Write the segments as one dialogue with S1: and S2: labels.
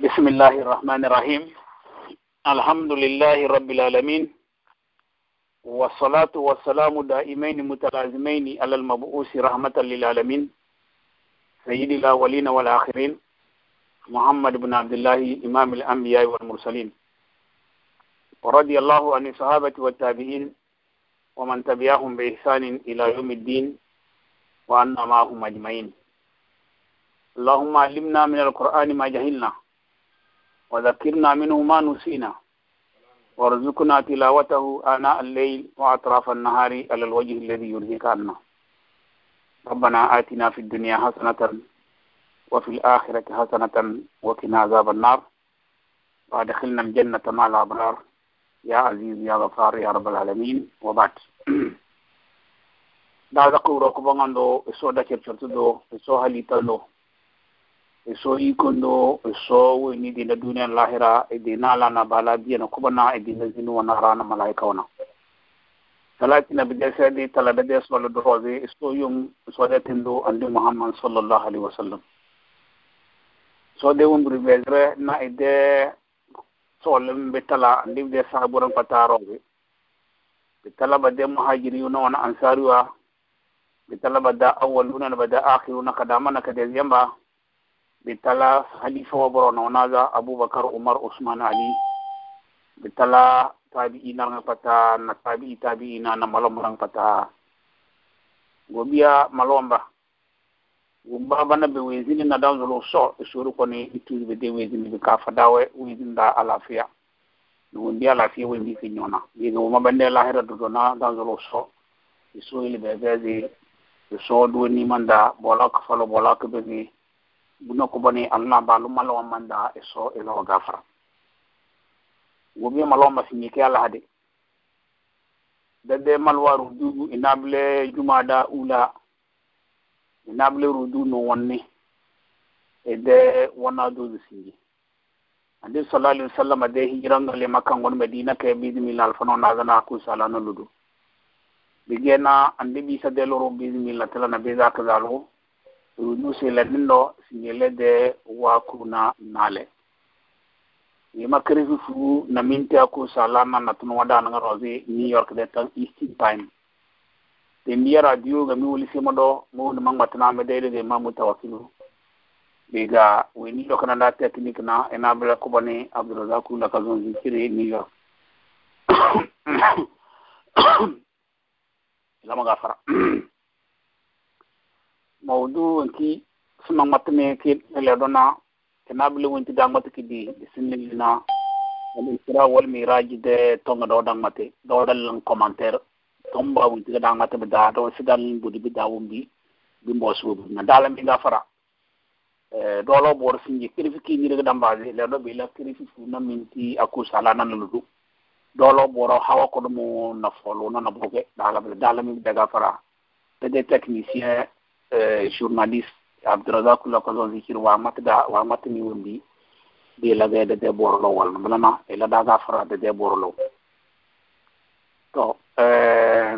S1: بسم الله الرحمن الرحيم الحمد لله رب العالمين والصلاة والسلام دائمين متلازمين على المبعوث رحمة للعالمين سيد الأولين والآخرين محمد بن عبد الله إمام الأنبياء والمرسلين ورضي الله عن الصحابة والتابعين ومن تبعهم بإحسان إلى يوم الدين وأن معهم أجمعين اللهم علمنا من القرآن ما جهلنا وذكرنا منه ما نسينا وارزقنا تلاوته آناء الليل وأطراف النهار على الوجه الذي يرضيك عنا ربنا آتنا في الدنيا حسنة وفي الآخرة حسنة وقنا عذاب النار وأدخلنا الجنة مع الأبرار يا عزيز يا غفار يا رب العالمين وبعد da za ku roƙo ban an do so da ke cutu do so halita e so yikondo e so woni e dina duniya lahira e dina alana bala biyana kubana e dina zinuwana rana malaika wona talatina be jesede talade de sollo do rose e so yum e sodetendo andi mouhammad sallllahu alayhi wa sallam so de wonduri vesre na e de solle mbe tala andi de sahaburan pata rose ɓe talaba de mohajiri una wona ansari wa ɓe talaba da awal una na ba da akhir una kadamana ka deuxiéme ba ɓe halifa wa ɓorono onaga aboubacar oumar ousmane ali ɓe tala tabi'inarga pata na tabi'i tabi'ina na malombarang pata goɓiya malomba gumba bana ɓe wesini na dawdolo so e sori koni ittude ɓe de wesini ɓe ka fadawe wesinda alafiya no wondi alafiya wo mbi fiñona mbiga womaɓande lahira dodona dawdolo so e sohili ɓe ɓeede ɓe soodonimanda bolaka falo bolaka ɓe ɓe buna ko bani alna balu malo manda eso ilo gafara wobi malawa masinyi ke ala hade dede malwa rudu inable jumada ula inable rudu no wonni ede wana dozu sinji ande sallallahu alaihi wasallam ade hijran ngale makkan gon medina ke bismillah alfano nazana ku salana ludu bigena ande bisa deloro bismillah tela na beza kazalo nuseladinlo sinyelede wakuna nale yima keresi fu na minti aku salama na tunwa da nga rozi new york de tan eastern time de miya radio ga mi wuli sima do mo ni mang tana me de de ma mutawakilu biga we ni do kana da technique na ena bla ko bani abdurrazak la ka zon zikiri new york lama fara mawdu wonki suma mattume ki leɗona ke naɓile wonki dangmate kidi sinnilina aɗum sira wol mi raji de tonga ɗo dangmate ɗoɗallan commentaire tomba wontika dangmate ɓe daɗo sidallan budi ɓe dawum bi bimbo suubu na dala mi nga fara eh, ɗolo ɓor sinji kirifi kiñirigo dambasi leɗo ɓila kirifi funa minti acouse alananaludu ɗolo ɓoro hawa koɗomo nafolu nana boge dalaɓe dala mi ɓe daga fara ɓe de technicien journaliste abdouraga kula ko zon zikir wa matda wa matni wondi de la ga de borlo wal blana e la daga fara de borlo to eh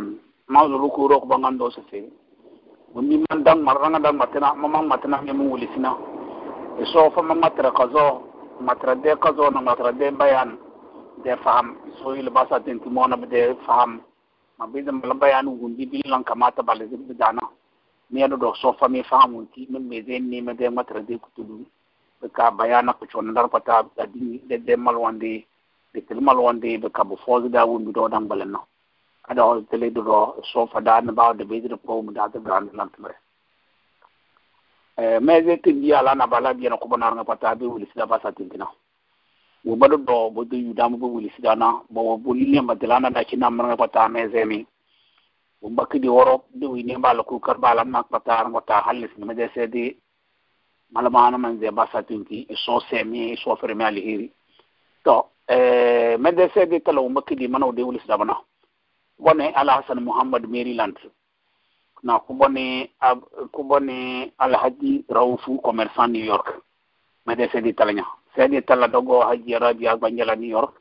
S1: mawdu ruku rok bangando se fe wondi man dan maranga dan matna mama matna me mu wulisina e so fa mama tra kazo matra de kazo na matra de bayan de faham so il basa den timona de faham mabidam bayan gundi bilan kamata balazib dana neɗo ɗo so fami famunti min mi renima de matra de kutudu ɓe ka bayanako con darpata adini ɗeɗe malwonde ɗe tel malwonde ɓe kabo fosda wumbi ɗo ɗan balenno aɗa o teleydo ɗo so fada ne mbawde ɓeydude powmi dade dande lantumre e, mais e tin mbiya lana bala mbiyana koɓanarga pata ɓe wuli sida basa tintina wo mbaɗuɗo ɓo deyudama ɓe wuli sidana bo bo lilliamba de lana ɗa cinnamarga pata mais e min bakidi woro de wini bala ku kar bala mak patar ngota halis ni mede sedi malamana man de basa tinki so semi so ferme ali hiri to eh mede sedi talo makidi mano de wulis dabana bone ala hasan muhammad maryland na ku bone ku bone alhaji raufu commerçant new york mede sedi talanya sedi tala dogo haji arabia banjala new york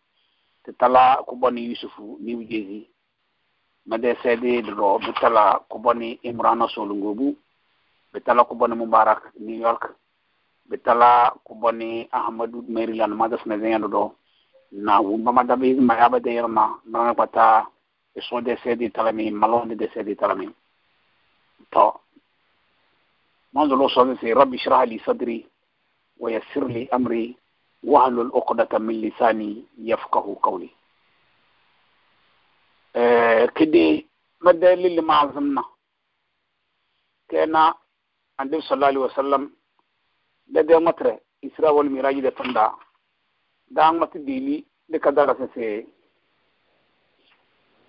S1: te tala ku bone yusufu new jersey madrasa di daga betala kubani imrana solungobu betala kubani mubarak new york betala kubani ahmadu maryland madas na zenya do na wumba madabi mayaba de yerma nana pata eso de sedi talami malonde de sedi talami to منذ الوصول ربي اشرح لي صدري ويسر لي امري واحلل عقدة من لساني يفقه قولي kidi madali limazim na kena annabi sallallahu alaihi wasallam da da matre isra wal miraj da tunda da mati dili da kadara se se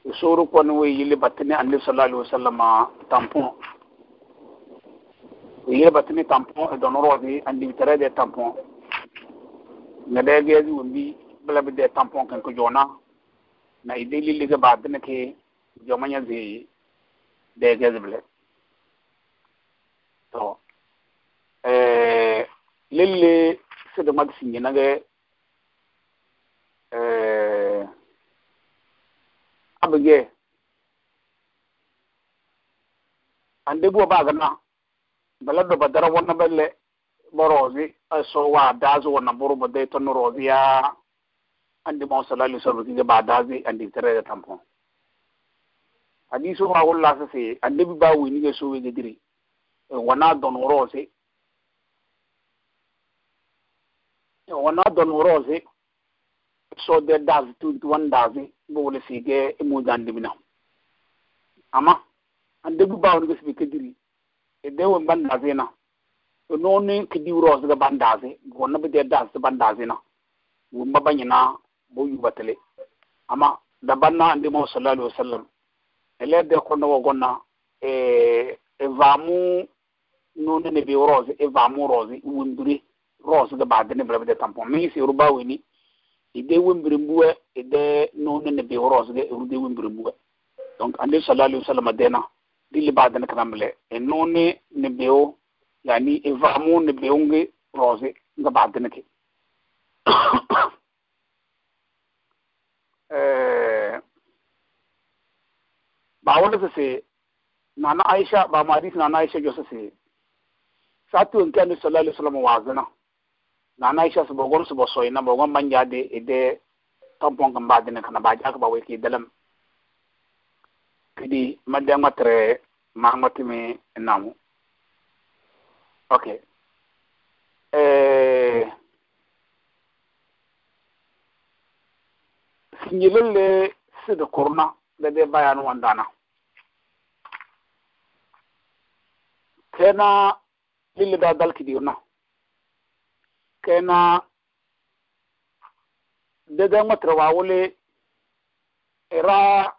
S1: usuru ko no yili batne annabi sallallahu alaihi wasallam tampon yili batne tampon e donoro di andi tere de tampon ngade gezi wumbi bala bi de tampon kan ko jona na i dili liga badne ke jomanya zi de gezble to eh lille sido mag singe nage eh abge ande bo baga na bala do badara wonna belle borozi aso wa dazu wonna buru bade e to norozi ya andi mao sala li sobe kige ba dage andi terede tampon adi sowa hollasa se e e annebi ba winige sowege diri wona donorose wona donorose sode dage tuti wan dage bowole sige mujandimina ama andebi ba wonige sobe ke diri ede won ban dagena e noni kidiwrosega ban dage wonna bede dage ban dagena wumba bañina bo yubatele ama dabanna andimo sallallahu alaihi wasallam elede kono wogonna e e vamu non ne be rose e vamu rose e wunduri rose ga bade ne brebe de tampon mi si ruba weni ide e wimbiri mbuwe ide e non ne be rose ga rude wimbiri mbuwe donc ande sallallahu alaihi wasallam dena dili bade ne kramle e non ne beo yani e vamu ne beonge rose ga bade ne ke ɓa eh, wonde so see nana aicha ɓa maadis nana aicha jo so see so a tuwen kendi sallah alih sallam waagana nana aicha so ɓogon sobo soyna ɓogon mbanjaade e de tampon ka mbaadene kana mbaajaaka ɓa woyki dalam kadi madde ngattere ma ngattimi e namu ok e nyilille sidi kurna da dai bayan wandana kena lille da dalki diuna kena dede matra wawule ira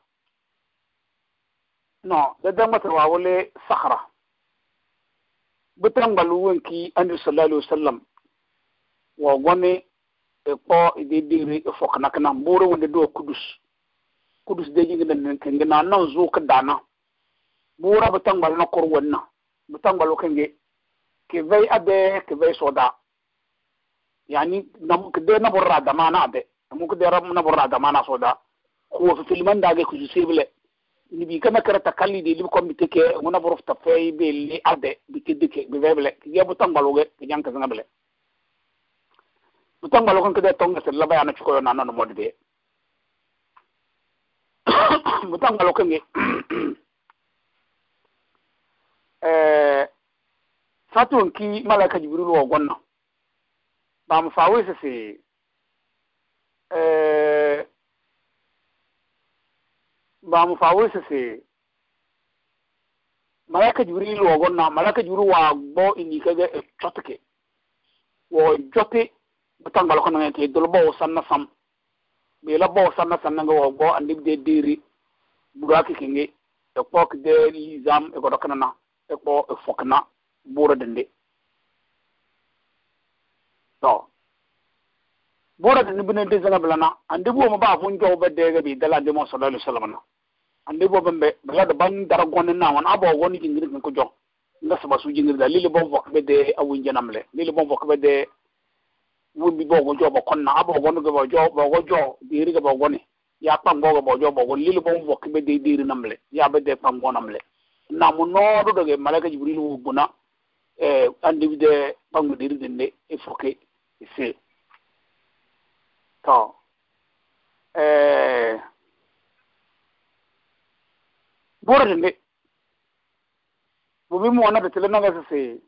S1: no dede matra wawule sahara bitan baluwanki annabi sallallahu alaihi wasallam wa gwani e ɓoo e de ɗiri e fof kanake nan ɓuure wonde ɗo kudus kudus de jingedeke ngena nan zuuka dana ɓuura ɓe tangal nokkor wonna ɓe tangal o kenge ke wey adee ke wey sooda yani ke de naborra damana ade mu ke de naborra damana sooda kuwo fe filimandage ko susible nibi kana kerata kallide libi kombite ke wona borofta fey ɓe li ade ɓe keddike ɓe weble ke geɓo tangal oge ke jangkesenga ɓele mutangwa lokon kede tonga se laba yana chukoyo na nono modi be mutangwa lokon ge eh, eh satun ki malaika jibril wo gonna
S2: ba mu fawe se se eh, eh ba mu fawe eh, se se malaika
S1: jibril wo gonna malaika jibril wa gbo ini kege chotke wo jote bo tangal ko nanen tay dol bowo sanna sam ɓeela bowo sanna sanna nge wo goo andimde deri ɓuraki ke nge e kooke de lisam e goɗo kanana e ɓo e fokna ɓurade nde to ɓurade nde mbine desene blana andi ɓuo mo baa fun jowɓe dege ɓe dalade mo sala alih sallam na andi ɓo ɓemɓe ɓelade ban dara gonde nawon a boo goni jingiri ken ko jo ngasaba su jingiri da lili bon fokɓe de awinjanam le lili bon fokɓe de wundi bogo jo bo konna abo gonu go jo bogo jo diri go goni ya pango go bojo bogo lili bo mvo kibe de diri namle ya be de pango namle na mu no do do malaka jibril wo guna eh andi de pango diri dende e foke
S2: ise to eh
S1: bore ne bo bi mo na betele na ga se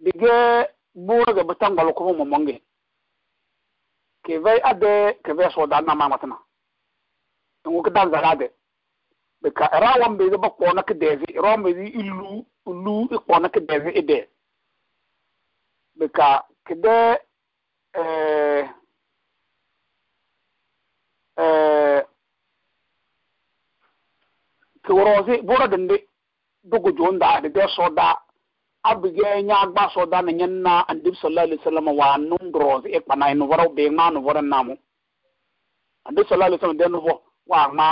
S1: dige buwege bita ngol ko mo monge ke vey ade ke so na ma matna ngu ke ka rawam be ba ko na ke devi rawam be ilu ilu ko na ke devi ide
S2: be ka ke de eh eh
S1: ke worozi dogo jonda de abge nya gba so da na nyenna andib sallallahu alaihi wasallam wa nun droz e pana inu e waro be ma nu waro namu andib sallallahu alaihi wasallam den vo wa ma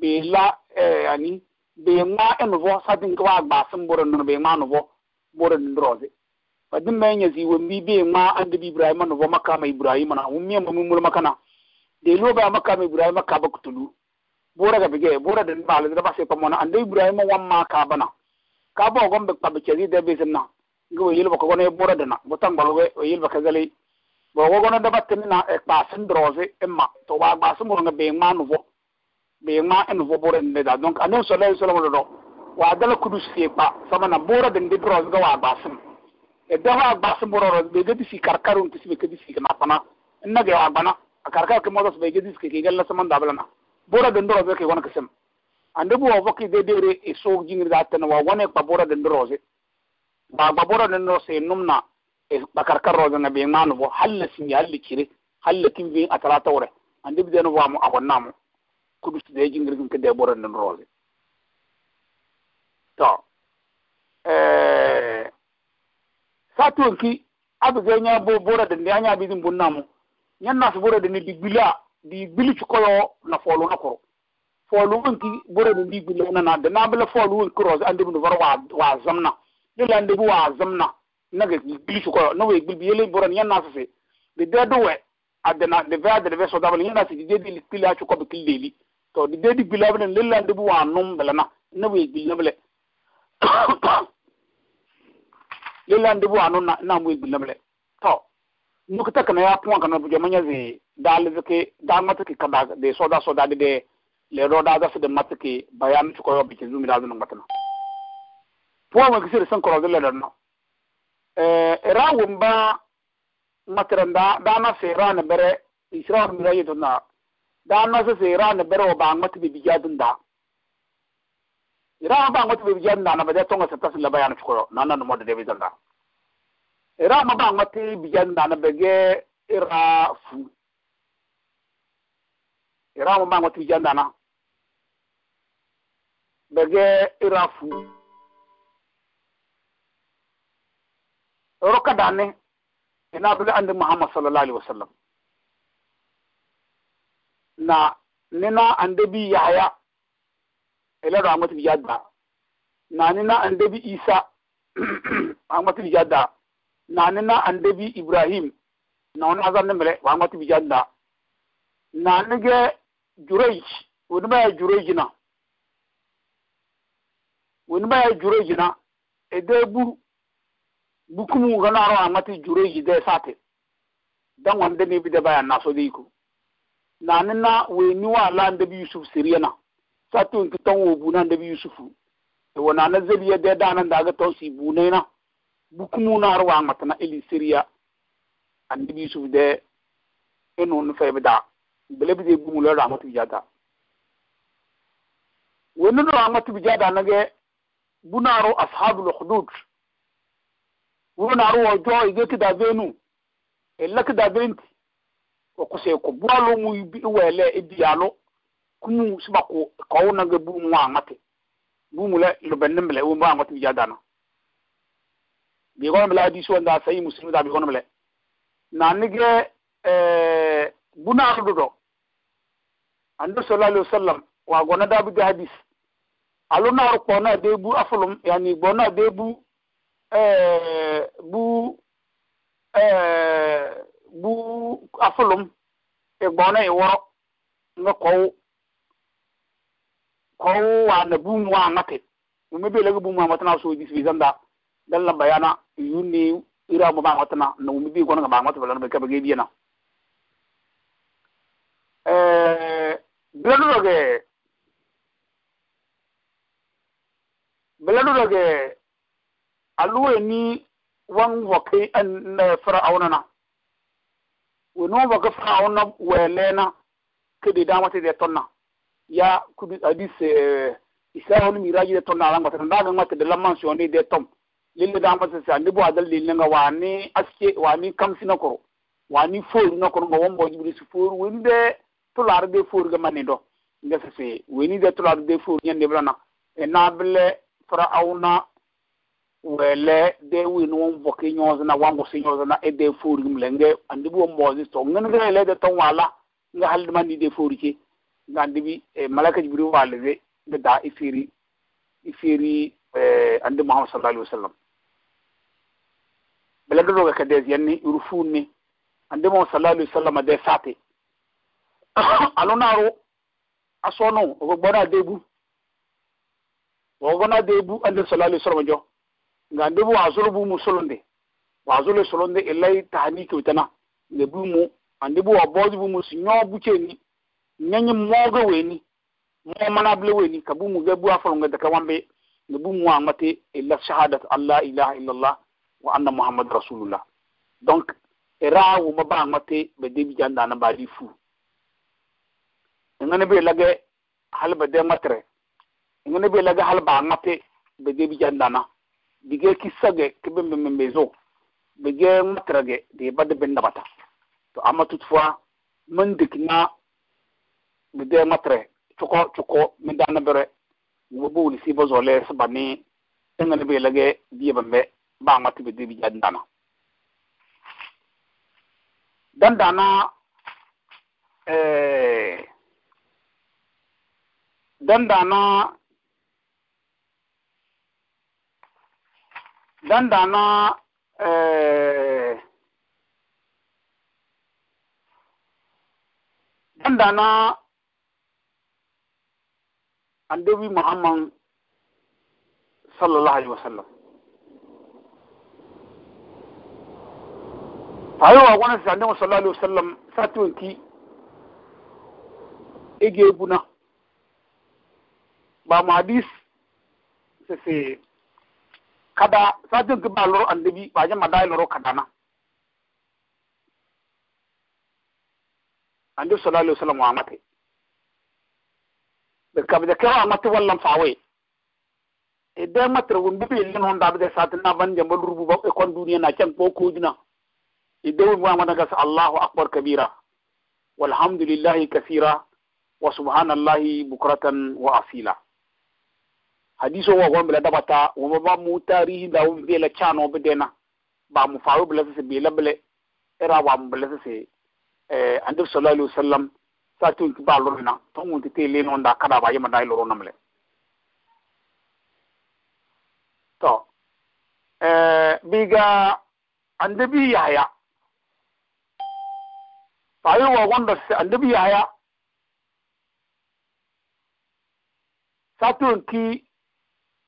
S1: be la eh, ani be ma enu vo sadin ko agba sim boro nu be ma nu vo boro nu droz fa dim me nya zi wo mi e be ma andib ibrahim nu vo makama ibrahim na ummi mo mumul na de lo ga makama ibrahim ka ba kutulu bora ga bege bora den ba le da ba se pamona andib ibrahim wa ma ka bana kabo gon bek pabe chezi de bezimna ngo yilba ko gone bora buta butan balwe o yilba kagali bo go gone e, e, da batmina e pasin droze emma to ba ba sumo ngo be ma nuvo be ma en vo bora ne da donc anen sallallahu alaihi wasallam do wa dala kudu sie pa sama na bora den de droze ga wa basim e da wa basim bora roz be gadi si karkarun kisi be gadi si kana pana inna ge wa bana karkar ke modas be gadi si ke galla saman dablana bora den droze ke gona kisim ande bu wafo ki dedere e so jingir da tan wa wane kpabora den roze ba kpabora den roze numna e bakarkar roze na eh, be manu bo halle sin ya halle kire halle kin bi atara tawre ande bi den wa mu abonna mu kudu su de jingir kin kede bora den roze to eh satun ki abu ga nya bo bora den nya bi dum bunna mu nyanna su bora den di gbila di gbili ci na folo na koro bore folu wonki na mbiɓe lonanade ma bela folu wonki rose ande mino wara wa wa zamna lela ande bo wa zamna naga gilisu koyo nawe gilbi yele boron yanna sese, de dedowe adena de ve adena ve sodabal yanna si de dedi kili acu kobe kili deli to de dedi bilabelen lela ande bo wa num belana nawe gilnabele lela ande bo wa num na na we na gilnabele to nukta kana ya puwa kana bujamanya ze dalveke dalmatike kada de soda soda de de le do da za su da matke bayan ci koyo bikin zumi da zan batana po ma kisir san koro da na eh rawun ba matran da da na se ran bere israel mi rayi na da na se se ran bere ba mat bi biya dun da ira ba mat bi biya dun da na ba da tonga sa tasin la bayan ci koyo na nan mo da da bi dun da ira ma ba mat bi biya dun da na bege ira fu iramu ma ngoti jandana bege irafu roka dane ina bula andi muhammad sallallahu alaihi wasallam na nina ande bi yahya ila do amati yadda na nina ande andabi isa amati yadda na nina ande bi ibrahim na wani azan ne mele wa amati yadda na nige jurej wani baya ya jurej na wani baya ya jurej na ede bu bukumu gana aro amati jurej de sate dan wanda ne bi da baya na so de ku na ni na we ni wa la nda bi yusuf siriya na satu nti ton wo bu na nda e, bi yusufu e wana na zabiya dɛ da nan daga tɔn si bu ne na
S3: bukumu na aro
S1: amata na ili siriya an bi yusuf dɛ inu e ni fa bi da bilabdi e gumu lo rahmatu bijada wenino rahmatu bijada nage bunaru ashabu lukhdud wunaru wajo ige kidavenu ela kidaventi okuse kubwalo mu iwele ibiyalo kumu sibaku kawu nage bumu angate bumu le lobenimle wumba angatu bijadana bigonmle hadisi wanda sahi muslim da bigonmle nanige eh, bunaru dodo annabi sallallahu alaihi wasallam wa gona da buga hadis alo na rukpo na de bu afulum yani gbo na de bu
S2: eh bu
S1: eh bu afulum e gbo na iworo nga ko ko wa na bu mu wa ngate mu be lagu bu mu amatna so dis bi zanda dalla bayana yuni ira mu ba amatna no mu bi gona ba amatna ba na be ka be na Belarudo ke belarudo ke aluwe ni wan voke an fir'auna na wono voke fir'auna welena kede dama te de tonna ya kubi hadis isa hon miraji de tonna lan ngata da ngata de lamman so de tom lille dama te sa ndibo adal lille nga wani aske wani kamsi na koro wani fo na koro ngo su fo tulaar de fóor ga mani do ngesese weni de tulaar de fóor ñandi blana enable fra awna wele de wini wom voki ñoosna wangusi ñoosna e de fóorgim le nge andi bi wo moosi so ngen ga ele de tong wala nga halde mandi de fóor ke nga andi bi e malakaji biri walede nga daa i e féeri i e féeri andi mohamad sal alahi wa sallam bele ga doga ka deesyenni ru fuun ni andi mohamad sal alahi wa sallam a de saate alụnarụ asụnụ ogbonadegbu ogonadegbu alesolali soromjọ nga ndebu wazulubu musulunde wazulu solunde ilai tahaniki utana ndebu mu andebu wabozi bu musu nyo bucheni nyanyi mwoga weni mo mana bile weni kabu mu gebu afon nga daga wambe ndebu mu amate illa shahadat allah ilaha illallah wa anna muhammad rasulullah donc era wo mabamate be debi janda na bali fou ngene be lage halba de matre ngene be lage halba ngate be de bi jandana bi ge kisage ke be be be zo be ge matre ge de bade ben nabata to amma toutefois man de kina be de matre choko choko mi dana bere wo bo li sibo zo le sabani ngene be lage bi be be ba ngate be de bi jandana dandana
S2: eh
S1: dandana dandana
S2: eh,
S1: dandana annabi muhammad
S4: sallallahu alaihi wasallam
S1: fayowa wani sandan sallallahu alaihi wasallam satunki ege ebuna ba mu hadis sese kada sajin ki ba loro annabi ba jin ma dai loro kadana annabi sallallahu alaihi wasallam wa mate be kam de kawa mate wallan fawe e de matre won bi len hon da be satin na ban jambal rubu ba e kon duniya na can ko ko dina e de won wa allahu akbar kabira walhamdulillahi kaseera wa subhanallahi bukratan wa asila adiso wa wa mbila dabata wa ba mu tarihi da wa mbila chano bi dena ba mu faru bila sisi bila bila era wa mbila sisi eh andir sallallahu alaihi wasallam sa tun ki ba lorna ton wonti te le non da kada ba yema dai e lorona mle to eh biga andabi yaya fayu wa wanda sisi andabi yaya sa tun ki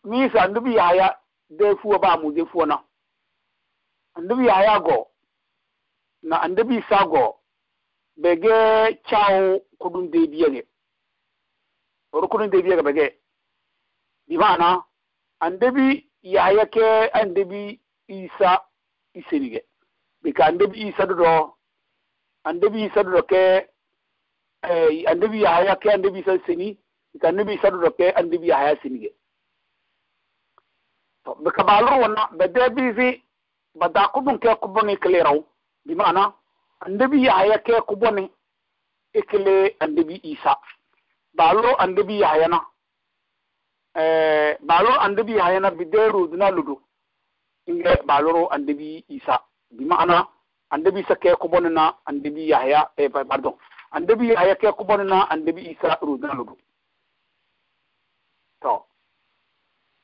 S1: miisa andubi yaya de fuwa ba mu de fuwa na andubi yaya go na andubi sa go bege chao kudun de biyege oru kudun de biyege bege bimana andubi yaya ke andubi isa isenige bika andubi isa dodo andubi isa dodo ke eh, andubi yaya ke andubi isa seni bika andubi isa dodo ke andubi yaya senige ɓe kabaalor wona ɓe débisi ɓe daa ko ɗum keko boni éclairaw bi mana andeɓi yahya keko boni éclé andeɓi isa baalor andeɓi yahyana eh, baalor andeɓi yahyana bi deruduna ludu inge baaloro andeɓi isa bi mana andeɓi isa keko boni na andeɓi yahya eh, pardon andeɓi yahya keko boni na andeɓi isa ruduna ludu to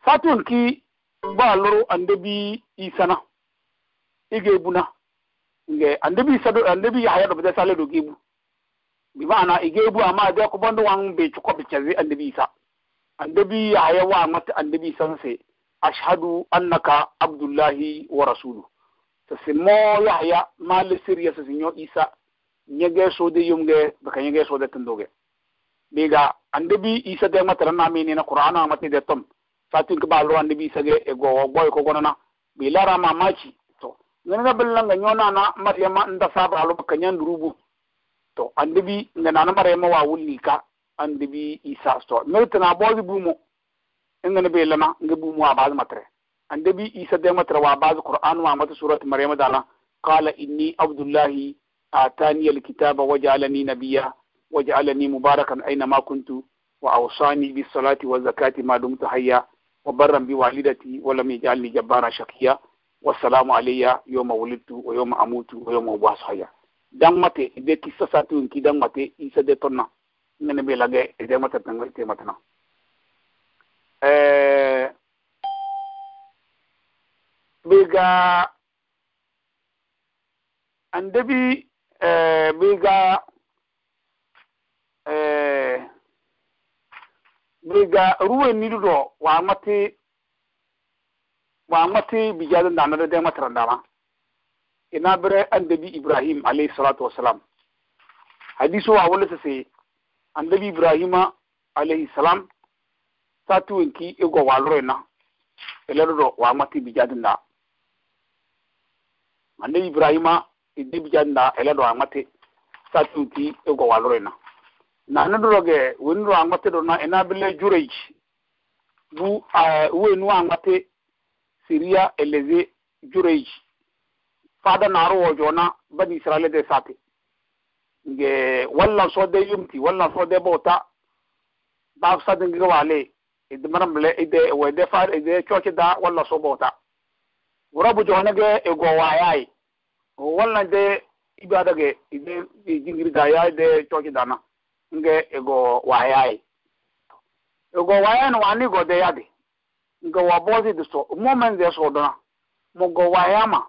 S1: fatun ki ba loro annabi isa na ige buna nge annabi isa do ya yahya do bada sale do gebu bi ma'ana ige bu amma da ko bondo wan be chuko be chazi annabi isa annabi haya wa mata annabi isa se ashhadu annaka abdullahi wa rasulu to
S4: mo ya ma mal
S1: siriya sa sinyo isa nyege so de yumge kan nyege so de tundoge biga annabi isa de matara na ni na qur'ana matni de tom fatin ka ba ruwan bi sage e go boy ko gonana bi lara mamaci to ngana na bilan ga nyona na maryama nda saba alu ka nyan rubu to andibi ngana na maryama wa wulli ka andibi isa to mirta na bozi bumo ngana be lana ngi bumo abaz matre andibi isa de matre wa abaz qur'an wa mata surat maryama dala qala inni abdullahi atani alkitaba waj'alani nabiyya waj'alani mubarakan aina ma kuntu wa awsani bis salati wa zakati ma dumtu hayya وبرا بوالدتي ولم يجعلني جبارا شقيا والسلام علي يوم ولدت ويوم ويوم حيا dan mate ide kisa satu inki dan mate de tonna ngene be lage ide mate tango ite matna
S2: eh biga andebi eh biga eh
S1: mega ruwe nidudo wa mati wa mati bijada nanada de matara dama ina bere andabi ibrahim alayhi salatu wassalam hadiso wa wala sase andabi ibrahima alayhi salam satu wenki ego wa lorena eledodo wa mati bijada na andabi ibrahima ide bijada na eledo wa mati satu wenki ego wa lorena nanudroge wenru angwate do na enabile jurej bu eh, wenu angwate siria eleze jurej fada naru wojo na bani israele de sate nge walla sode yumti walla sode bota baf sade ngi wale ide maramle ide wede far ide choche da walla so bota wurabu jona ge ego wayai walla de ibada ge ide jingiri da ya ide choche dana nge ego wayai ego wayai no wani go de yadi nge wa bozi de so moment de so dona mo go wayama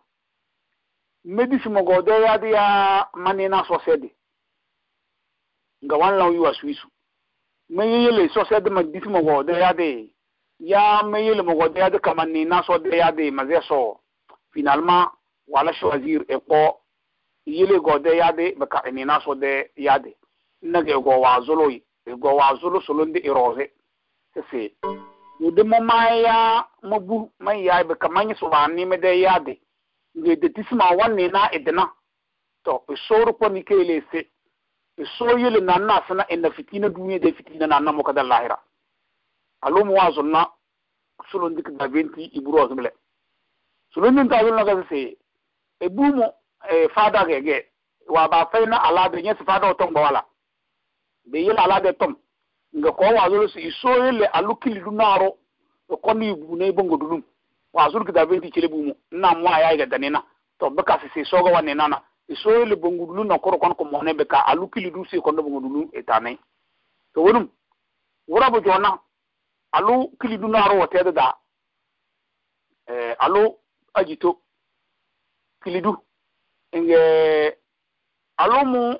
S1: medisi mo go de yadi ya mani na so sedi nge wan law yu aswisu me yele so sedi ma disi mo go de yadi ya me yele mo go de yadi kama ni na so de yadi ma ze so finalement wala choisir e ko yele go de yadi ba ka ni na so de yadi naga ego wazulu ego wazulu sulun di iroze tese yudi mo maya mo bu mai ya be kamanyi so wani me de ya de nge de tisma wanne na edna to isoro e ko ni kele se iso e yele na na sana ina e fitina duniya da fitina na na mo kada lahira alum wazulna sulun dik da benti iburu azumle sulun din ta zulna ka se e bu mo e fada gege wa ba na ala de nyesi fada otongo wala ɓe yila tɔm tom kɔ waa wasolo si isoyele alukili du naro to koni bune bongo waa wasulu kita benti chile bumu na mwa ya ga danena to beka sisi soga wa nenana isoyele bongo dulu na koro kon ko mone beka alukili du si kondo bongo dulu etane to wonum wora bo jona alu kili du naro wote da eh alu ajito kili du nge alu mu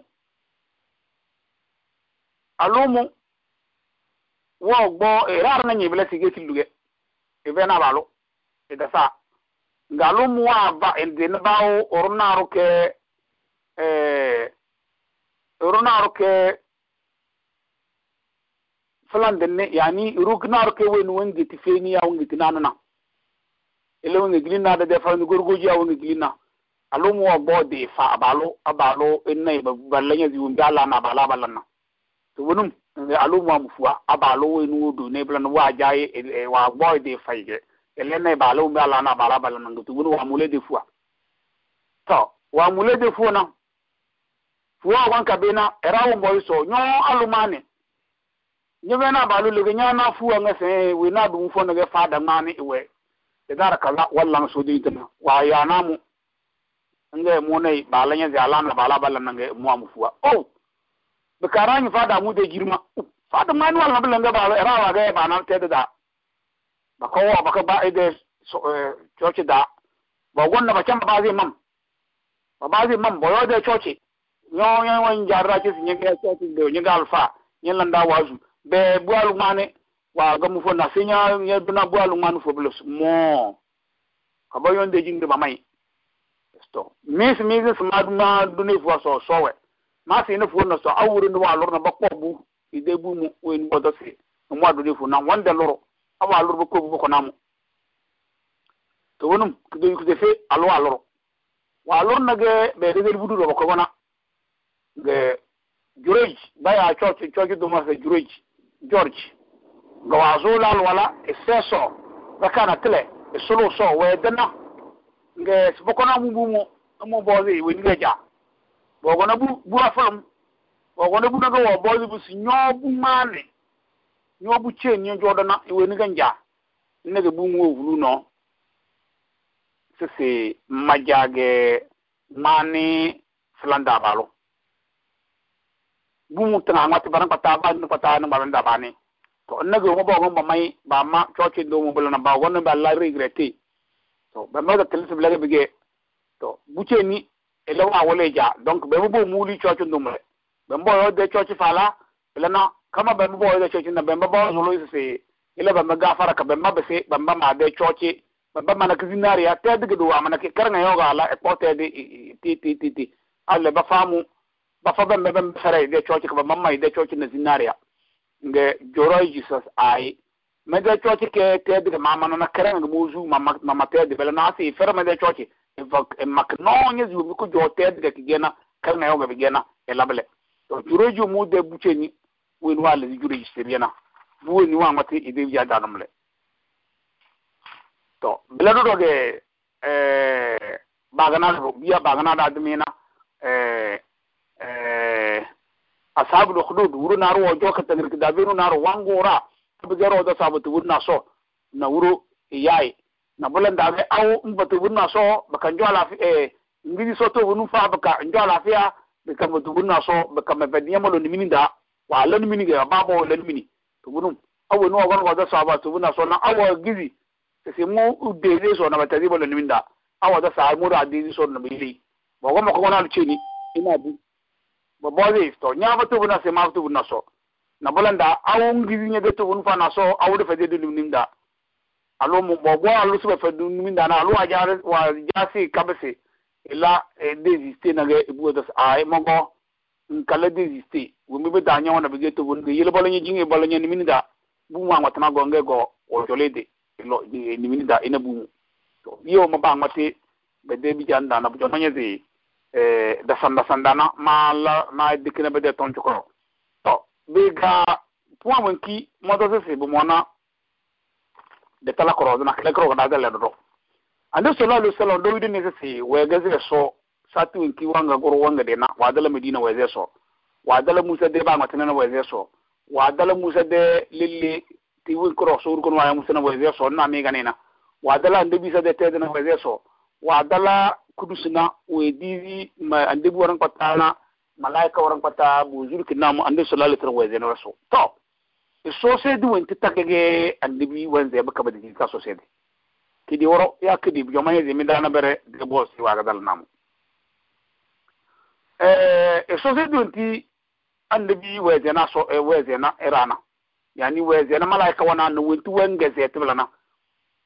S1: alumu wo gbo erar eh, na nyibele tige tiluge ibe na balu ida sa nga alumu wa ba ende na bawo oruna ruke eh oruna ruke falan denne yani rugna ruke wen wenge tifeni ya wenge tinanana ele wenge gilina da da fan gorgoji ya wenge gilina alumu wa gbo de fa abalu abalu enna ibe ballanya ziwun dala na bala balanna tubunum ne eh, alu ma mufua aba alu we nu du ne bla nu wa ja e eh, eh, wa gbo de faige ele ne ba alu ba la na ba la ba la ngu tubunu wa mule de fua to wa mule de fua na fua wa ka be na era wo mo so nyo alu ma ne nyebe na ba alu le nya na fua nga se we na dugu fɔ na ge fa da ma ne iwe e dara kala wallan so de tana wa ya na mu nge mu ne ba la nya ja la na ba la ba la nge mu amfua oh bi karani fada mu de girma fada manual na bilanga ba rawa ga e ba nan te da ba ko e wa ba ka ba ide church da ba gonna ba can ba zai mam ba ba zai mam boyo de church yo yo wan jarra ci sinye ga church de nyi ga alfa nyi landa wazu be bu alu mane wa ga mu fo na sinya ya duna bu alu mane fo bulus mo ka ba yon de jing de ba mai sto mis mis sma duna dune fo so so we masi ne fo no so awuru no alụrụ na bakko bu ide bu mu wee bodo se siri mo adure na wonde lụrụ awa lor bakko namu to wonum kido yuko alo aloro walor na ge be de gel budu baya ma fe jurej george ga wazula alwala iseso bakana tele isulu so we dana ge sibokona mu bu wɔwɔ na bu afam wɔwɔ na bu na ka wɔ bɔɔli bu si nyɔɔ bu maani nyɔɔ bu kyeen nyɛ jɔɔ dana ewe ne ka nja ne ka bu ŋo wulu nɔ sese majaagɛ maani filanda baalo bu mu tɛŋa ŋmati ba ne kpa ba ne kpa taa ne ba ne da baa ne tɔ ne ka ba wɔn ba ma ye ba ma cɔɔci do na ba wɔn ne ba la regrete tɔ bɛn bɛ ka tɛlɛ sɛbɛlɛ ka bi kɛ tɔ bu ni elewu awole ja donc be bubu muli church ndumre be mbo yo de church fala elena kama be mbo yo de church na be mbo zulu isisi ile be mega fara ka be mba bese be mba ma de church be mba mana kizinari ya te de do amana ke karanga yoga ala e pote de ti ti ti ti alle ba famu ba fa be be fere de church ka be mama de church na zinaria nge joro jesus ai me de church ke te de mama na karanga mozu mama mama te de bela na si fere me de church maknonge zi mi kujo ted ga kigena kar na yoga bigena elable to jureju mu de bucheni wen wala zi jureju bu buwe ni wang mati ide ya danumle
S2: to
S3: belado do
S1: ge
S2: eh
S1: bagana do biya bagana da admina eh eh ashabul hudud wuru naru wo joka tanir kidabiru naru wangura bigaro da sabatu wurna so na wuru yai na bulan da au in ba to bunna baka njo lafi eh ngiri soto to bunu fa baka njo lafiya baka ma dubunna so baka ma badiya malo mini da wa lan mini ga babo lan mini to bunum awo no gon wada so ba to bunna so na awo gizi se mu udele so na batari bolo ni minda awo da sa mu da de so na mili ba gon kwa ko na ina bi ba bozi to nya ba to bunna se ma to bunna so na bulan da au ngiri nya de to bunna so awo da fa de ni minda alo mu gbɔgbɔ alo sɛbɛ fɛ dunumi dana alo wajare wajase kabese ila e, desiste nage ibu etas a emɔgɔ nkala desiste wemi be da nyɛwɔ na be geto wo nge yele bɔlɔ nye jiŋe bɔlɔ nye nimini da bumu a ŋmatana gɔnge gɔ wɔjɔle de ilɔ nimini da ina bumu ye wo ma ba ŋmate be de bi jan dana bujɔ manye ze dasan dasan dana ma la ma dikina be de tɔn cɔkɔrɔ tɔ be ga puwa mun ki mɔtɔ sese bumɔna de tala kɔrɔ dɔn kile kɔrɔ ka da la dɔrɔn ale sɔrɔ alu sɔrɔ dɔw de ne ka se wɛgɛ zɛ sɔ sati in ki wanga kɔrɔ wanga de na wa dala medina wɛzɛ sɔ wa dala musa de ba ma tɛnɛ na wɛzɛ sɔ wa dala musa de lili ti wi kɔrɔ sɔr kɔnɔ wa musa na wɛzɛ sɔ na mi gane na wa dala ande bisa de tɛ na wɛzɛ sɔ wa dala kudusina we dizi ma ande bu waran kwata na malaika waran kwata bu zurki namu ande sallallahu alaihi wasallam wɛzɛ na sɔ to sosedi wenti takege andibi wenze ya bakaba digi ka sosedi kidi woro ya kidi yoma yezi midana bere de bosi waga dal namu eh sosedi wenti andibi weze na so eh, weze na irana yani weze na malaika wana no wenti wengeze tiblana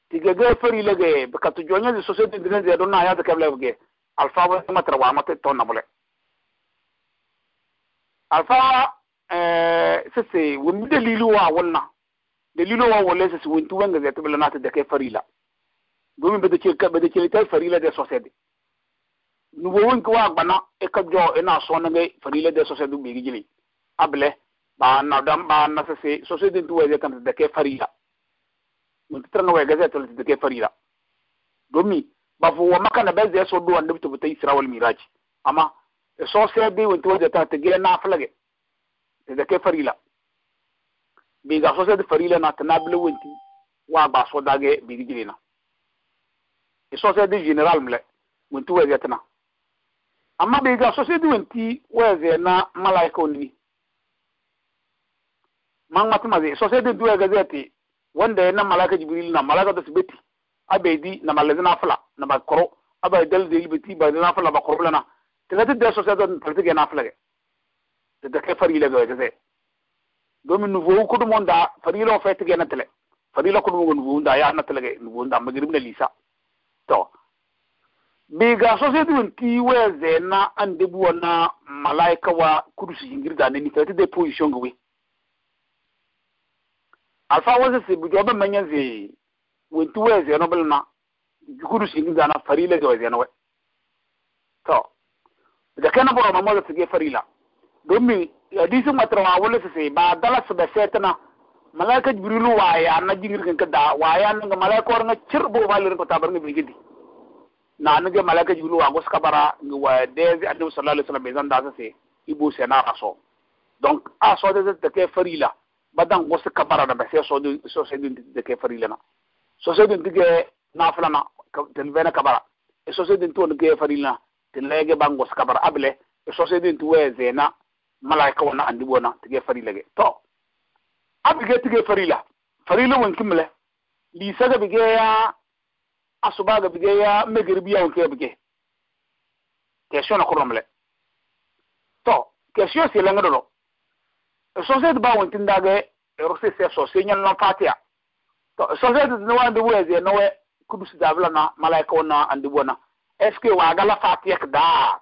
S1: tigege feri lege bakatu jonya di sosedi dinze do na ya de kable ge alfa wa matra wa mate tonna bole alfa sese eh, wani dalilu wa wannan dalilu wa wannan sese wani tuwan ga zata bala nata da kai farila domin ba da ke ba da ke ta farila da sosai da nubo wani kuwa gbana e ka jo ina so na ga farila da sosai da bigi jili able ba na dan ba na sese sosai din tuwa zai kan da kai farila mun ta tanga wai ga zata da kai farila domin ba fu wa makana na bai zai so duwan da ta bitai isra'il miraji amma sosai dai wani tuwa zata ta gila na falage tɩ ke farila biga sõsd farila na tɩ nabla wenti wa gba sõdage big gilena tɩ e sõsd general mle, wenti wɛɛzɛ tɩna amma biga sõsd wenti wɛɛzɛ na malaika wendini mangma tɩ maze sõsd wenti wɛɛzɛ zɛ tɩ wanda na malaika jibril na malaika tɩ beti a beedi na malɛzna na ba koro a ba dal deli beti ba na fla ba koro lana tɩ la tɩ dɛ sõsd tɩ tɩ gɛ na ge. tete ke farila gawe tete domin nouveau kudu mun da farila fa fete gena tele farila kudu mun nouveau da ya na tele ge nouveau da magrib na lisa to bi ga so society dun ti weze na andebu na malaika wa kudu si ingirda ne ni fete de position gwe alfa wose se bu jobe manya ze won ti weze no belna kudu si ingirda na farila gawe zena we to da kana bora mamoda tige farila domin hadisi matrawa wala sai ba dala su ba setna malaika jibrilu waya na jingir kan kada waya na malaika war na cirbo balir ko tabar ngi bigidi na na ga malaika jibrilu wa goska bara ngi wa dezi annabi sallallahu alaihi wasallam be zan da sai ibo na raso donc a so de de ke farila badan goska bara da ba sai so de so sai de ke farila na so sai de ke nafla na tel vena kabara e so sai de to ke farila tel lege bangos kabara able e so sai de to we zena malaika wana andi bona tige farila ge to abige tige farila farila won kimle li saga bige ya asuba ga bige ya megirbi ya ke bige question ko romle to question si langa do société ba won tinda ge rose se so se nyal na fatia to société no wande weze no we kudusi dabla na malaika wana andi bona est ce que wa gala fatia da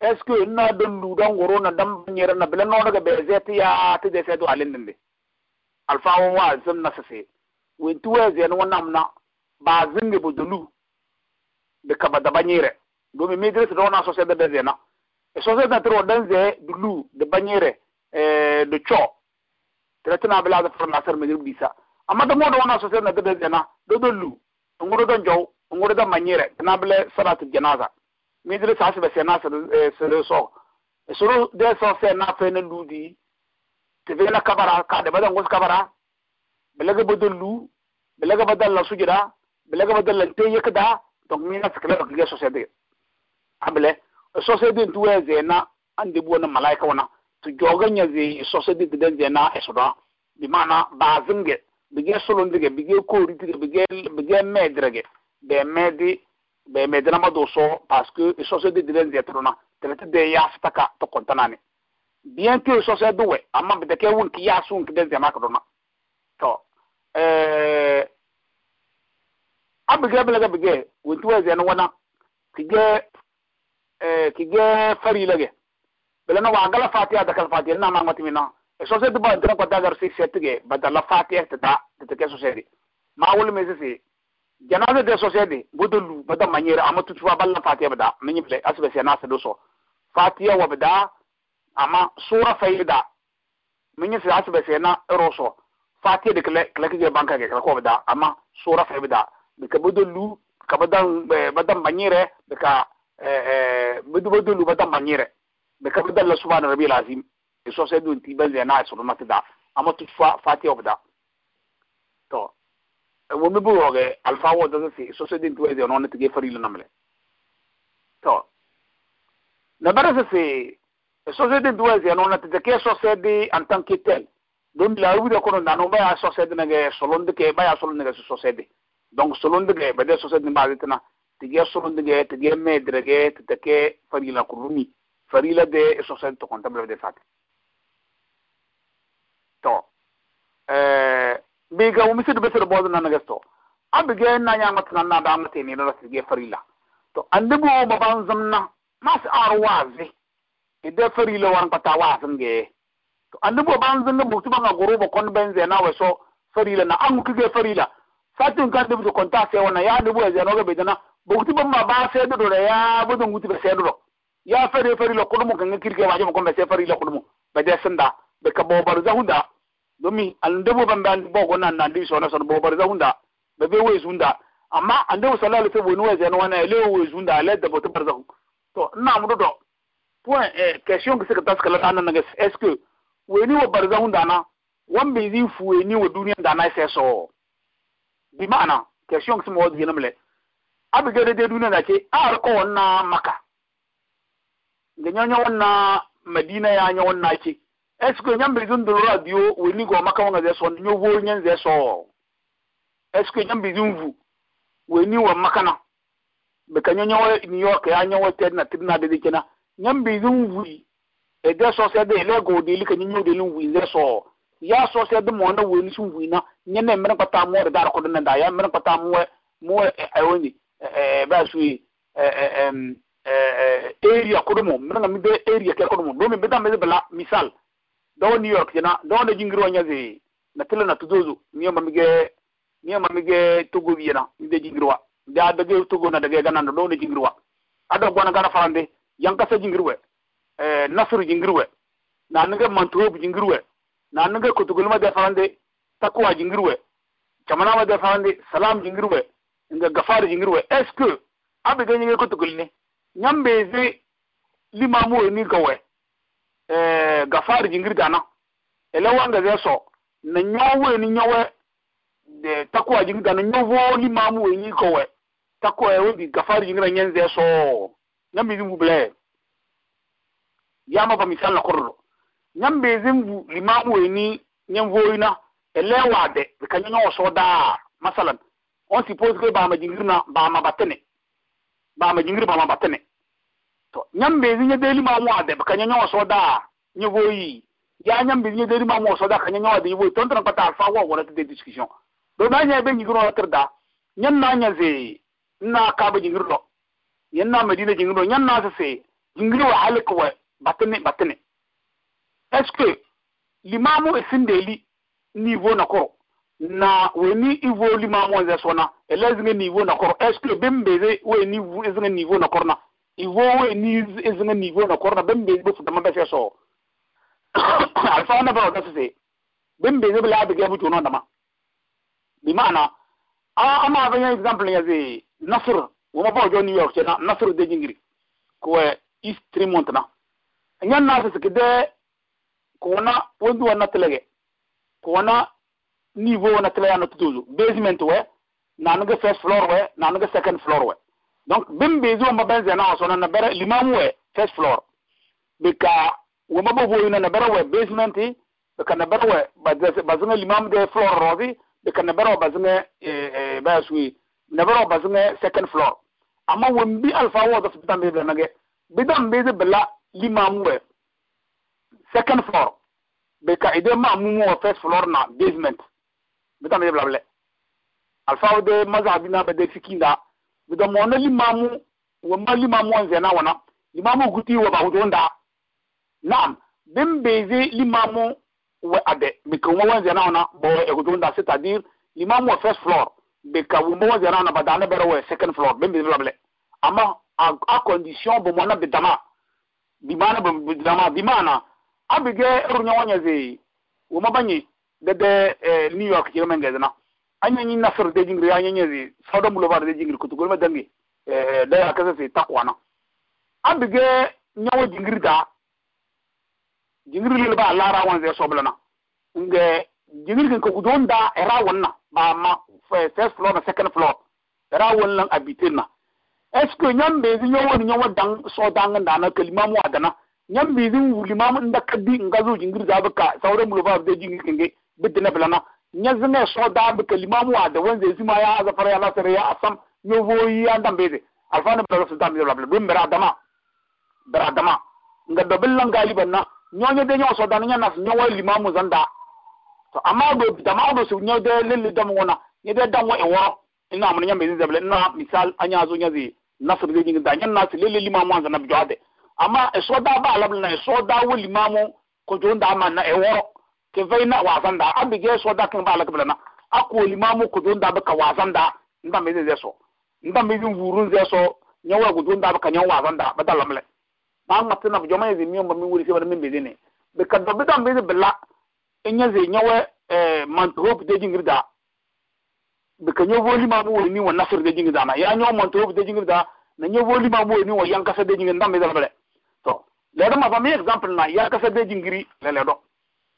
S1: est ce que na don ludan woro na dan banyere na bilan nona ga beze ta ya ta da sai to alin din de alfawo wa zan na sase wen tu we zan wannan amna ba zin ne bu dulu de kaba da banyere do mi dire da wannan sosai da beze na e sosai da tro dan ze dulu de banyere e de cho tretena bila da fara nasar mi dire bisa amma da mo da wannan sosai na da beze na do dulu ngoro don jaw ngoro da manyere na bila salatu janaza midiri saa si bɛsɛ na sere eh, sɔ soro de sɔ sɛ na fɛ ne lu di tebe na kabara ka de bada ngos kabara belaga bada lu belaga bada la sujira belaga bada la te yekda donc mina sikala ka kiga sɔ sɛ de abele sɔ sɛ de duwe ze na ande buona malaika wana tu joga nya ze sɔ sɛ de de ze na esoda bi mana bazimge bige solondige bige koritige bige bige medrege mɛ medi bai mai dana ma do so parce que e sose de dilen de tona telete de ya staka to kontanani bien que sose do we amma be de ke won ki ya sun ki de de makrona
S2: to eh
S1: abige bele bige wonti we ze no wana kige eh kige fari lege bele no wa gala fati da kal fatiha na ma ngati mina e sose de ba dana ko da gar 6 7 ge ba da la fatiha ta ta te ke sose di ma wol me janaze de sosede bodo lu bada manyere ama tutuwa balla fatiya bada minyi ble asbe se nasa do so fatiya wa bada ama sura fayda minyi se asbe se na roso fatiya de kle kle ke banka ke ko bada ama sura fayda de ka bodo lu ka bada eh, bada manyere de ka eh, eh bodo bodo lu bada manyere de ka e e bada la subhana rabbil azim sosede unti bazena so matida ama tutuwa fatiya bada wome bu yoge alfa wo dasa si so so din tuwezi ono netige farilo namle to na bara sa si so so din tuwezi ono netige ke so se di en tant que tel don la ubi de kono nanu ba ya so se di nage solonde ke ba ya solonde ke so se di donc solonde ke ba de so se di ba ditna tige solonde ke tige medre ke tige farila kurumi farila de so se to comptable de fat to eh biga wo misido besedo bodo nanagesto abige na ñamatana na damate ni dala sige farila to andibu o baban zamna mas ar wazi ide farila wan pata wazinge to andibu ban zanga buktu banga gorobo kon benze na weso farila na angu kige farila satin kan dibu to konta se wana ya dibu e zeno ga bedana buktu bamba ba se do ya bodo nguti be se do ya fere farila kudumu kan kirke waje ko be se farila kudumu be de sanda be ka bo barzahunda domin domi andebu ban ban bo ko nan nan di sona son bo bar da hunda be be we zunda amma andebu sallallahu alaihi wasallam wani wajen wani le we zunda le da boto bar za to na mu do point e eh, question ki sika taskala tanan nan est ce que we ni wo bar da hunda na wan be zi fu we ni wo duniya da na sai so bi mana question ki mo wadi namle abi gade de duniya da ke ar ko na maka ga nyanya wannan madina ya nya wannan ke eske nyambizi ndolo radio weni go maka wanga zeso nyo wo nyen zeso eske nyambizi mvu weni wa maka na be kanyo nyo New York ya nyo ted na tibna de dikena
S4: nyambizi
S2: mvu
S1: e de so se de lego de li kanyo nyo de lu wi ya so se de mo na weni su wi na ne na mena pata mo de dar ko ya mena pata mo mo e, e woni e, e, ba su area do new york jena do na jingiro nyazi na tele na tuzuzu niyo mamige niyo mamige tugu yena inde jingirwa da dage tugu na dage eh, na do na jingirwa ado gwana gana farande yanka sa jingirwe eh nasru jingirwe na nge mantuob jingirwe na nge kutugulma de farande takwa jingirwe chamana ma de farande salam jingirwe nga gafar jingirwe est ce que abiga nyinge kutugulni nyambe ze limamu ni gawe Eh, gafari jingiri gana elewa nga zai so na nyowe ni nyowe de takwa jingiri gana nyovo limamu we ni kowe takwa we bi gafari jingiri nyen zai so nyambi zimbu ble yama ba misal na korro nyambi zimbu limamu we ni nyenvo ina elewa de ka nyowo so da masalan on suppose ko ba ma jingiri na ba ma batene ba ma jingiri ba ma batene to nyambezi nye deli ma mwa de kanya nyo so nye goyi ya nyambezi nye deli ma mwa so kanya nyo de wo ton ton pata fa wo wona de discussion do na nya be nyigro la terda nyen na nya ze na ka ba jingro yen na medina jingro nyen na se se jingro wa halik wa batene batene est-ce que limamu esindeli niveau na koro na weni ivo limamu ze sona elezenge niveau na koro est-ce que bembeze weni ivo ezenge niveau na koro na iwowe ni izinga ni iwo na korona bembe bo futa manda feso alfa na ba ka se bembe ne bla bi ga bu tuno ndama bi mana a ama ba ni example ya ze nasr wo ma ba jo new york na nasr de jingiri ko east tremont na nyan na se ke de ko na wondu wana telege ko na niveau na telege na tutuzu basement we na nga first floor we na nga second floor we Donk, bim beze ou mba beze nan, son nan nabere limam we, first floor. Beka, ou mba bo yon nan nabere we, basement e, beka nabere we, bazen e limam de floor rozi, beka nabere ou bazen e, e, e, baswi, nabere ou bazen e, second floor. Ama, ou mbi alfa ou, zase bidan beze nan nage, bidan beze bela limam we, second floor. Beka, ide mba mou mou we, first floor nan, basement. Bidan beze bla ble. Alfa ou de, maza adina bede fikin da, bido mo limamu wa ma limamu wanze na wana limamu guti wa ba hudonda nam bin limamu wa ade bi kan wa wanze na wana bo e hudonda c'est à dire limamu wa first floor bi ka wo wanze na wana ba dana bere wa second floor bin beze blable ama a condition bo mo na bi dama bi mana bi dama bi mana abige runyo wanze wo mabanye dede eh, new york na. anyanyi nasr de jingri anyanyi zi lo bar de jingri kutu gulma dangi eh, da ya kaza sai takwana an bige nyawo jingri da jingri le ba lara wan zai soblana nge jingri kin ko don da era wonna ba ma eh, first floor na second floor era wonna abitena est ce nyam be zi nyawo ni nyawo dang so dang na na kalima mu adana nyam be zi wulima mu nda kaddi ngazu jingri da baka lo bar de jingri kinge bidna blana nyazi ne so da bi kalima mu da wanda yazi ma ya azafar ya nasar ya asam yo voyi ya dan bede alfana bara su dam rabla bin bara dama bara dama nga do billan galiban na nyonyo de nyoso da nya nas nyowa limamu zanda to amma do dama do su nyo de lille dam wona ni de dam wa e woro ina mun nya mezin zabla ina misal anya zo nya zi nasr de ngi da nya nas lille limamu zanda bi jode amma e so da ba labla na e so da wo limamu ko jonda man na e woro ke vei na wazan da abi so da kan ba la kabla na ako limamu ko don da ba ka wazan da nda me ze so nda me bin wurun ze so nya wa ko don da ba ka nya wazan da ba da lamle ba ma tana ba joma ze miyon ba mi wuri se ba mi be ne be ka do be da me ze bla enya ze nya wa eh man hope de jingir da be ka nya wo limamu wuri ni wa nasir de jingir da na ya nya man hope de jingir da na nya wo limamu wuri ni wa yan kasa de jingir nda me ze lamle to le da ma ba mi example na ya kasa de jingiri le do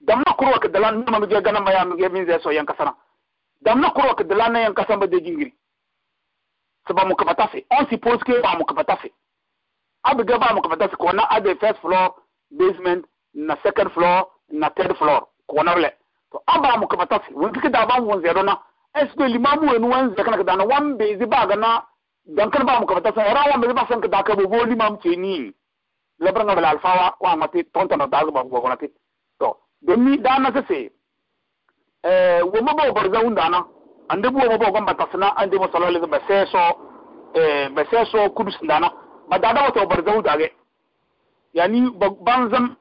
S1: damna kurwa ka dalan nama mige gana maya ge min zai yan kasana damna kurwa ka dalan yan kasan ba de jingiri c'est mu kapata fe on suppose que ba mu kapata fe abu ga ba mu kapata fe ko na ade first floor basement na second floor na third floor ko na le to aba mu kapata fe won kike da ba mu won zero na est ce limamu wani wani zai kana ka dana wan be zi ba na dan kan ba mu kapata fe ra wan be ba san ka da ka bo limam ce ni labran ga alfa wa mate tonta na da ba ko na ke domin eh, dana ta se wo mo bo barza un dana ande bo mo bo gon batasna ande mo sallallahu alaihi wasallam so ba sai eh, kudus dana ba dada wato barza un dage yani banzam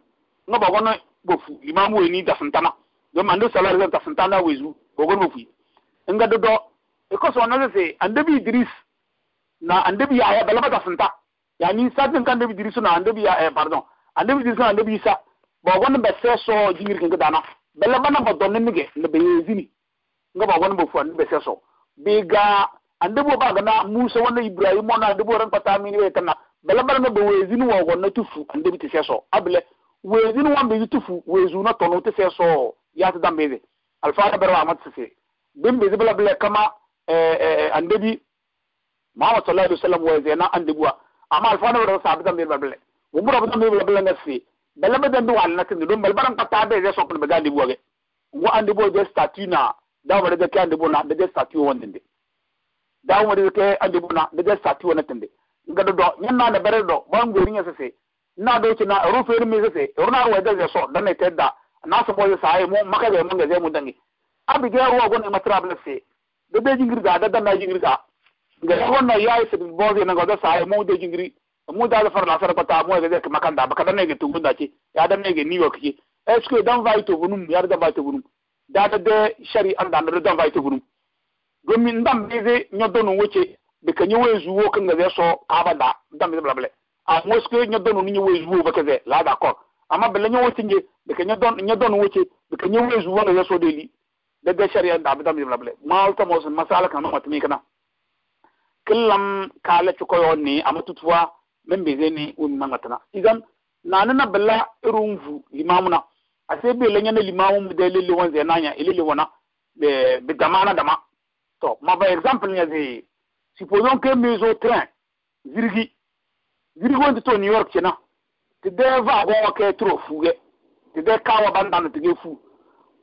S1: no ba gon bofu imamu ni da santana don mande sallallahu alaihi wasallam da santana wezu bo gon bofu inga dodo e ko so na se ande bi idris na ande bi aya balaba da santa yani sadin kan ande bi idris na ande bi eh, pardon ande bi idris na ande bi isa ba wani ba sai so jimir kin gidana bala bana ba don nimige le be yezini nga ba wani ba fu an be sai so bi ga ande bo ba ga na musa wani ibrahim ona de bo ran pata mi ni kana bala bana be yezini na tufu ande bi sai so abule wezini wan be tufu wezu na tono te sai so ya ta dambe ze alfa da barwa amat sise bin be zibla bla kama eh, eh eh ande bi muhammad sallallahu alaihi wasallam ande bua amma alfa da barwa sa da dambe bla bla wo ba dambe bla bala ma dandu wal na tin dum bal baran ka tabe je sokko be gandi boge wo andi bo je statut na dawo de ke andi bona de je statut wonde de dawo de ke andi bona de je statut wonde tin de ngado do nyen na de bare do bon go ni se se na do ci na ru fer mi se se ru na ru e de je so dan ne tedda na so bo je sa ay e mo makke be mo ngeje mo dangi abi ge ru go ne matrable se de be jingri da da na jingri ka ngado na yaay e se bo je na go de sa ay mo de jingri mu da far na sar ta mu ga makan da baka dan ne tugu da ce ya dan ne ni wak ce est ce dan vai to bunum ya da vai to bunum da da de shari an da da dan vai to bunum gomin dan be ze nyo donu wuce be kanyi we zuwo kan ga so ka ba da dan be bla a mu est ce que nyo donu ni we zuwo ba ka ze la da ko amma bele nyo wuce nge be kanyi don nyo donu wuce be kanyi we zuwo ga so de li da da shari an da dan be bla bla ma ta mo sun masala kan ma tumi kana killam kala ci koyo ne amma tutuwa ben be zeni un mangatana idan nana na balla irun fu limamuna ase be na limamu de lele won zena nya lele wona be be damana dama to ma par exemple nya ze supposons que maison train zirigi zirgi won to new york chena te de va go ke tro fuge te de kawa bandana tige fu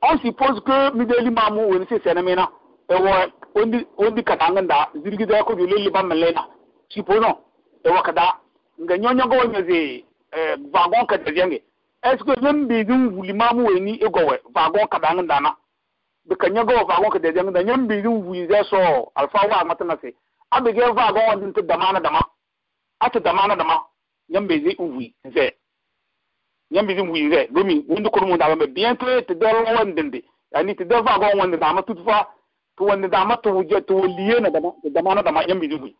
S1: on suppose que mi limamu won se senamena e wo ondi ondi katanga nda zirgi de ko lele ba melena supposons e wakada nga nyonyo go wonyo ze eh vagon ka de yenge est ce même bi dun wulima mu weni egowe vagon ka dan dana de ka nyogo vagon ka de yenge da nyam bi dun wuyi ze so alfa wa mata na se abe ge vagon wa dun to damana dama ata damana dama nyam bi ze uwi ze nyam bi dun wuyi ze domi wundu ko mu da ba bien to te do wonde ndi ani te do vagon wonde dama toutefois to wonde dama to wuje to liye na dama damana dama nyam bi dun wuyi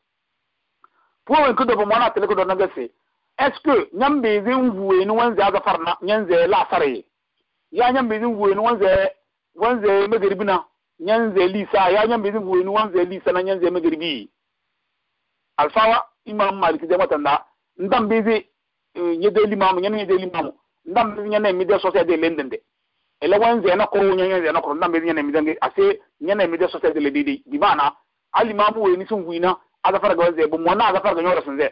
S1: puwe kudo bo mwana tele kudo nagase eske nyambe zin vuwe ni wanze aga farna nyanze la sare ya nyambe zin vuwe ni wanze wanze magaribina nyanze lisa ya nyambe zin vuwe ni wanze lisa na nyanze magaribi alfawa imam malik de matanda ndam bezi eh, nyede limamu nyene nyede limamu ndam bezi nyene mi de sosia de lendende ele wanze na ko nyene nyene na ko ndam bezi nyene mi de ase nyene mi de sosia de ledidi alimamu we ni sun vuina azafara ga wanze bum mona azafara ga nyora sunze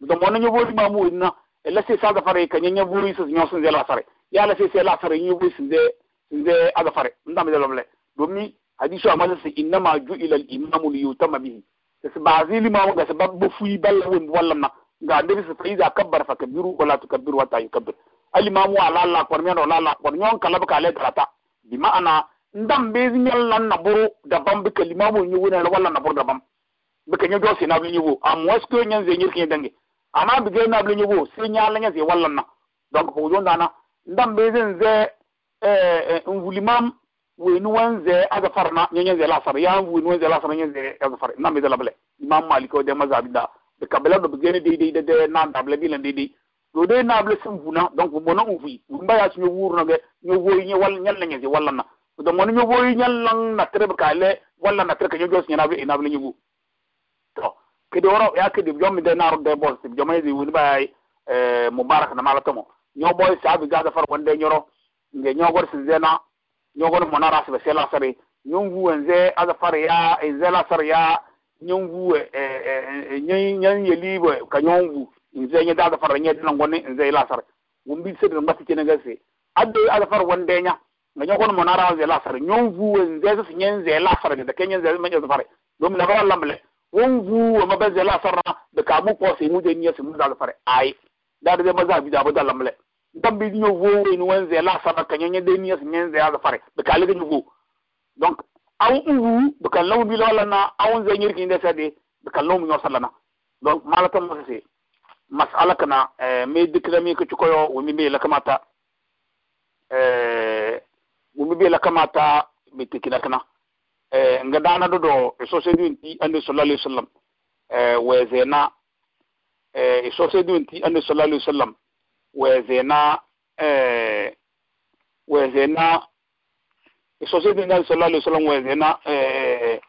S1: do mona nyobori ma mu inna ella eh, se sa azafara ka nyanya buri su nyo sunze la sare ya la se se la sare nyu buri sunze sunze azafara nda mi dalomle domi hadithu amal se inna ma ju'ila al imam li yutama bihi se bazili ma ga sabab bu fuyi balla won wallam ga annabi se fa iza kabbara fa kabiru wala tukabbiru hatta yukabbir al imam wa la la kon men la la kon ka le grata bi ma'ana ndam be nyal lan na buru bi kalimamu nyu wona bëkke ñu doosi nablu ñu wu à moins que ñen zé ñir kiñu dengi ana bëgge nablu ñu wu si ñaala ñen zé wallan na donc fo zon daana ndam be zen zé e, e, nvuli mam wu ñu wan zé aga farna ñen ñen zé la far ya wu ñu wan zé la far ñen zé aga far ndam be zé la blé imam maliko de mazabi da de kabela do bëgge ne de de de na ndable bi lan de de do de nable sun vuna donc bu bono ufi bu mbaya ci ñu wuur na ge ñu wo ñi wal ñal ñen zé wallan na do mo ñu wo ñal lan na trebe kale wallan na trebe ñu joss ñana bi inable ñu wuur to kede woro ya kede jom de naro de bol sib jom ezi wuni bay eh mubarak na mala tomo nyo boy sa bi far wonde nyoro nge zena sela sari enze aza far ya ezela sar ya nyongu eh, eh, eh ka nze far dina ngoni nze ila wumbi se kene gase aza far wonde nya nga enze ila
S2: onzu wa
S1: mabe la sarra da kamu ko sai mu je niya su mun da fare ai da da maza bi da bada lamle dan bi ni wo e ni wan la sarra kanyen ne de niya su nyen zela da fare da kale ni wo donc
S3: awu uwu
S1: da kan lawu bi la na awun zan yirki ne sai de da kan lawu mu sallana donc malatan ma sai mas'ala kana e, me dikra mi ko cikoyo wumi be la kamata eh wumi be la kamata mi tikina kana eh, nga dana do do isose dun ti ande sallallahu alaihi wasallam eh, we zena eh, isose dun ti ande sallallahu alaihi wasallam we eh, we zena isose dun ande sallallahu alaihi wasallam we eh,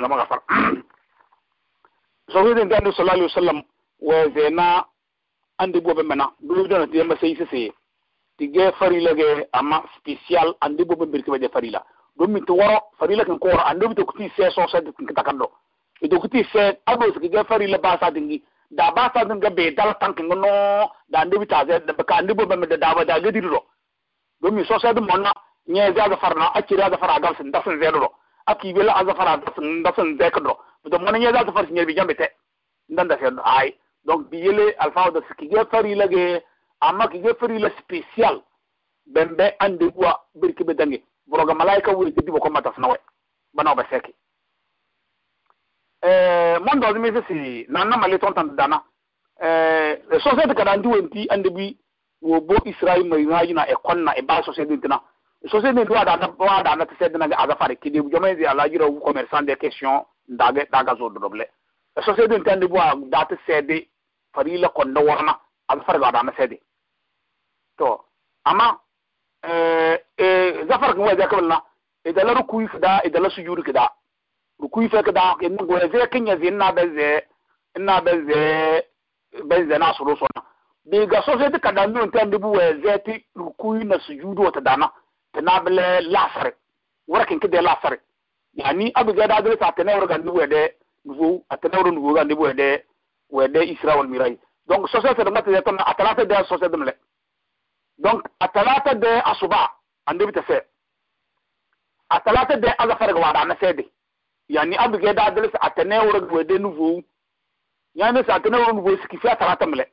S1: la maga far isose dun ande sallallahu alaihi wasallam we zena ande bobe mena do do na ti ma sey sey ti ge farila ge ama special ande bobe birke be farila don min to waro farila kan kora ando bi ta kuti se so sa tin kita kando kuti se abo se ga farila ba sa dingi da ba sa dinga be dal tank da bi ta ze da ka ando da da da ga diro don min so sa dum nye za ga farna ga fara ga da sin ze do aki bela aza fara da sin da sin ze kando bi to monna nye za ga fara bi jambe te ndan da se ai donc bi yele alfa da ki ga farila ge amma ki ga farila special bembe ande wa birki be dangi boroga malaika wuri ti dibo ko matas nawe bana ba seki eh mon do mi sisi nanna mali ton tan dana eh society kada ndi wenti ande bi wo bo israel mai na yina e konna e ba society ntina society ndo ada na ba ada na tse dina ga azafare kidi bu jomai zi ala jiro commerçant des questions daga daga zo do doble society ntande bu da ta sede farila konda warna azafare ga ada na sede to amma Eh, eh, zafar kan waje kan la idala rukuyi fida idala sujudu kida rukuyi fe kida in go ze kan ya zin na bezze ina bezze bezze na suru sona bi ga so se dika da nun tan dubu we ze ti rukuyi na sujudu ta dana tana bele lafare warakin kide lafare yani abu ga da dole ta tana wara ga dubu a nufu atana wara nufu ga dubu de we de israel mirai donc so se ta mata ya tan atala se de so se donc a talata de asuba annabi ta sai a talata de azafar ga wada na sai de yani abu ga da dalisa a tane ga de nouveau yani sa tane wura nouveau ski fi a talata mle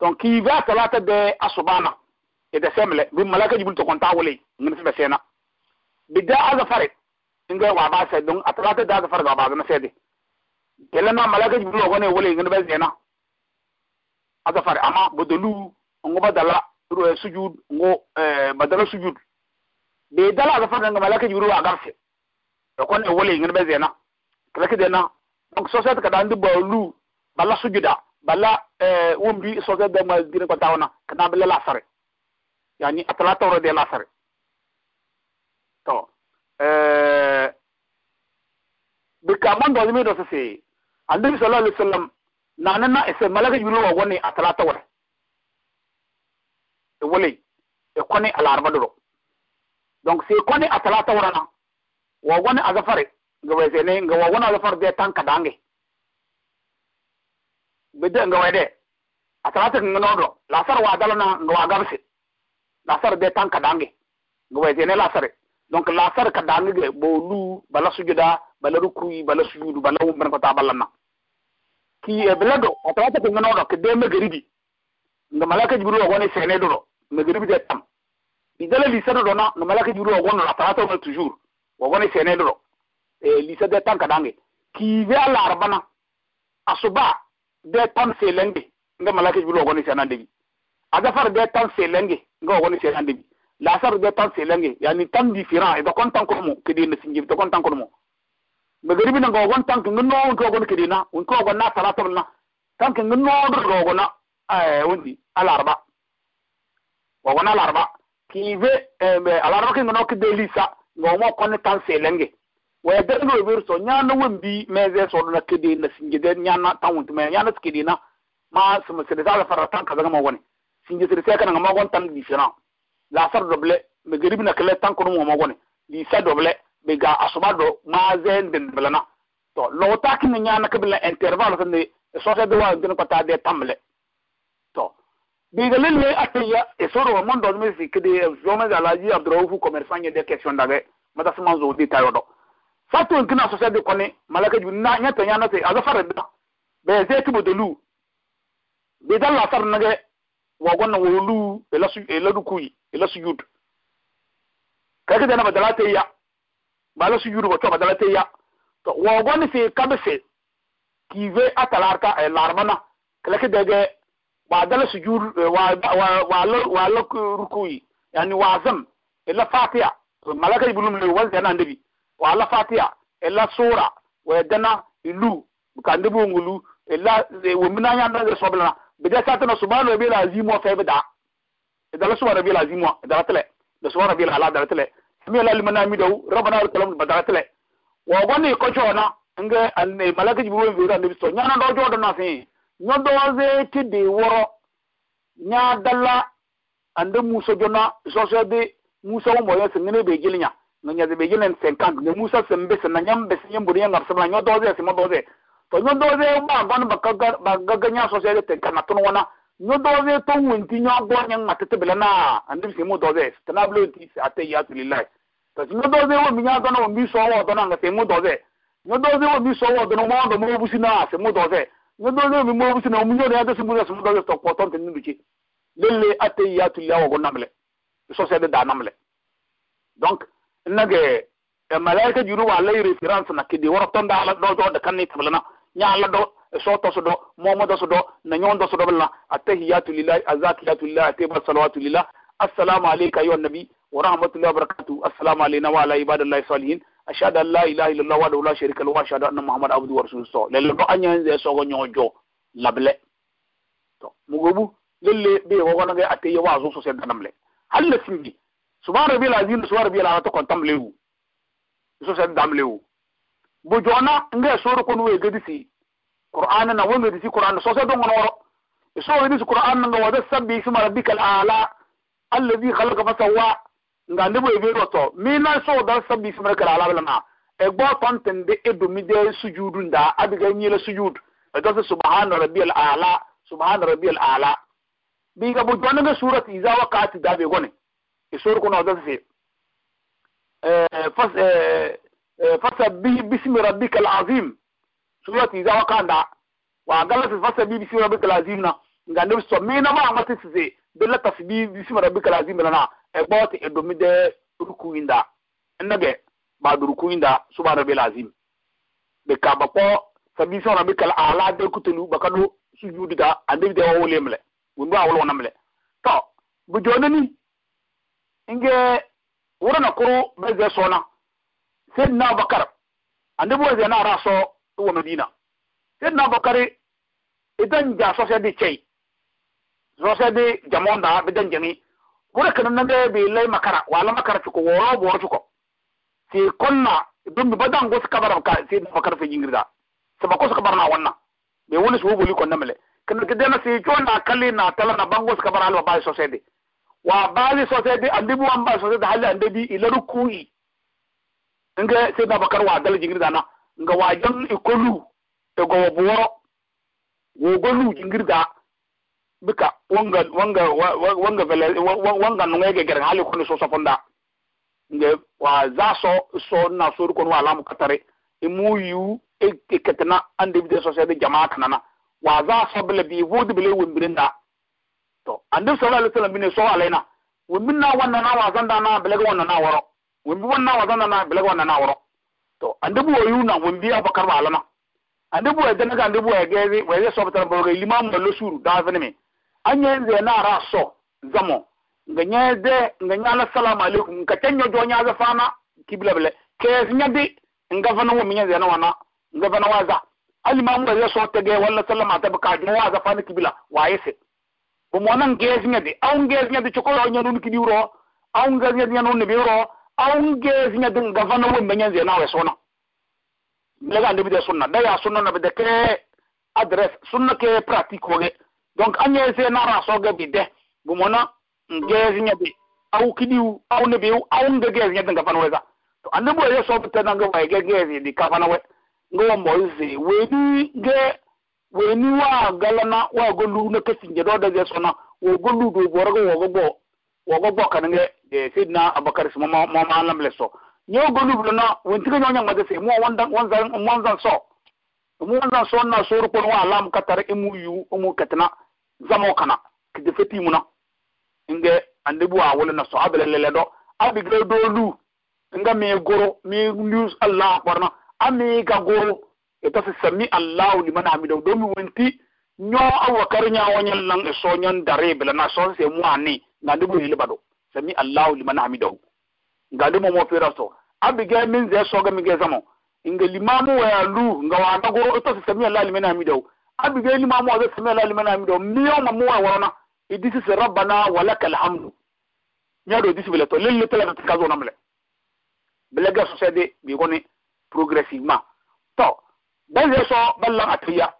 S1: donc ki va talata de asuba na e de semle bi malaka jibul to konta wole ngin fi besena bi da azafar inga wa ba sai donc a talata da azafar ga ba na sai de kelena malaka jibul ko ne wole ngin besena azafar ama bodolu ngoba dala sujud ngo badala eh, sujud be dala da fanga ngam alaka juru wa garse to kon e wole ngene be zena klaki dena donc société ka dandu ba lu bala sujuda bala eh, wombi société da ma dina ko tawna kana bala la sare yani atala tawra de la sare to eh bi ka man do mi do se annabi sallallahu alaihi wasallam nanana ese malaka juru wa woni atala tawra e wuli e koni alarba duro donc si koni a talata warana wa wani a zafare ga wese ne ga wa wani a zafar da tan kadange bidde ga wede a talata ga nodo sar wa dalana ga wa gamsi lasar da tan kadange ga wese ne sar donc ka kadange ga bolu bala sujuda bala rukui bala sujudu bala wumban ko ta ballanna ki e eh, blado a talata ga nodo ke de magaribi nga malaka jibril wa gone sene do nga gari bi tam di dala lisa do na nga malaka jibril wa gone rata ta na toujours wa gone sene do e lisa de tan kadange ki ve ala arbana asuba de tan selenge nga malaka jibril wa gone sene ande adafar de tan selenge nga wa gone sene ande lasar de tan selenge yani tan différent e do kon tan ko mo kedi na singi do kon tan ko mo magaribi na ga wagon tanki ngin no won kogon kedi na won kogon na tara tabna tanki ngin no do kogon وندي الأربع وغنا الأربع كيف الأربع كي نوك ديليسا نوما كون تانسي لنجي ويدرو بيرسو نيانا ومبي ميزي سورنا كدي نسنجد نيانا تاونت ما نيانا تكدينا ما سمسلسا فرطان كذا ما وني سنجسلسا كان ما وان تان ديشنا لا سر دبل مغربنا كلا تان كونو ما وني ديسا دبل بيغا أصبع دو ما زين دن بلنا تو لو تاكي نيانا كبلا انترفال سنجي سوسيدي وان دين قطع دي تامله diga lille ateya e eh, soro wa mondo me si kede eh, zoma da laji abdurrahu commerçant ye de question dage mata sama zo di tayo do fatu ngina so sebe kone malaka ju na nya tanya na te aza fara da be ze ti bodolu be da la far nage wa gonna wolu ela su ela du kuyi ela su yud kage da na badala te ya bala su yud ba to badala te ya to wa gonna fi kabe fi ki ve atalarka e eh, larmana kala ke dege waa waa waa waa waa dala sujuud la zam ila fatiha malaka ibnu mulay wal dana ndebi la fatiha ila sura wa dana ilu ka ملكة ngulu ila الأول mina nya ndo فاتحة إلا سورة ودنا إلو كان دبو نقولوا إلا ومن أي عندنا سبحانه بدأ ساتنا سبحانه ربي العظيم وفبدا إذا لا سبحانه ربي العظيم إذا لا تلا لا سبحانه ربي العلا إذا لا تلا سمي الله لمن أميدو ربنا الكلام بدأ malaka ibnu mulay wal dana ndebi so nya ndo jodo na fi nyɔdɔwɔze ti de wɔrɔ nyaadala ande musa jona zɔzɔ de musa wo mɔyɔ sɛ ŋene bee gili nya ŋa nya de bee gili kan ŋa musa sɛn be sɛn na nyam be sɛn nyam bori nyam sɛn na nyɔdɔwɔze sɛn mɔdɔwɔze to nyɔdɔwɔze ba gan ba gaga ba gaga nya zɔzɔ de tɛn kana tɔn wɔna nyɔdɔwɔze tɔn wɔn ti nyɔ gbɔ nyɛ ŋa tete bela na ande sɛn mɔdɔwɔze tɛna bilo ti a tɛ ya tuli lai to nyɔdɔwɔze wo mi nya dɔn na wo mi sɔn wɔ dɔn na ŋa sɛn mɔdɔwɔze nyɔdɔwɔze wo mi sɔn wɔ dɔn na wo ma busi na sɛn mɔdɔwɔze ndono mi mo busina mu nyodo yade simbu na simbu to ko ton tin nduki lele atiyatu lawo go namle so se de da namle donc nage e malaika juru wa lay reference na kidi woro ton da do do de kanni tablana nya la do so to so do momo do so do na nyon do so do bla atiyatu lillahi azakiyatu lillahi atiba salawatu lillahi assalamu alayka ayuha nabi wa rahmatullahi wa barakatuh assalamu alayna wa ala ibadillahi salihin ashhadu an la ilaha illallah wahdahu la sharika lahu wa ashhadu anna muhammad abdu wa rasuluhu so lele do anya nze so go nyo jo lable to mugobu lele be go gona ga ateye wa zo so se danamle halle fingi subhan rabbil azim subhan rabbil ala to kontamle wu so se damle wu bu jona nge so ro konu e gedisi qur'an na wonde disi qur'an so se do ngono woro so disi qur'an nga wada sabbi isma rabbikal ala alladhi khalaqa fasawwa nga ndibo ebe roto mina so dan sabbi fi markar alabla ma e gbo tonten de edo mi de sujudu nda abiga nyele sujud e to subhana rabbiyal ala subhana rabbiyal ala bi ka ga bu jonna ga surati iza waqati da be gone e sur ko no da se ɛɛ e, e, fas eh e, fasabbih bismi kala azim surati iza waqanda wa galati fasabbih bismi kala azim na nga ndibo so mina ma amati se billa tasbi bismi rabbika lazim lana e gboti e domi de ruku inda nage ba du ruku inda suba rabbi lazim be bika ba ko sabi so rabbi kal ala de kutulu ba kadu sujudi ga ande de wo lemle wundu awol wona mle to bu jonani inge wurana kuru beze sona sayyidina bakar na bo zena raso e wo medina sayyidina bakari idan e ja sosai de chei zose bi da bi dan jami gure kan nan da bi lai makara wala makara ko woro woro ko si konna dum bi badan go skabara ka si makara fe jingirda sa ko skabara na wannan be wani su boli konna male kan ke dena si na kali na tala na bango baral wa bai sosede wa bali sosede andibu an bai sosede hali andibi ila kuyi nga sai da bakar wa dal jingirda na nga wajen ikolu e go woro wo golu jingirda bika wanga wanga wanga vele wanga nunga ge gere hali kuni so safonda nge wa za so na so ko wa katare imu yu e, e ketna ande bi de jamaa kanana wa za so bi wodi bele wimbirinda to ande sallallahu alaihi wasallam bine so alaina wimbinna wanna na wa na bele na woro wimbi wa na bele wanna na woro to ande yu na wimbi abakar wa alana ande bu e ande lo suru da anyenze na raso zamo ganyenze nganyala salamu alaikum ka tenyo jo nyaza fana kibla bele ke nyadi ngavana wo minyenze na wana ngavana waza ali mamu wa yeso tege wala salamu atabaka jo waza fana kibla waise bo mona ngez nyadi au ngez nyadi chokolo nyadi ni kibiro au ngez nyadi nyano ni biro au ngez nyadi ngavana wo minyenze na wese wana bele ga ndibide sunna daya sunna na bede ke adres sunna ke pratique wage donc anya ese na ra so ga bide gumona ngezi nyabe au kidiu au nebe au ngegezi nyabe ngafana weza to anebo ye so na ga waige di we mo we ni ge we ni wa wa na kasi ngedo da ze so na wo golu do wo wo kan nge de sidna abakar sima ma ma le so na wenti ga nyonya se mo na so zamo kana kete feti muna inge ande bua wole na so abele lele do gre do lu inga me goro me news allah barna ame ga goro eto se sami allah mana amido do mi wenti nyo awa karnya wanyan lang e so nyon dare bela na so se mu ani na de bu ile bado sami allah liman hamidu nga de mo mo fera so ga min ze so ga mi ge zamo inga limamu wa lu nga wa na goro eto se sami allah mana amido abiga ni mamu abe sami ala limana mi do miyo mamu wa warana idisi se rabbana wa lakal hamdu nya do idisi bele to lele tele ta kazo namle bele ga société bi ko ni progressivement to ben je so balla atiya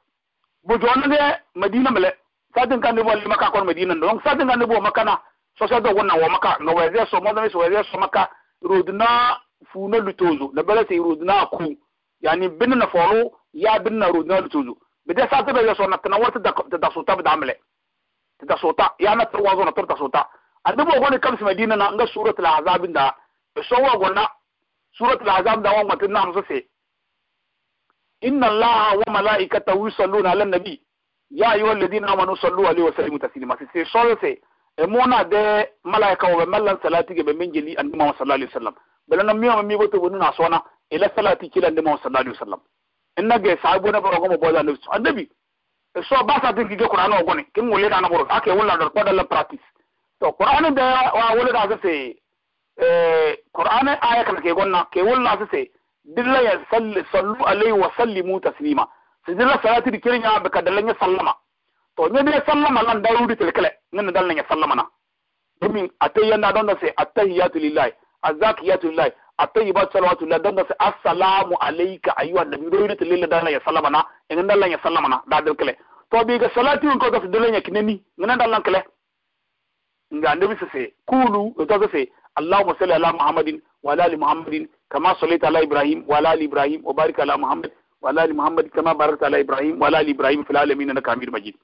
S1: bu jona de madina mele sadin kan ne bo limaka kon madina donc sadin kan ne bo makana société wona wa maka no wa je so mo do so wa je so maka rodna funa lutozo na bele se rodna ku yani binna foro ya binna rodna lutozo bide sa tebe yo sona tana warta ta da sota bida amle ta da sota ya na tawa zo na tar da sota a dubu ko ne kamsi madina na nga suratul azab da so wa gonna suratul azab da wan matin na musu se inna allah wa malaikatahu yusalluna ala nabi ya ayu alladina amanu sallu alaihi wa sallimu taslima se so se e mona de malaika wa mallan salati ge be minjili an muhammad sallallahu alaihi wasallam balana miyo mi boto wonu na sona ila salati kila de muhammad sallallahu alaihi wasallam ina ga esa agbo nabara ọgọ mọbọla na otu adabi so ba sa tin gige kurana ki kin wole da nabaro ake wala da kwada la practice to qur'ani da wa wole da se eh qur'ani aya kan ke gonna ke wala se se dilla ya salli sallu alaihi wa sallimu taslima se dilla salati di kirin ya be kadalla sallama to ne be sallama lan da rudi tilkale nan ne ya sallama na domin atayya na don da se attahiyatu lillahi azakiyatu lillahi at ba salawatu la danda se assalamu alayka ayyuha nabi do yidi lilla dalla ya sallama na en dalla ya salama na da dalkale to bi ga salati ko ga dalla ya kinani ngana dalla kale nga se se kulu to se allahumma salli ala muhammadin wa ala ali muhammadin kama sallaita ala ibrahim wa ala ali ibrahim wa barik ala muhammad wa ala ali muhammad kama barakta ala ibrahim wa ala ali ibrahim fil alamin innaka hamid majid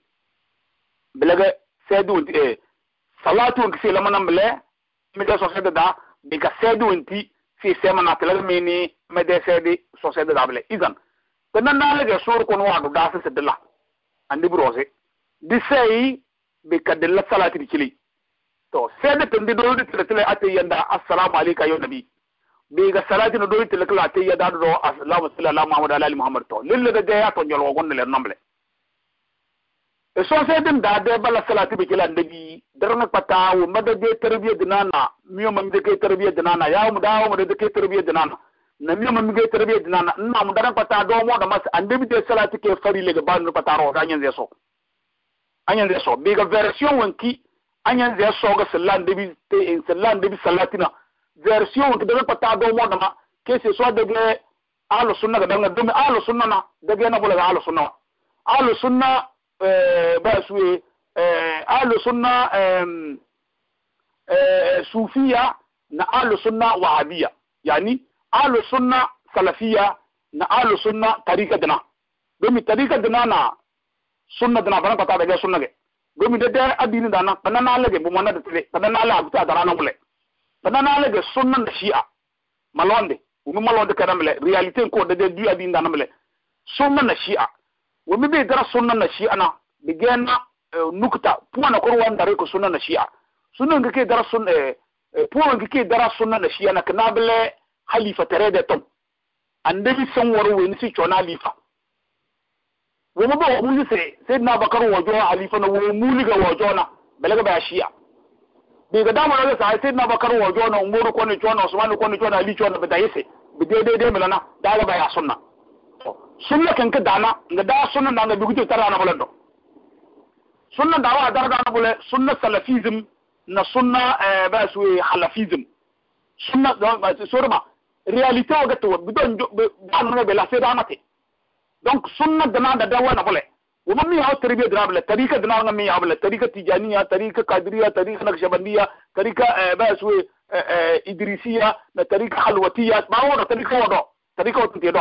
S1: bilaga sedu eh salatu ko sai lamana mbele mi da so sedu da bi ga sedu nti sistema natural mini medesedi sosede dable izan tena nale ke sur kon wadu dafi sedilla andi brose di sei be kadilla salati di kili to sede tundi do di tele ate yanda assalamu alayka ya nabi be ga salati no do tele kala ate yanda do assalamu sallallahu alaihi muhammad to lille de ya to nyol wogon le nomble e sose dim da de bala salati be kila ndabi darna pata wo mada de tarbiya dinana miyo mam de ke tarbiya dinana ya mu dawo mu de ke tarbiya dinana na miyo mam ke tarbiya dinana na mu darna pata do mo da mas andabi de salati ke fari le ga banu pata ro ganyen ze so anyen ze so be ga version wanki anyen ze so ga sallan de bi te in sallan de bi salatina version wanki darna pata do mo da ke se so de ge ahlus sunna ga darna dum ahlus sunna na de ge na bula ahlus sunna ahlus sunna آه، باسوي إيه؟ آه، اهل السنه ام آه، صوفيه نا اهل السنه وهابيه يعني اهل السنه سلفيه نا اهل السنه طريقه دنا دومي طريقه دنا نا سنه دنا بنا بتا دغه سنه دي دومي دده ادين دنا بنا نالگه بو منا دتله بنا بتا دنا دانا نوله بنا نالگه سنه الشيعه malonde umi malonde kada mele realite ko dede du adi ndana mele sunna na wo bai ɓe dara sunna na shi'a na da gena eh, nukta puwana da rai ko sunan na shi'a sunan ngi ke dara sun eh, eh, puwa ngi ke dara sunan na shi'a na kana bale halifa tare de tom bi san waro weni si cona halifa wani ba ba yi muli se na bakar wajo halifa na wo muli ga wajo na ga ba shi'a ɓe ga dama na sa na bakar wajo na umaru ko ni cona usmanu ko ni cona ali cona be dayese be dede de melana daga ba ya sunan sunna kan ka dana nga da sunna na nga dugu tara na bulendo sunna da wa darga na bule sunna salafism na sunna ba su halafism sunna da ba su sorma realite o gato bidon ba no be se dana te donc sunna dana da da wa na bule ومن مي هاو تربيه درابله طريقه دنا مي هاو بلا طريقه تيجانيه طريقه قادريه طريقه نقشبنديه طريقه باسوي tarika طريقه حلوتيه ما هو طريقه ودو طريقه وتنتي دو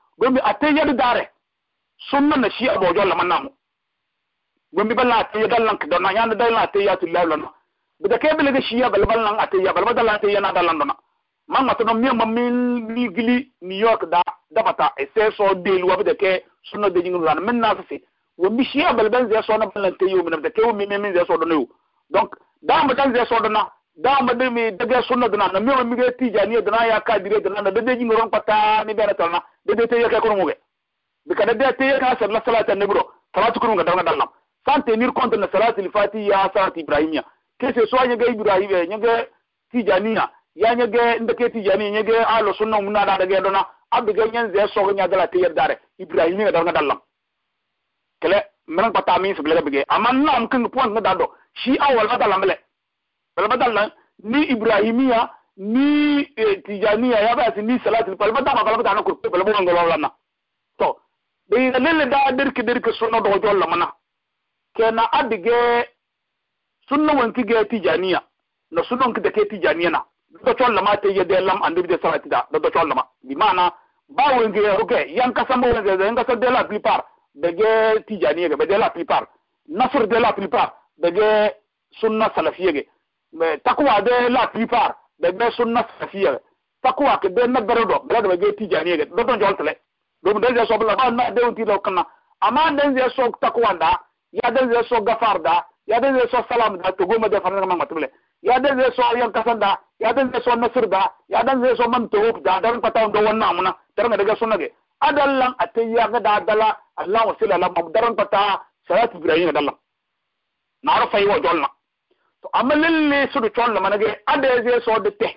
S1: gombi ate ateyedi dare sunna na shi abojo lama namu gwembi balla ateya dallan ki dona yanda dallan ateya tu lawla no bida ke bele ga shiya bal ate ya bal badallan ateya na dallan dona man mata no miya li gili new york da dabata ese so del wa bida ke sunna de jingu lan men na se wombi shiya bal ban zai so na ballan teyo min bida ke wombi min zai so dona yo donc da mu dan zai so dona da mu de mi daga sunna dona na miya mi ga tijaniya dona ya kadire dona na de jingu ron pata mi bera tana dede te yeke kunu muge bika dede te yeke asal na salati annebro salati kunu nga daranga dalnam sans tenir compte na salati lfati ya salati ibrahimia que ce soit ñege ibrahim ñege tijaniya ya ñege ndeke tijani ñege alo sunna mun na da dege dona abdu ge ñen ze sogo nya dala te yedare ibrahim nga daranga dalnam kele mran pata mi su blega bege aman nam kan point nga dado shi awal badala mele bala badala ni ibrahimiya ni tijaniya ya ba ni salatul palma da ma palma na kurpe palma ngon lo lana to be lele da dirki dirki sunna do jol lamana kena adige sunna wanki ge tijaniya na sunna ki da ke tijaniya na do jol lama te ye de lam andu de salati da do jol lama bi mana ba wanki oke yan ka sambo wanki da yan ka so de la plupart de ge tijaniya ge de la plupart nasr de la plupart de ge sunna salafiyege takwa de la plupart bɛgbɛ sunna safiya takuwa ke bɛ na bɛrɛ dɔ bɛrɛ dɔ bɛ gɛ ti jani yɛrɛ dɔ tɔn jɔn tɛlɛ dɔn den zɛ sɔ bila ba na denw ti lɔ kana ama den zɛ sɔ takuwa da ya den zɛ sɔ gafar da ya den zɛ sɔ salam da togo ma jɛ fana kama ma tɛmɛ ya den zɛ sɔ yan kasan da ya den zɛ sɔ nasir da ya den zɛ sɔ man togo da daren pata dɔ wɔn na muna daren ka dɛgɛ sunna kɛ adallan a te yaga da dala allah wa sallam daren pata salatu ibrahim dalla na arfa yi wa jɔn na to amma lilli sudu chollo manage adeze so de te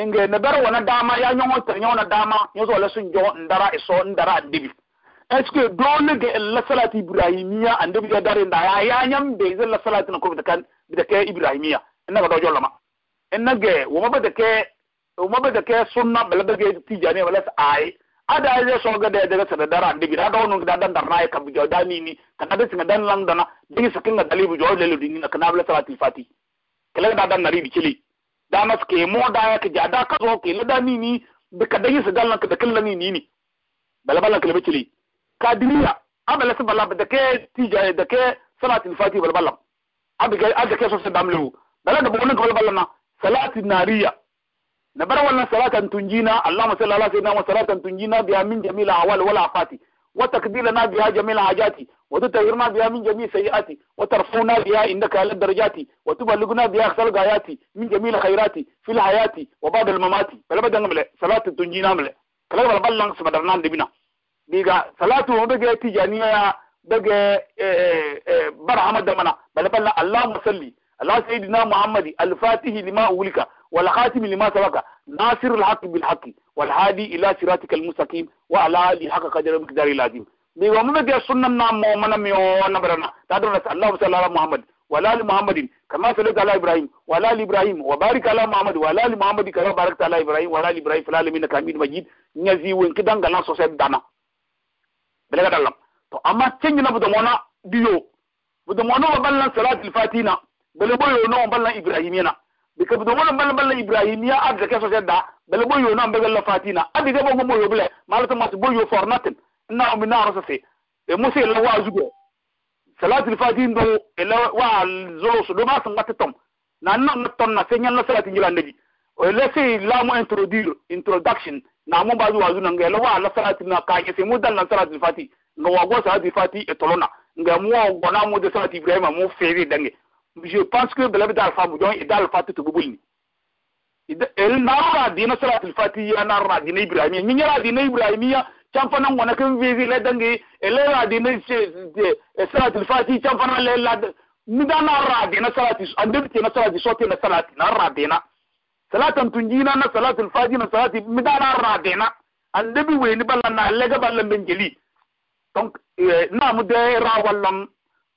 S1: inge ne bar wona dama ya nyongo ter nyona dama nyoso la sun jo ndara iso ndara dibi est ce que dole ge la salati ibrahimiya ande bi dare nda ya ya nyam be ze la salati na ko bi kan bi de ke ibrahimiya inna ga do jollo ma inna ge wo ma be de ke wo ma be de ke sunna bela be ge tijani wala sa ai ada ye so ga de de se da ran digi da do no da dan dar na ka bu da ni ni ka da singa dan lang dana digi se da dali bu jo le lu na kana bla salati fati kala da dan nari bi kili da mas ke mo da ya ke jada ka zo ke da ni ni da ka dagi se dan lang ka da killa ni ni ni bala bala kala bi kili ka diniya abala se bala da ke ti ja da ke salati fati bala bala abi ga abike ke so se damlu bala da bu ne ka bala bala na salati nariya نبر ولا صلاة تنجينا اللهم صل على سيدنا وصلاة تنجينا بها من جميع الأحوال والآفات وتقضي لنا بها جميع الحاجات وتطهرنا بها من جميع السيئات وترفعنا بها عندك على الدرجات وتبلغنا بها اقصى الغايات من جميع الخيرات في الحياة وبعد الممات فلا بد نعمل صلاة تنجينا مل كلام البلغ سبدرنا نعم دبنا ديغا صلاة وبقى تجانية بقى برحمة دمنا بل بل اللهم صلي على سيدنا محمد الفاتح لما أولك والخاتم لما سبق ناصر الحق بالحق والهادي الى صراطك المستقيم وعلى اله حق قدر مقدار العظيم دي ومن دي السنه نام من ميو نبرنا صلى الله عليه وسلم محمد ولا لمحمد كما صلى على ابراهيم ولا لابراهيم وبارك على محمد ولا لمحمد كما باركت على ابراهيم ولا لابراهيم ابراهيم في العالمين انك مجيد نزي وين كدان غنا سوسي دانا بلغا دالم تو اما تشنج نبدو مونا ديو بدو مونا وبلن صلاه الفاتينا بلبو يونو وبلن ابراهيمينا bika bido wona mbala mbala ibrahim ya adre keso sedda bele boyo na mbele la fatina adi de bogo moyo bele malata mat boyo fornatin na umina rasasi e musi la wa zugo salati al fatin do ila wa zolo so do ma san matatom na na maton na senya na salati ngila nabi o le se la mo introduire introduction na mo ba wa zuna ngela wa la salati na ka se mo dal na salati al fati no wa go salati fati e tolona ngamu wa go na mo de salati ibrahim mo fere dange je pense que bela bi dal famu don idal fatu to bubulni el narra dina salatul fatiha narra dina ibrahimiya nyi nyara dina ibrahimiya can fana ngwana kan vivi la dangi elela dina salatul fatiha can fana lela mi da narra dina salati andin ke na salati sote na salati narra dina salatan tunjina na salatul fatiha na salati mi da narra dina andabi weni balla na lega balla men jeli donc na mu de ra wallon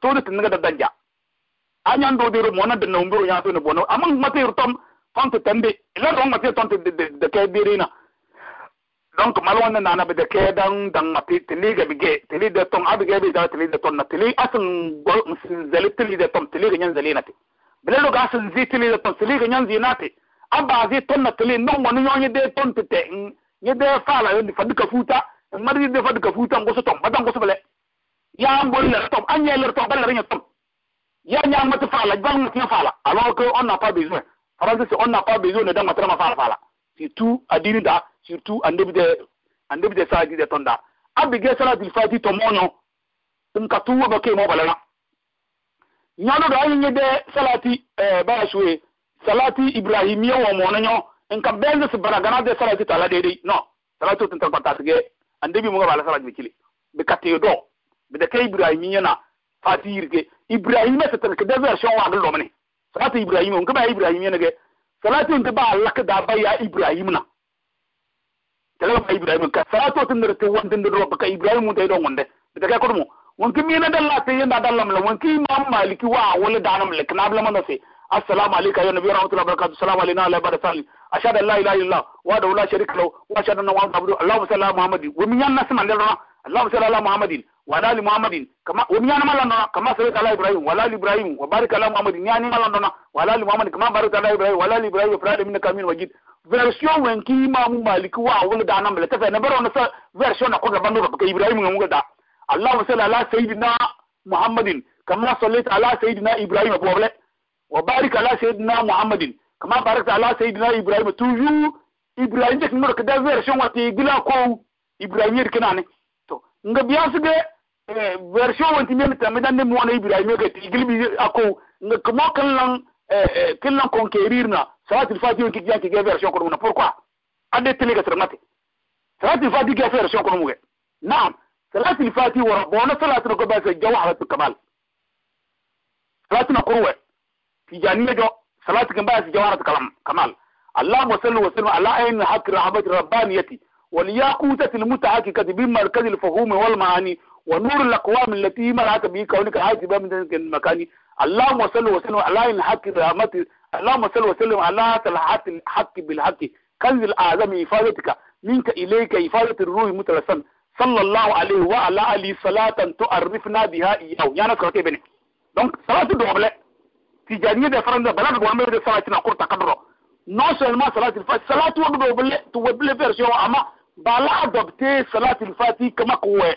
S1: tore tin ga danja anya ndo de ro mona de no mbiro ya to ne bono amang mate rutom tante tembe la rong mate tante de de ke birina donc mal na nana be de ke dan dan mate tili ga bige tili de ton abige be da tili de ton na tili asan go zali tili de ton tili ga nyan zali na ti bele lo ga asan zi tili de ton tili ga nyan zi na ti aba zi ton na tili non mo nyon de ton tete ni de fala yo ni fadika futa mari de fadika futa ngoso ton badan ngoso bele ya ngol le stop anya le stop bal rinya stop ya nya mata fala bal mata fala alors que on n'a pas besoin français on n'a pas besoin de matra ma fala fala surtout adiri da surtout en début de en début de ça dit de tonda abige sala dil fati to mono dum ka tuwa ba ke mo balala nyano do ayin de salati eh ba shwe salati ibrahimiya wo mo nanyo en ka benze se baragana de salati tala de non salati to tinta patati ge en début mo ga bala salati be kili be katiyo do bida kai ibrahim yana fatir ke ibrahim ta tan kada version wa da lomne salatu ibrahim on kuma ibrahim yana ge salatu ta ba allah ka da baya ibrahim na daga ba ibrahim ka salatu tun da ta wanda da roba ka ibrahim ta don wanda bida kai kurmu won kimi yana dalla ta yanda dalla mala won ki imam maliki wa wala da nam lek na bla mana sai السلام عليك يا نبي رحمة الله وبركاته السلام علينا على بعد سالي أشهد أن لا إله إلا الله وحده لا شريك له وأشهد أن محمدا عبده اللهم صل على محمد ومن الناس من اللهم صل على محمد wala muhammadin kama o nyana malandona kama sai ala ibrahim wala ibrahim wa barika ala muhammadin nyani malandona wala walali muhammadin kama barika la ibrahim wala li ibrahim fra min kamin wajid version wen ki mu maliki wa wani da nan bele tafe na baro na sa version na ko ga bando ka ibrahim ngam da allahumma salli ala sayyidina muhammadin kama sallaita ala sayyidina ibrahim wa wala wa barika ala sayyidina muhammadin kama barakta ala sayyidina ibrahim tuju ibrahim de kuma ka da version wati gila ko ibrahim yir kinane to nga biya su de version wanti men ta medan ne mo na ibrahim ke tigil bi ako ne ko kan lan kan lan conquérir na salat il fati ki janki ge version ko na pourquoi ande tele ga tramate salat il fati ge version ko mu ge naam salat il fati wa rabbona salat ko ba sa jawharatu kamal salat na qurwa tijaniya do salat kan ba sa jawharatu kalam kamal اللهم صل وسلم على عين حق رحمة ربانيتي ولياقوتة المتحققة بالمركز الفهوم والمعاني ونور الأقوام التي لها تبي كونك حاجب من ذلك المكان اللهم صل وسلم على الحق رحمت اللهم صل وسلم على الحق بالحق كنز الأعظم إفادتك منك إليك إفادة الروح متلسن صلى الله عليه وعلى آله صلاة تعرفنا بها إياه يعني كرتي بني donc صلاه do xamle tijaniyé de faranda bala do xamle de salati na kurta kadro non seulement salati fa salati اما do xamle صلاه webble version قوه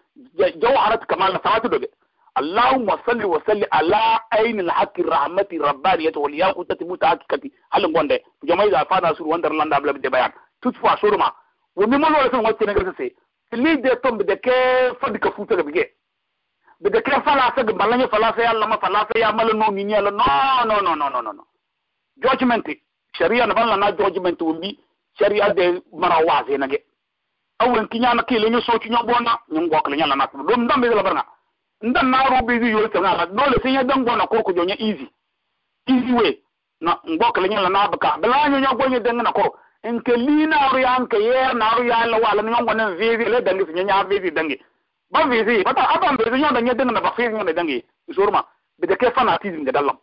S1: jawharat kamal samatu doge allahumma salli wa salli ala ainil haqqi rahmati rabbaniyati wal yaqutati mutahaqqiqati halin gonde jomay da fana sur wonder landa bla de bayan tout fois surma wani mo wala son wacce ngal se li de tombe de ke fadi ka futa ga bige de de ke fala sa ga balanya fala sa yalla ma fala sa ya mal no ni ni no no no no no no judgment sharia na balla na judgment wumbi sharia de na nage awen kinyana kile nyo so chinyo bona nyo ngwa kile nyana nakku do ndam bezela barna ndan na ro bezi yo se na do le sinya dan gona ko ko nyo easy easy way na ngwa kile nyana na baka bala nyo nyo gonye den na ko en ke lina ro yan ke yer na ro yan la wala nyo ngona vezi le dangi sinya nya vezi dangi ba vezi bata aban bezi nyo dan yeden na ba vezi nyo dangi surma be de ke fanatisme de dalam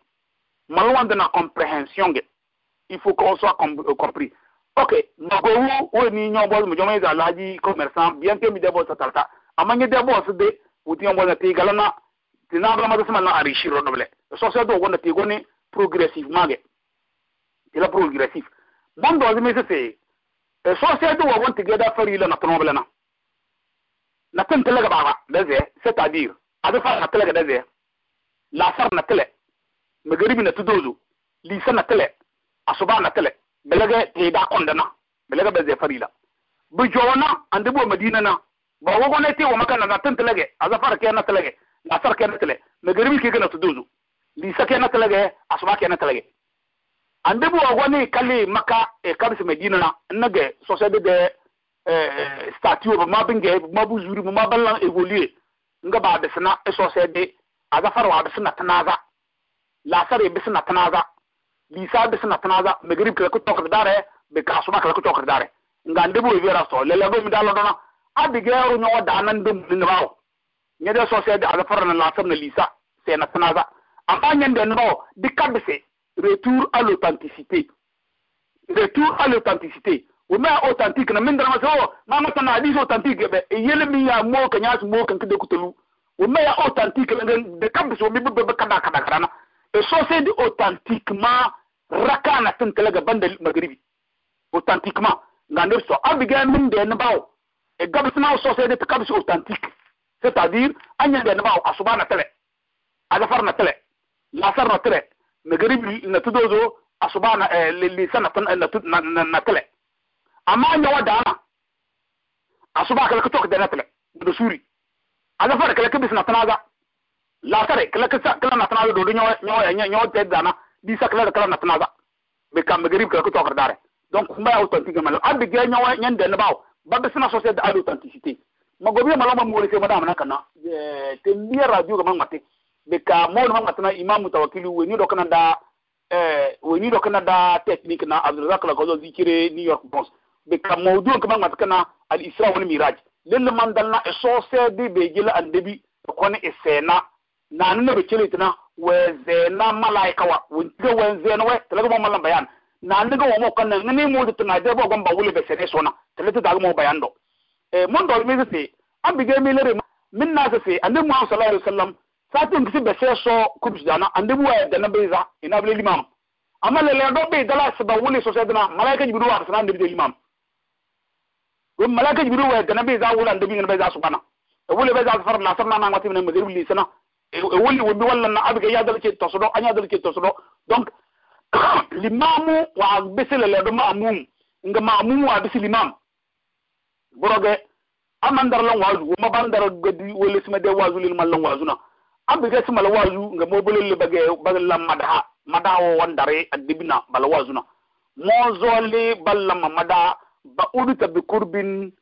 S1: malwanda na comprehension ge il faut qu'on soit euh, compris ok mago wu wo ni nyɔ bɔl mu jɔn za laji commerçant bien que mi debɔ tatarta amma nye debɔ su de wuti nyɔ bɔl na te galana te na bala madasima na enrichir ro noble sɔsɛ do wona te goni progressive mage te la progressive bon do mi se se sɔsɛ do won te gada fari la na tono bala na na tan tele ga baba da ze c'est à dire adu fa na tele ga da ze la sar na tele magaribi na tudozu lisa na tele asuba na tele belaga te da konda na belaga be zefari la bu jona ande bo madina na ba wo gona te wo makana na tan telege azafar ke na telege na sar ke na tele me garimi ke kana to dozu li sa ke na telege asuba ke na telege ande bo gona kali maka e kabis madina na nage sosede de eh statue ba mabinge mabuzuri maballan evoluer nga ba da sina e sosede azafar wa de sna tanaza la ya e bi sina tanaza bisabisna tinaza magribka kutokirdare bikasuma kala kutokirdare nga ndibu iviraso lelego midalo dona abigeru nyogo dana ndum ninbao nyede so sede ada farana lasam na lisa sena tinaza amma nyende no dikabise retour à l'authenticité retour à l'authenticité woma authentique na mindrama so mama tana hadis authentique be yele mi ya mo kanyas mo kan kide kutulu woma ya authentique be de kabise woma be be kada kada kana e so di authentiquement rakana tun kala gaban da magribi authentiquement ngandir so abiga min da na bawo e gabas na société ta kabis authentique c'est-à-dire anya da na bawo asuba na tele azafar na tele lasar na tele magribi na tudozo asuba na eh, lisan na na na tele amma anya wadana asuba kala ka tok da na tele da suri azafar kala kabis na tanaza lakare kila kala kila natana do do nyoy nyoy nyoy te dana di sa kala kila natana ba be kam be grib kila ko tokar dare donc mba authentique mala ad ge nyoy nyen den baw ba be sina société de authenticité ma gobi mala ma mo ke madame na kana te mbia radio ga mate be ka mo no ma na imam tawakkili we ni do kana da eh we ni do kana da technique na abdurazak la do zikire new york bons be ka mo mawdu ka mate kana al isra wal miraj lil mandal na e so de be gila al debi ko ne e sena na ne be chele tina weze na malaika wa wuntiga wenze no we tele go mala bayan na ne go mo kan ne mo de tina de bo go mba wule be sene sona tele te dago mo bayan do e mon do mi se an bige mi lere min na se ande mu sallallahu alaihi wasallam sa tin kisi be se so kubs dana ande mu e dana be za ina be limam amma le le do be dala se ba wule so se dana malaika jibiru wa sanan de limam wani malaka jibiru wa dana be za wula ande bi ne be za su bana wule be za su farna sarna na ngati ne mazirbi lisana E, e wuli wubi wala na abiga ya dalke tosodo anya dalke tosodo donc limamu wa bisile le do ma'mum nga ma'mum wa bisile imam boroge amandar lan wazu ma bandar gadi wala sima de wazu lil mallan wazuna abiga sima la wazu nga mobole le bage bagal la madaha wo wandare adibina bala wazuna zoli balla mamada ba uduta bi kurbin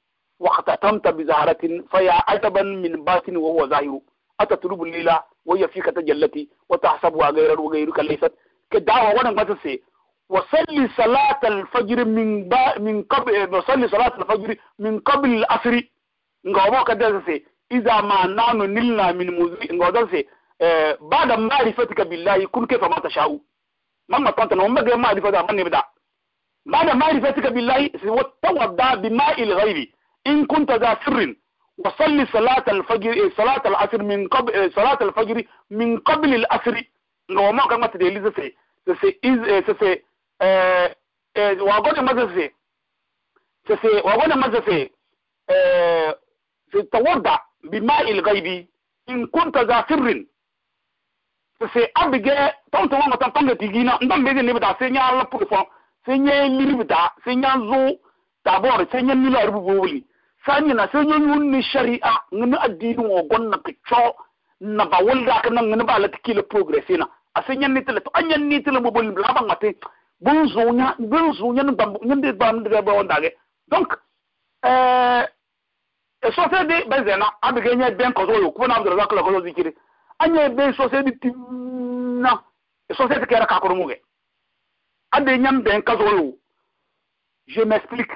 S1: wa khatatamta bi zaharatin fa ya ajaban min batin wa huwa zahiru أتطلب الليلة وهي في كتجلتي وتحسبها غيرا وغيرك ليست كدعوة وانا ما تنسي وصلي صلاة الفجر من با من قبل وصلي صلاة الفجر من قبل العصر نغوما تنسي إذا ما نحن نلنا من مزي نغوزي آه، بعد ما رفتك بالله كن كيف ما ما ما كنت نوم ما ما معرفتك من بدأ بعد ما رفتك بالله وتوضا بماء الغيب إن كنت ذا سر وصلي صلاة الفجر صلاة العصر من قبل صلاة الفجر من قبل العصر لو ما كان متى لي سي سي سي سي واغون ما سي سي واغون ما سي سي توضع بماء الغيب إن كنت ذا سر سي أبجي تونت ما تنتم تيجينا ندم بيجي نبدا سي نيا الله بروفون سي نيا ليبدا سي نيا زو دابور سي نيا نيلا ربو بولي na sai yin ni shari'a ngini addini wo gonna picco na ba wulda ka nan ngini ba la tikila progress ina a sai yan nitila to an yan nitila mo bol la ba ngate bun zunya bun zunya ni bambu de ba ndega ba wonda ge donc euh e so se de bezena abige nya ben ko zo yo ko ben na abdul zakla ko zo zikiri anya be so se de tinna e de kera ka ko mo ge ade nyam ben ka zo yo je m'explique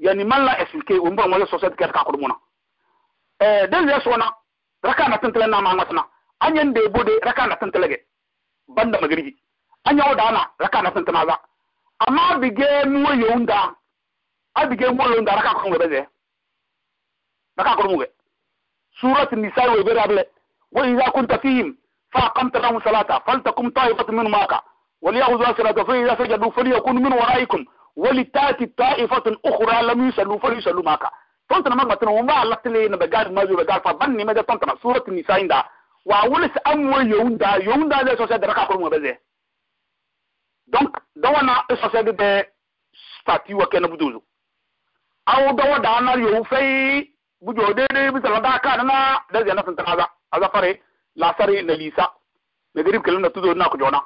S1: yani man la expliquer o mbɔ ŋɔyɛ sɔsɛ kɛrɛ ka kɔrɔmu na ɛɛ den yɛ sɔna raka na tɛntɛlɛ na ma ŋmasina an yɛ de bo raka na tɛntɛlɛ kɛ banda da anya an o da na raka na tɛntɛlɛ za ama bige muwa yɛun da a bige muwa yɛun da raka kɔrɔmu bɛ zɛ raka kɔrɔmu kɛ surat nisa wo bɛ rabilɛ wa iza kunta fihim fa aqamta lahum salata faltakum ta'ifatu minhum ma'aka وليأخذوا أسرة فإذا سجدوا فليكونوا من ورائكم ولتاتي طائفة أخرى لم يصلوا فليصلوا معك tontana magma tana wumba Allah tile na bagad mazo bagad fa banni mega tontana surat nisa inda wa wala sa amwo yunda yunda da so sa da ka kurmo beze donc dawana so sa de statut wa kana buduzu aw dawa da na yo fei bujo de de bi sala da ka na da zana san tana aza fare la sare na lisa na grib kala na tudo na ko jona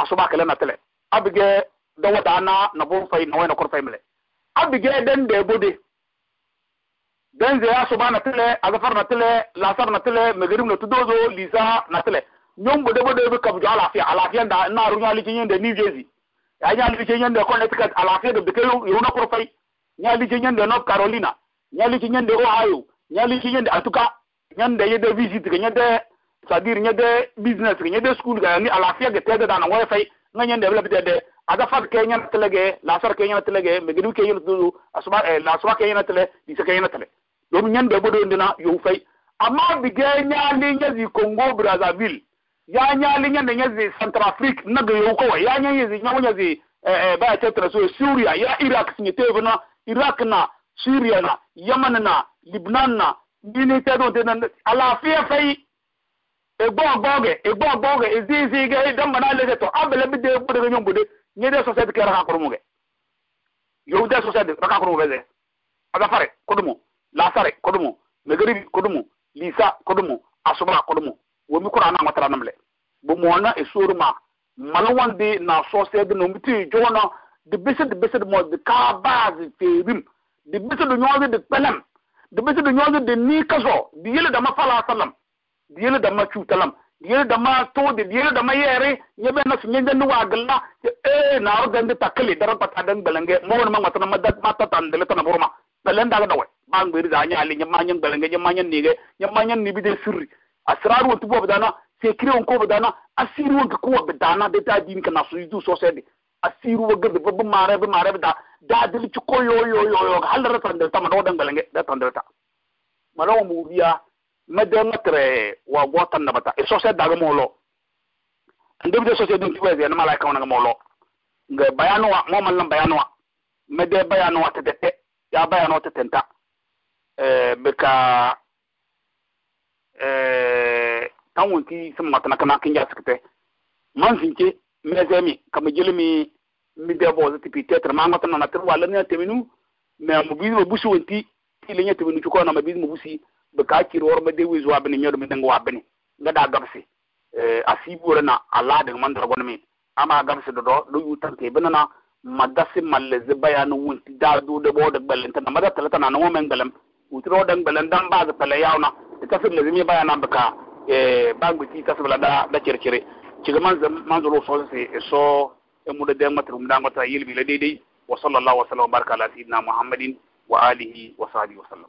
S1: asuba kala na tele abige dawa dana na bon fay na wayna kor fayimle abdi ge den de bode den zeya soba na tele azafar na tele lasar na tele megerim na tudozo lisa na tele nyom bode bode be kam jo alafia alafia da na ru nyali chenye de ni jezi ya nyali chenye de kon etiket alafia de beke yu na kor fay nyali chenye de north carolina nyali chenye de ohio nyali chenye de atuka nyande ye de visite ke nyande c'est à dire nyande business ke nyande school ga ni alafia ge tede da na wayfay nga nyande bla bide de, de, de, de, de, de, de, de aga fad keñanatlege lasar keñanatlege megedu keñanatlu asuma lasuma keñanatle disa keñanatle domi ñande boɗondina yow fay amma bige ñali ñazi congo brazzaville ya ñali ñande ñazi centrafrique naga yow kowa ya ñazi ñawo ñazi baya tetra so syria ya iraq siñe tevna iraq na syria na yaman na libnan na mini teɗon tena alafiya fay e gbogboge e gbogboge e zizige dambana lege to abele bide ɓoɗega ñombude ñe de sosede ke raka kurumuge yow de sosede raka kurumuge ze aga fare kodumu la sare kodumu megeribi kodumu lisa kodumu asuba kodumu womi kura na matara namle bu moona e suruma malwandi na sosede no miti jona de bese de bese de mo de ka base febim de bese de nyoze de pelam de bese de nyoze de nikaso di yele dama fala salam di yele dama chutalam yirda ma tudi yirda ma yere yebe na sunye nde nuwa agla e na ro gande takli dara pata dan balenge mo wona ma matana ma dat mata tan dele tan burma balen daga dawe ma ngbiri da nya ali nya ma nya balenge nya ma nya nige nya ma nya ni bi de sirri asrar wontu bo badana sekri on ko badana asiri won ko badana de ta din kana su du so sedi asiri wo gade bo mare bo mare da da dili ci ko yo yo yo yo halra tan dele tan do dan balenge da tan dele ta mara wo mu biya mede metre wa e go e, e, na bata sose daga mo lo ndem de sose dum ya mala ka wona mo lo nga bayanu wa mo malam bayanu wa mede bayanu wa tete ya bayanu wa tenta eh beka eh tan won ti sim matana kana kinja sikte man finke mezemi kama jelmi mi de bo zati pi tetre ma matana na tir wala ne teminu me mo bizu busu wonti ti le nyete binu ko na ma bizu mo busi bika kiri warba de wizu zuwa bini nyodo midanga wa bini nga da gabsi eh, asibure na ala de mandra gon min ama gabsi do do yutan ke bina na madasi malle zibaya no wunti da do de bo de gbelen tan da talata na no men gbelen utro dan gbelen dan ba pele yauna ita fi lazimi baya na bika e eh, bangu ti ta sabla da da circire ga man man zo so se e so e mu de de matrum da ngota yilbi le dede wa sallallahu alaihi wa sallam baraka ala sayyidina muhammadin wa alihi wa sahbihi wa sallam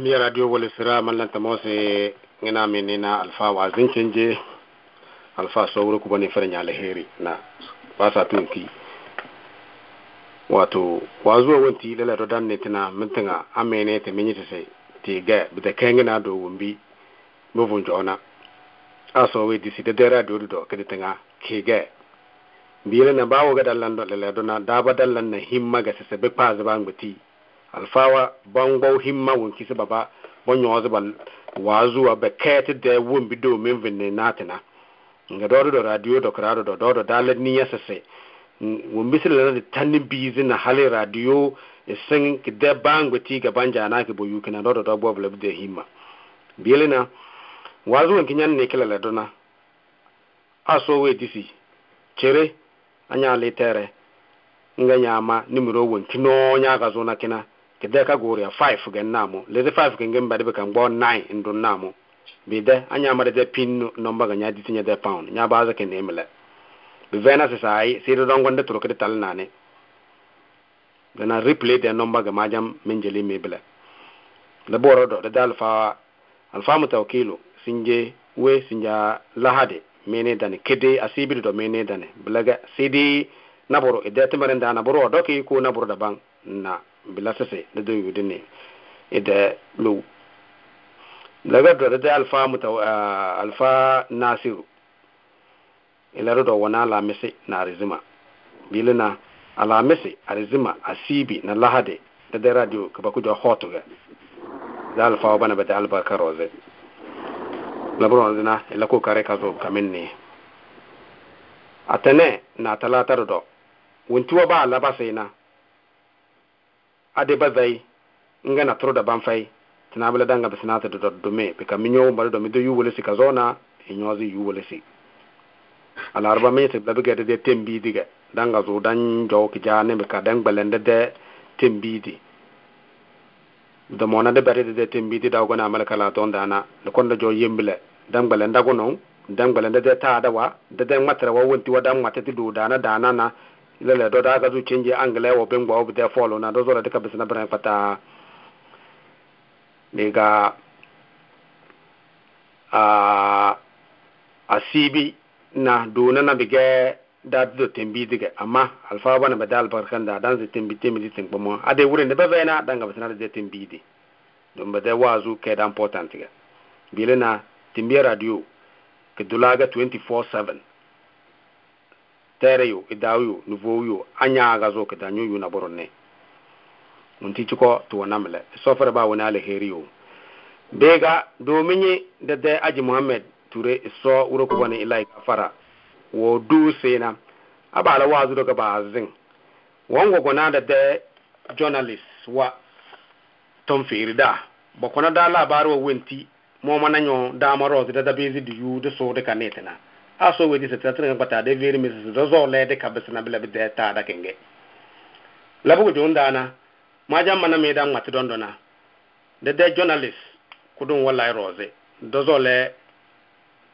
S5: tamiya radio wole sira mallanta mose ngenami nena alpha wasin cenje alpha sowre kubone fere ñale heeri na wasa tun ki wato wasuwa wonti lela do danne tina mintinga amene te miñite se ti ga bita kengena do wumbi mbofun jona a sowe disi de dera do do kedi tinga ki ga mbiyele na bawo ga dallan do lela do na daba dallan na himma ga sese be paze bangbe ti alfawa bangwaw himma wun kisi baba bon yo zuban wazuwa be kete de wun bido min vinne natina nga dodo do radio do krado do dodo dalet ni yasase wun bisil na de tanni bizi na hali radio isin e, ki de bango ti ga banja na ki boyu kina dodo do bo de himma bielina wazuwa kinyan ne kila ladona aso we disi chere anya litere nga nyama nimiro won kino nya ga zo na kina kede ka goria 5 gen namo lede 5 gen gen bade kan gbo 9 ndu namo bide anya ma de pin nomba ga di tinya de pound nya baza ken emle be vena se sai si do don gonde turu kede tal nane na replay de nomba ga majam menjeli mebele le boro do de alfa alfa tawkilu sinje we sinja lahade mene dane kede asibir do mene dane blaga sidi naboro ide timare nda naboro doki ko naboro da na bilasese da dawi wudu ne ida lo daga da da alfa muta alfa nasiru ila rodo wana alamisi na arizima bilina alamisi arizima asibi na lahade da da radio ka ba kujo hoto ga da alfa wa bana bada albarka roze laburo na ila ko kare ka zo kamin ne atene na talata rodo wintuwa ba alabasa ina ade bazay ngana troda ban fay tinabla danga be sinata do do me be kam nyow mbalo do mi do yuwole si kazona e nyozi yuwole si ala arba me te blabe gade de tembi diga danga zo dan jo ki jane be kadan balende de tembi di do mona de bare de tembi di daw gona amala kala ton dana le kon do jo yembile dan balende go non dan balende de ta da wa de den matra wa wonti wa dan matati do dana dana na ile le dɔda aga zu change angle wo bengwa wo bde follow na dɔ zora de kabisa na bra kpata ne ga a a sibi na do na na bige da do tembi dige amma alfa bana ba dal barkan da dan ze tembi tembi di tin pomo a de wure ne ba vena dan ga bisa na de tembi di don ba de wazu ke da important ga bile na tembi radio ke dulaga 24/7 tereyo e dawyo nouveauyo añaaga so ke dañoy yu naboron ne on tici ko tuwonam le sofere ba woni ale heriyo bega domiñi dede aji mohammed ture so wuro ko woni ilay fara wo du sena aba la wazu do ba zin won go gona da de journalist wa tom firida bo kona da la baro wenti mo mananyo da maro da da bezi di yu de so de kanetena aso wedi se tatra ngam pata de veri mis zozo le de kabes na bla bide ta da kenge labu ko jonda na ma jam mana me da ngati don dona de de journalist ku dun wallahi e roze dozo le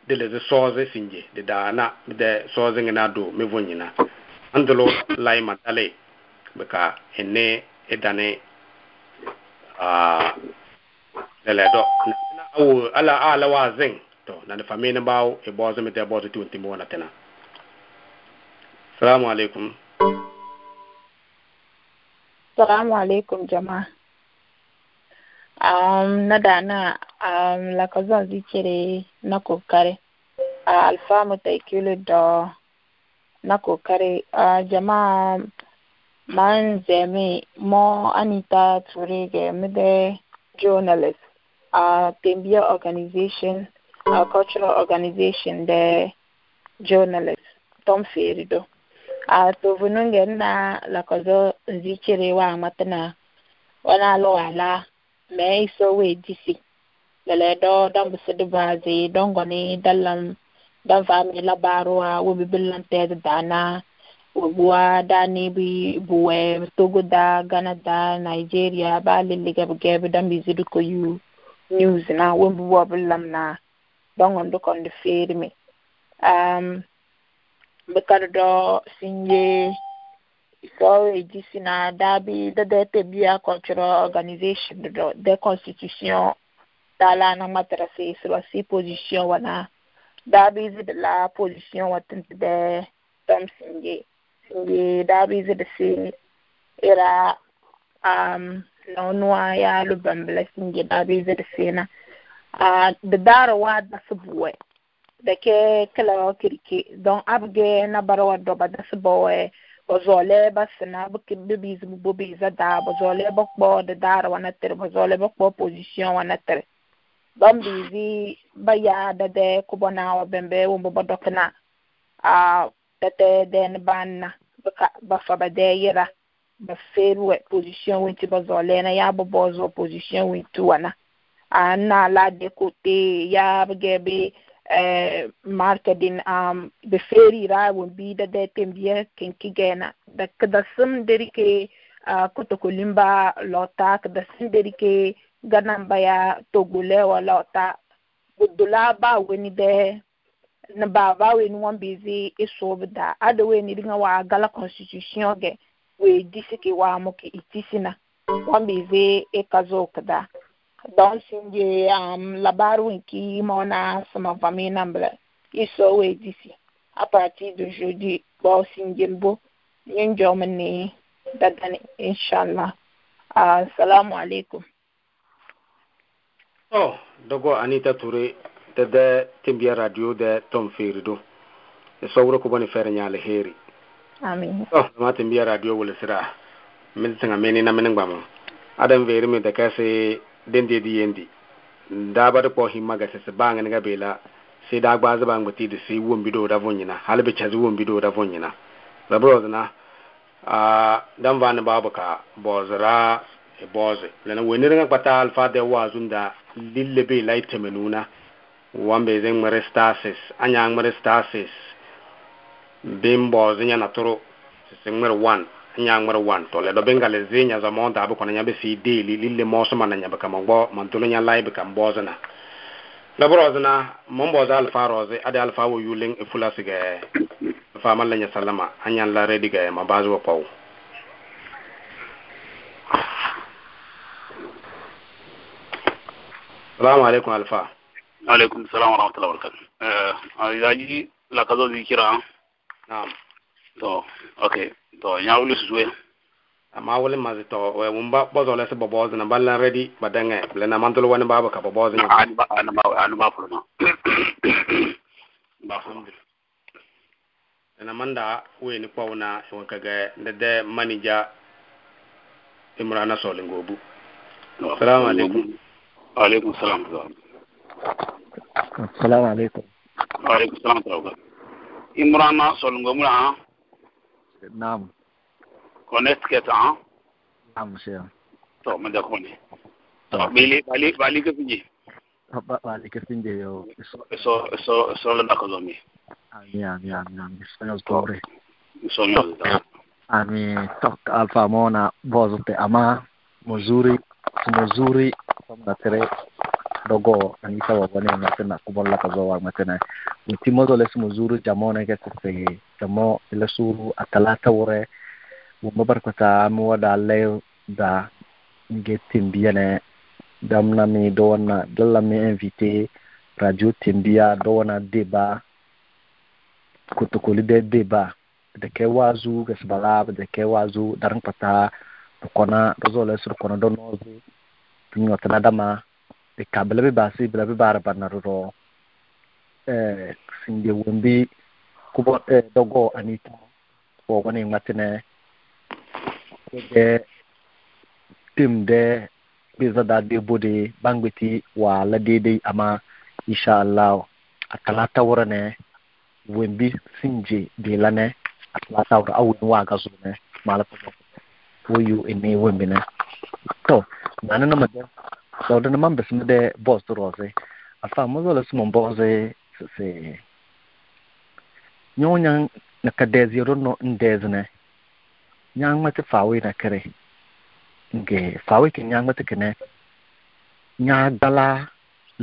S5: de le soze sinje de dana de soze ngina do me vonyina andolo lai e matale beka ene edane a lele do ala ala wazeng to nande famine baw e bosome de boso tiwontimo wona tena assalamu aleykum
S6: salamu aleykum jama um, na dana um, la kazan zikiri na kokare uh, alfamu taikulu do na kare uh, jama'a man zemi mo anita turige mede journalist uh, tembia organization our cultural organization, the journalist, Tom Ferido. atụvununge nna lakọzọ nzi wa amata na ọ na-alụwala mee iso wee disi lele do dambusidubazi dongoni dalam danfami labaruwa webibilante dana ogbuwa dani n'ibi buwe togo da ghana nigeria ba lili liligebgeb dambizidukoyu
S7: news na webubu
S6: ọbụla na baŋondo konde feeri men um, ɓe kadi ɗo sinye soweji da daabi dede tebiya cultural organisation da de constitution dalana matrase seba si position wana um, daabizi de la position watinti de tom sinye sinye daabizi de si ira um, nonuwa ya lubambila sinye daabizi de sina A, de dar wad basi bwe, deke kele wakirike, don apge, nabar wad doba basi bwe, bozole basi nan, boke bibiz mou bobe zada, bozole bokbo de dar wane ter, bozole bokbo pozisyon wane ter. Don bizi, bayada de, kubwana wabembe, ou mbobo dokna, a, tete den banna, baka baswa bade yera, baser we, pozisyon winti bozole, na ya bobo zo pozisyon winti wana. Nala Dekute, Yab Gebe, eh, markedin am um, be feri ra won bi da de tembie ken kigena da kada sum derike uh, kuto kulimba lota kada sum derike ganamba ya togule wa lota gudula ba weni de na ba ba weni won bizi isobda ada weni dinga wa gala constitution ge we disiki wa moke itisina won bizi e kazo kada dɔnsinge um, labaru nki mɔna samafami nambla iso we disi a partir de jeudi dɔnsinge bo nye njɔmi ni dadani inshallah assalamu ah, alaikum
S5: oh dogo anita ture dede timbia radio de tom feri do e sowro ko boni fere nyaale heri amin oh ma timbia radio wala sira min tanga meni na min adam veri mi de kase dende di yendi da ba da kohin maga sese ba ngani ga bela sai da gba zaba ngati da sai won bido da vonyina halbe chazu won bido da vonyina da bro na a dan van babu ka bozra e boze lana wani ringa kwata alfa da wazun da lille be laite menuna wambe zeng meristasis anya meristasis bim boze nya naturo sese ngmer 1 nyangmar wan to le do benga le zinya za monta abu kona nyabe fi de li li le mos man nyabe kam bo man tulo nya lai be kam bo zana la bro zana mon bo zal fa roze ade alfa wo yuling e fula sige fa man la nya salama anyan la redi ga ma bazu wo paw salam alaykum alfa
S1: alaykum salam wa rahmatullahi wa barakatuh eh ayaji la kazo zikira naam to okay to nyawlu suwe
S5: amma wala ma to we mun ba bozo la se bobo zina balla ready badanga le na mantulu wani baba ka bobo zina an ba an ba an ba fulma ba alhamdulillah na manda we ni pawna won kaga da da manija imrana solin gobu
S8: assalamu alaikum
S1: wa alaikum salam
S8: assalamu
S9: alaikum
S1: alaikum salam imrana solin gobu na Konet ke ta an? Nan mse an To mende koni Bili bali ke fingi?
S9: Bali ke fingi yo
S1: E so lalakodon mi
S9: Ani an, an, an, sonyo zpobre Ani tok alfa mona Bozote ama Mozuri Som da tre Ani kidogo anaita wavone matena kuvola kazowa matena mutimozo lesu muzuru jamone ke kupe jamo e lesu atalata wore wumbabar kota amuwa da le da getimbiane damna mi dona dalla mi invite radio timbia dona deba kutukuli de deba da ke wazu ga sbala da ke wazu darin pata kona dozo lesu kona donozu tinyo tana dama bikabila bi bibariba naruro eh, sindi wumbi kubo eh, dogo anita wogoni matine de tim de biza da de bodi bangbiti wa la de ama insha Allah a talata wura ne wumbi sinje la ne a tawra awu wa ga su ne mala ko yu ene wumbi ne to nanana na madan sawde no mambe simude bose rose a faa mosole sumo bose s ñooñang no ka dees yeronno n deesne ñaagmate faawii na kere nge faawii ke ñaagmate ke ne ñaagala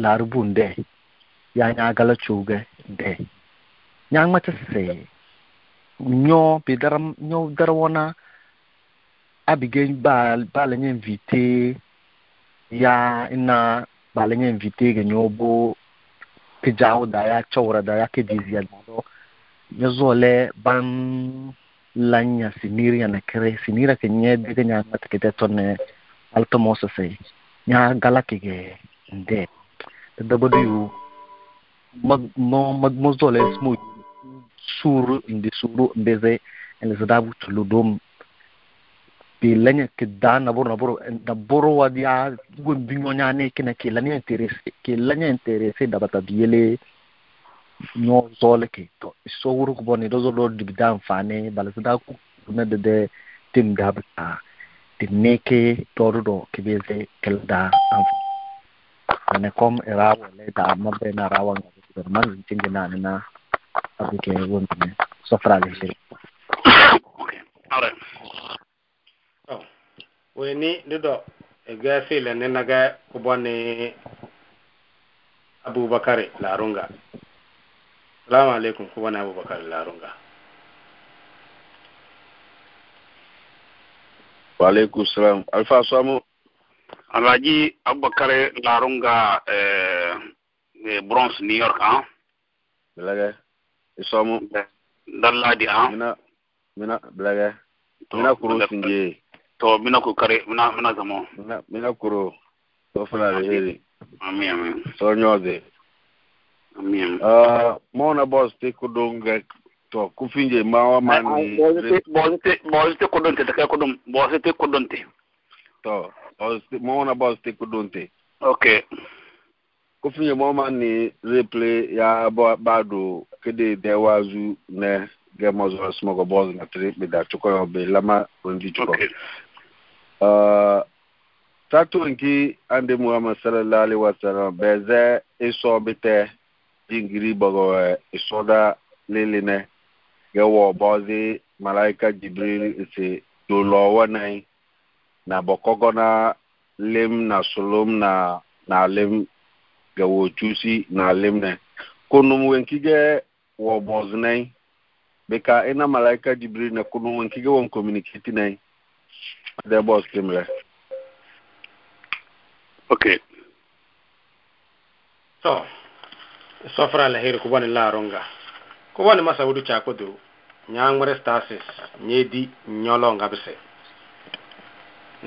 S9: laarubu nde yaa ñaagala cuuge nde ñaagmate s ñoo bi daram ñoo darawona abigeñ baa baa la ñe invité ya ina balenge invité ke nyobo ke jao da ya chora da ya ke dizia do nyozole ban lanya siniri ya na kere sinira ke nye de ke nyanga te kete tone alto mosa se nya gala ke ke nde te do bodu yu mag no mag mozole smu sur indi suru mbeze en le zadabu tuludom de leña ke da naboro naboro naboro wadi a gon biñoñane kina ke lana intéressé ke lana intéressé dabata yele ñoo soole ke to so wuro ko bonne dozo ɗo dibi dan fane bala sada kunedde de tim dab e a de neke toɗo ɗo ke ɓeese kel da en ane comme e rawo leyta mabbe na rawanga gouvernement min cinginanena abike wonɗume sofrage géri
S5: weni dido ega fila ne naga kubone abubakar larunga salamu alaikum kubone abubakar larunga
S7: wa salam alfa samu alhaji abubakar larunga eh, eh, bronze new york ha ah. bilage isomu dalladi ha ah. mina mina bilage mina kuru sinje to mina kukare mina mina zamo mina mina koro. to fana reheri amin amin to nyoze amin ah mo na boss te kudunga to kufinje mawa ah, mani ah,
S1: boss te boss te kudunte te kudum boss te kudunte
S7: to boss mo na boss te kudunte okay kufinje ma ni replay ya do kede dewazu ne gɛmɔzɔ sumɔgɔ bɔɔl na tere be da cokɔ yɔ lama rondi cokɔ Uh, tatu nke ande muhammad sallallahu alaihi wasallam beze iso bite jingiri bogo eh, isoda liline gewo bozi malaika jibril isi dolo wanai na bokogo na lim na sulum na na lim gewo chusi na lim ne kunum wenkige wo bozi nai beka ina malaika jibril na kunum wenkige won communicate nai de vos, Kimler. Ok. So,
S5: sofra la hiru kubani la ronga. Kubani masa wudu cha kudu, nyangmare stasis, nyedi nyolo ngabise.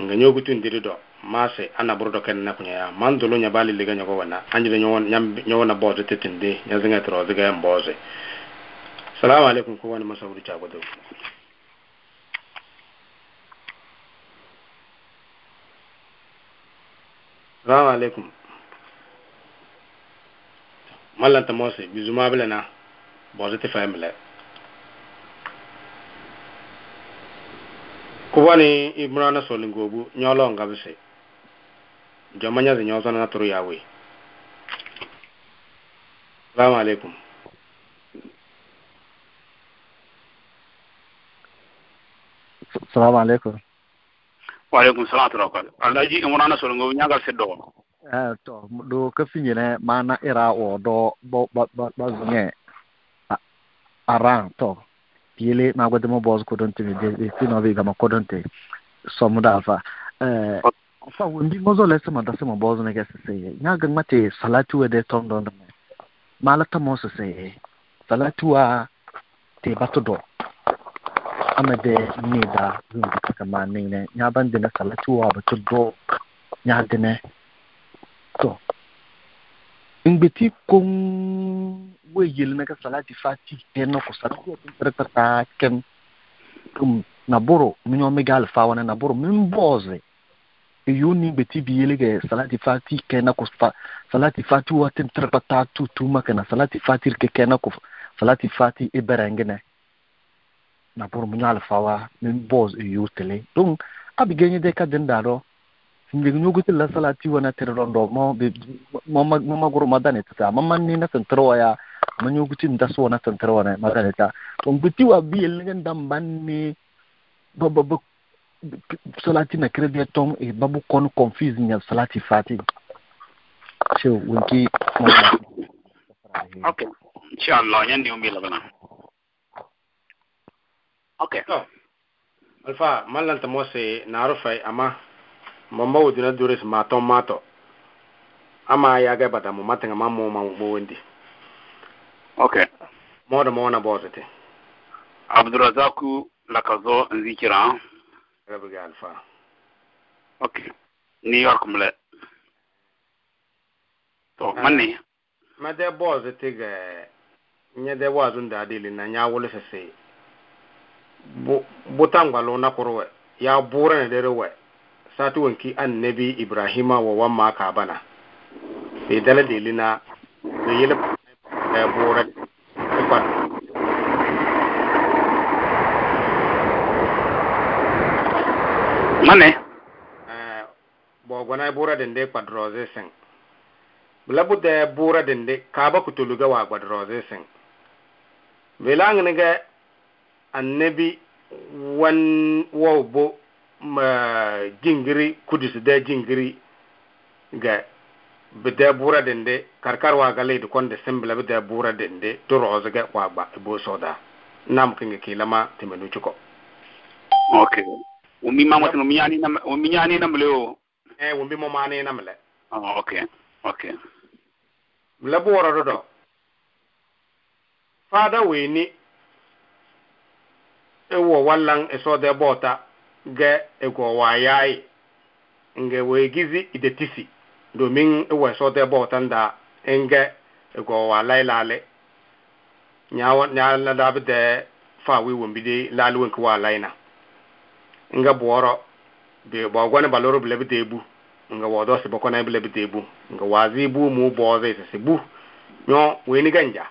S5: Nganyogu tu ndiri do, mase ana burdo kene na kunya ya. Mandulu nyabali liga nyoko wana, anjile nyowana bozo titindi, nyazinga tro, ziga ya mboze. Salamu alaikum kubani masa wudu cha kudu. Salamu alaikum kubani masa wudu cha kudu. salamu alaikum mallanta mose bizuma bile na bɔzi ti fɛn milɛ kuba na soli gobu nyɔlɔ nga bi se jɔnma nyɛ na turu yawe salamu
S9: alaikum salamu alaikum
S1: waaleykum salaam atorokal alay ji imorana solongo
S2: ñagal set dogono
S9: eh, to do ka fiñene mana ira o do bo ba zunge aran to tiele ma gode mo boz kodon te de de fino vi gama kodon te somu da eh, fa eh fa wondi mo zo lesse ma dasse mo boz ne gesse se nya gan mate salatu e de ton don don mala ta mo se se salatu a te batodo amade ne da yin da kaka ma ne ne ya ban da na salatuwa ba to do ya da ne to ngbeti kon we yel na ka salati fati te no ko salati ko trata ta kem kum na boro min o megal fa wana na boro min boze e yo ni gbeti bi yele ke salati fati ke na ko salati fati wa tem trata ta tu tu ma kana salati fati ke ke na ko salati fati e berengene esp br mwenye al fawa men boz yo e you te link ton ap ingenye dek a jende a ro mir kont rel ma manley nan sentroy a ma kor loten mande nd ella Cheaa Allah prong doyo b Stalati nan kir Ε diya ton b kon kon fü si m lon Stalati fa ti Shi ou vi ki
S3: ok
S1: Shi Allah yeni yo bilal okay oh.
S5: alfa mallanta mose narufai ama mamma wudina duris maton mato ama ya ga bata mu matin ma mu ma mu wendi okay mo da mo na bozete
S1: abdurazaku lakazo nzikira rabu ga alfa okay
S5: new york mle to ah. manne ma de bozete ga nye de wazun da adili na nya wulu sese butangwa lo nakurwe ya bura ne dere we sati wonki an nabi ibrahima wa wamma ka bana be dala delina be yele e
S2: bura e kwa
S8: mane eh, bo gona e
S5: bura dende kwa droze sen labu de bura dende kaba kutuluga wa kwa droze sen velangne ga annabi wan wow bo ma jingiri kudus de jingiri ga be de bura dende karkar wa ga leedi konde sembla be de bura dende to roze ga wa ba bo soda nam kinga ki lama timenu chuko
S1: ok o mi mama tinu miyani nam o miyani nam le o e o mi mama
S5: ne nam le ah, ok ok la bo wara do do fada weni ewo wallan eso de bota ga ego wayaye nge we gizi idetisi domin ewo eso de bota da nge ego walai lale nyawa nyala da bide fa wi won bide lalu wen kwa laina nga boro be bo gwana baloro bile bide bu nga wodo se bokona bile bide bu nga wazi bu mu bo ze se bu nyo we ni ganja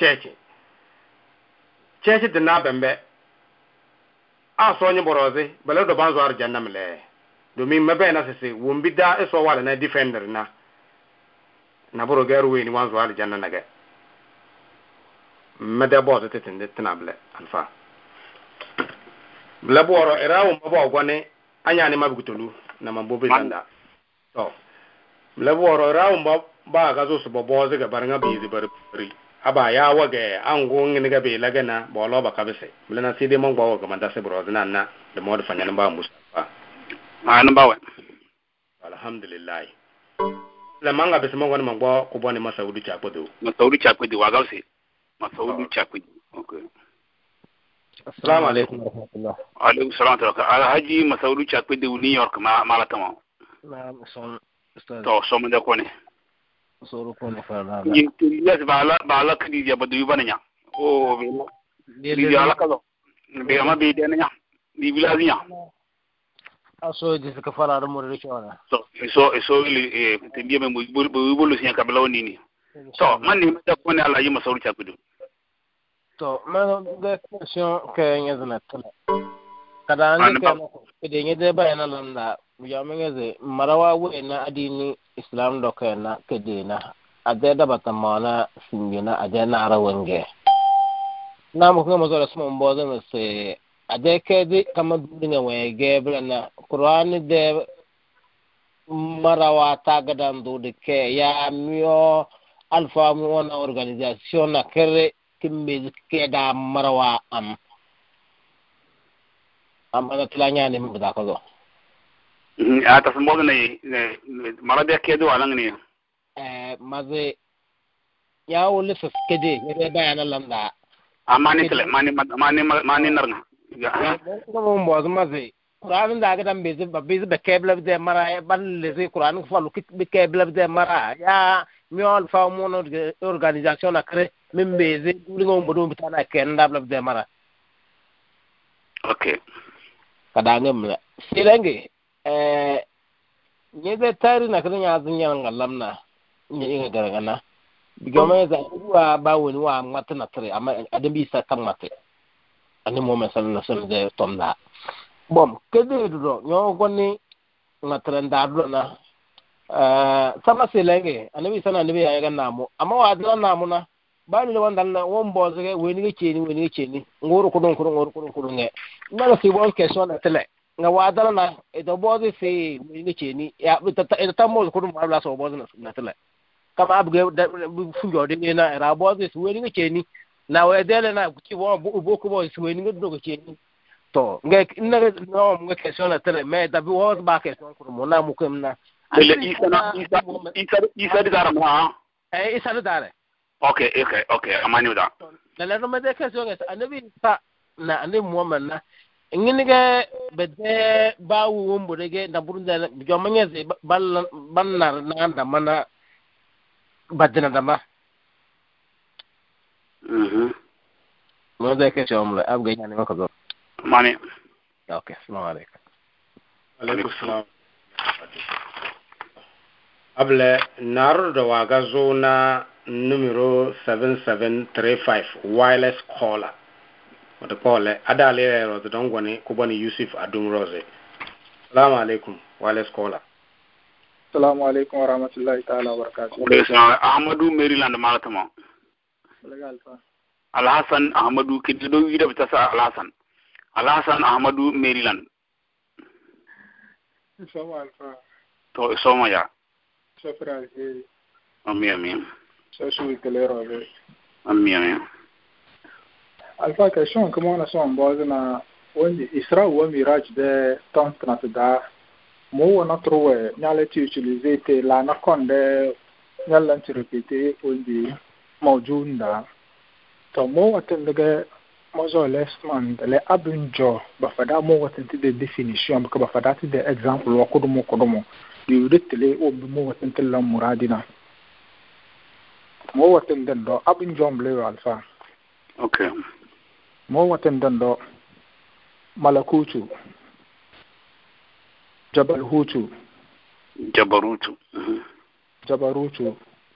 S5: chechi chechi dị na bembe asụ onye bọrọzi bele dọba nzụ arụ jannam le domin mebe na sisi wumbi da iso wala na defender na na buru ga ruwe ni wanzu arụ janna nage mmede bọọsụ titin dị tina bile alfa
S3: bile bọọrọ irawo
S5: mabọ ọgwani anya ni mabigutolu na mambobi zanda to bile bọọrọ irawo mabọ ba ga zo su bọbọ ziga barin abu yi aba ya wage angu ngini ga be laga na bo lo ba kabese mele na sidi mon gbawo gamanda se bro zina na de mod fanya na ba mustafa ma na ba we alhamdulillah la manga be semon ngona mangbo ko boni masaudu cha kwedo masaudu cha kwedo
S1: wa gawse masaudu cha kwedo okay
S8: assalamu alaikum warahmatullah
S1: alaikum salam taraka alhaji masaudu cha kwedo new york ma ma la tamo
S8: na son
S1: to so mo da ko ne
S8: soro kono fala yes
S1: bala bala kidi ya badu bana nya o di ala kalo be ma be den nya
S8: di village nya aso di ka fala mo re chona so
S1: so so ili e tendia me mo bo bo lo sinya kabla onini so man ni ta kone ala
S8: yi masauri cha kudu to man da question ke nya zana tala kada an ke ke de nya de bayana landa yamengeze marawa na adini islam do kena a adeda batamana singena adena arawenge namu kuma na se a mase ade di kama ge wege na qur'an de marawa ta tagadan do de ke ya miyo alfa mu ona organisation na kere kimbe ke da marawa am amma da tilanya ne mu da ko zo a tasmodnay maradekkedu alangniyo mazi yawo lifif kede yere bayana landa
S1: amani tele mani mani mani narnga
S8: ngamo mboz mazi qur'an da ga dan bezi bezi be kebla de mara ban lezi qur'an ko falu kit be kebla de mara ya miol fa mon organisation na kre min bezi ngom bodo bitana ken dabla de mara okay kadangem silenge Eh, nyeze tari na kada nya zun yan ngalamna nya inga garagana diga mai za wa ba woni wa mata na tare amma adam bi sa kan mata ani mo men sallallahu alaihi da tom na bom ke kede do nyo na tare da do na sama bi anabi sana bi ya ga mu amma wa da mu na ba ni da wanda na won bozo ga weni ga ceni weni ga ni ngoro kudun kudun ngoro kudun kudun ne na ga si bon question na tele nga wadala na ito bozi se ni cheni ya ito tambo kudu mabla so bozi na na tala kama abu fujo de na ra bozi su ni cheni na wedele na ki wo bo ko bozi su ni do cheni to nga na no nga question na tala me da bi wo ba question kudu mo na mu kem na ile isa na isa isa isa di dara mo ha eh isa di dara
S4: okay okay
S1: okay amani da
S8: la la no me de question annabi sa na annabi muhammad na nginige bede ba wuwo mborege na burunda jomanyeze bannar na anda mana badina ma mhm mo da ke chomle abga yani mako do mani okay salam alaikum alaikum salam
S5: able naro da waga zo na numero 7735 wireless caller wata kawale adale ya rozu don gwani kubani yusuf adun roze salamu alaikum wale skola
S4: salamu alaikum wa rahmatullahi ta'ala wa barakatuhu ahmadu maryland maratama
S1: alhassan ahmadu kidi do wida bita sa alhassan alhassan ahmadu maryland
S4: soma alfa to soma ya sofra alheri eh. amin amin sosu kelero be amin amin alfaka shon kuma wani son bozi na wani isra wa miraj de tons na da mo wana trowe nyale ti utilize te la na konde nyala ti repete wani mawjunda to mo watin daga mozo lesman le abin jo ba fada mo watin ti de definition ba fada ti de exemple, wa mo kudumo yudittile o mo watin ti lan muradina mo watin den do da, abin jo mble alfa okay mo waten ɗon do malakutu jabal hutu jabarutu jabarutu mhm.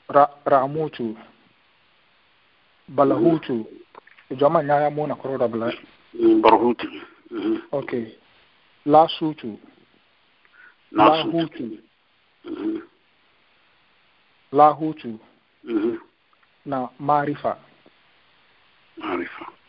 S4: ra ramutu balahutu jama ñaya muna koroɗa bla barhutu mm, mhm. ok sutu la hutu na marifa marifa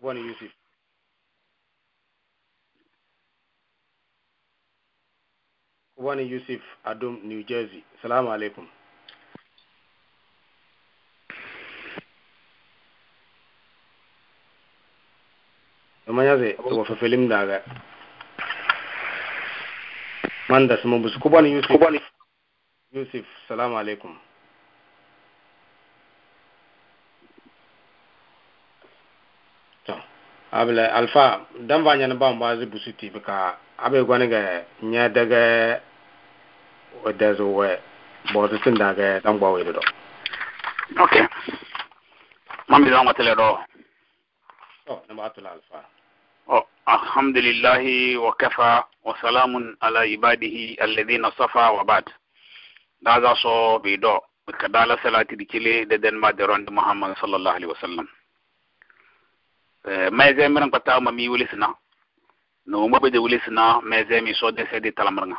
S5: Koubani Yousif. Koubani Yousif, Adoum, New Jersey. Salam alekum. Yoman ya ze, koubani Yousif. Koubani Yousif, Adoum, New Jersey. Mandas moumous. Koubani Yousif. Yousif, salam alekum. abla alfa dan va nyana bam ba zibu suti bika abe gwani ga nya daga wadda zo we bo to tin daga dan gwa we do okay
S1: man bi zama tele do oh na ba to alfa oh alhamdulillah wa kafa wa salamun ala ibadihi alladhina safa wa ba'd da za so bi do ka dala salati dikile de den ma da ron muhammad sallallahu alaihi wasallam Eh, maisin mi rankpa tawma mi wulisna no moɓede wulisna maisin mi soder seedi talamr nga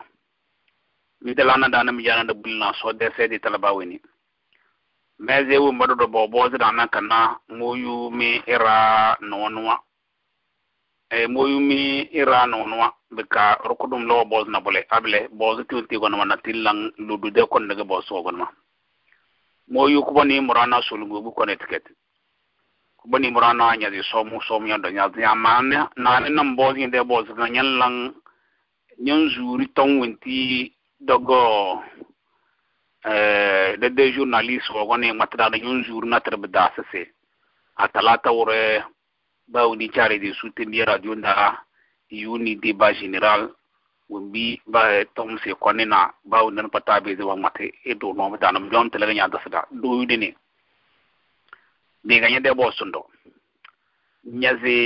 S1: mide lanadana mi yananda bulina soder seedi talaba weni maisin wu mbaɗoɗo bo bosidana kana moyu mi ira nonuwa ey eh, moyu mi ira nonuwa bika rokkuɗum lowo bosna bole able boso tiwntigonoma na tillan luddude kon dege boso wogonoma moyu kuboni morana solugugu kon étiquette Kouboni mwana wanyade somon, somon yon dan yon ziyaman. Nan nan boz yon de boz nan yon lan yon zyuri ton wenti dogo eh, de de jurnalist wak wane mati dan yon zyuri natri beda se se. Atalata ware ba ou ni kare de sute ni radio da yon ni deba general. Wembi ba eh, tom se kwanena ba ou nan pata beze wak mate edo wane. Dan mwantele gen yon dasga do yon dene. biganya de bosundo nyaze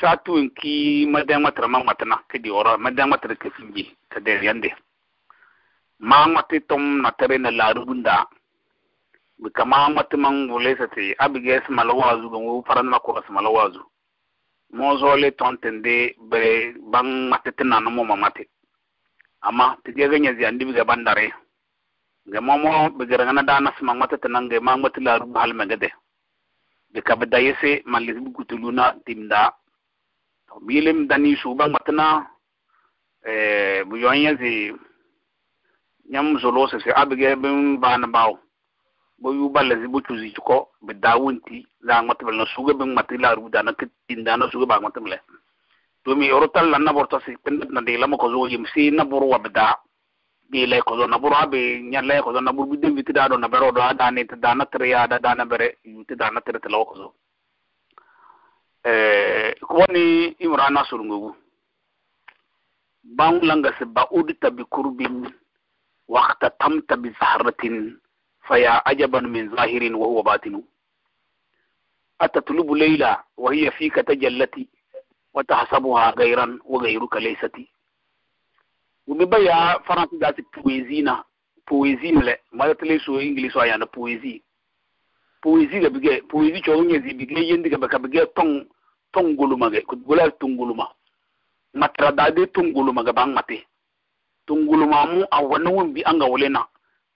S1: satu nki madang matra ma matana kedi ora madang matra ke sinji ta de yande ma mati tom na tare na larugunda bi kama mati man wule sati abige azu gon faran ma ko azu, mo zole tontende bere bang mati tinana mo mamati amma ti gege nyaze andi biga bandare ya. ga momo bigara na dana sma mati tanange ma mati bahal halmegede deka daye se malis gutuluna timda to milim dani suba matna eh buyonya zi nyam zolo se se abige bim bana bawo bo yu balle zi bucu zi ko be dawunti la matbel na suga bin matila ruda na tinda na suga ba matbel to mi orotal la borto si pendat na de la mako zo yim si na buru wa beda ɓii lay ko zo naɓuro aɓe ñallay ko zo naɓuro ɓi dembi tiɗa ɗo nabere oɗo a dani tada nattere yaada da nabere tiɗa nattere tela o ko zo e, ko woni imrana surngogu bangulanga si ba udita bi kurbin wakta tamta bi zahratin faya ajaban min zahirin wa huwa batinu atatlubu leyla wa hiya fika tajallati wa tahsabuha gayran wa gayruka leysati wumi ba yaa farance daati poésie na poésie m le madatele so english a yaana poésie poésie ga bige poésie coo ñesi bige yendiga ba ka bige ton ton guluma ge ko gula ton guluma matara daade ton guluma ga ban mate ton guluma mu a wanna wumbi anga wole na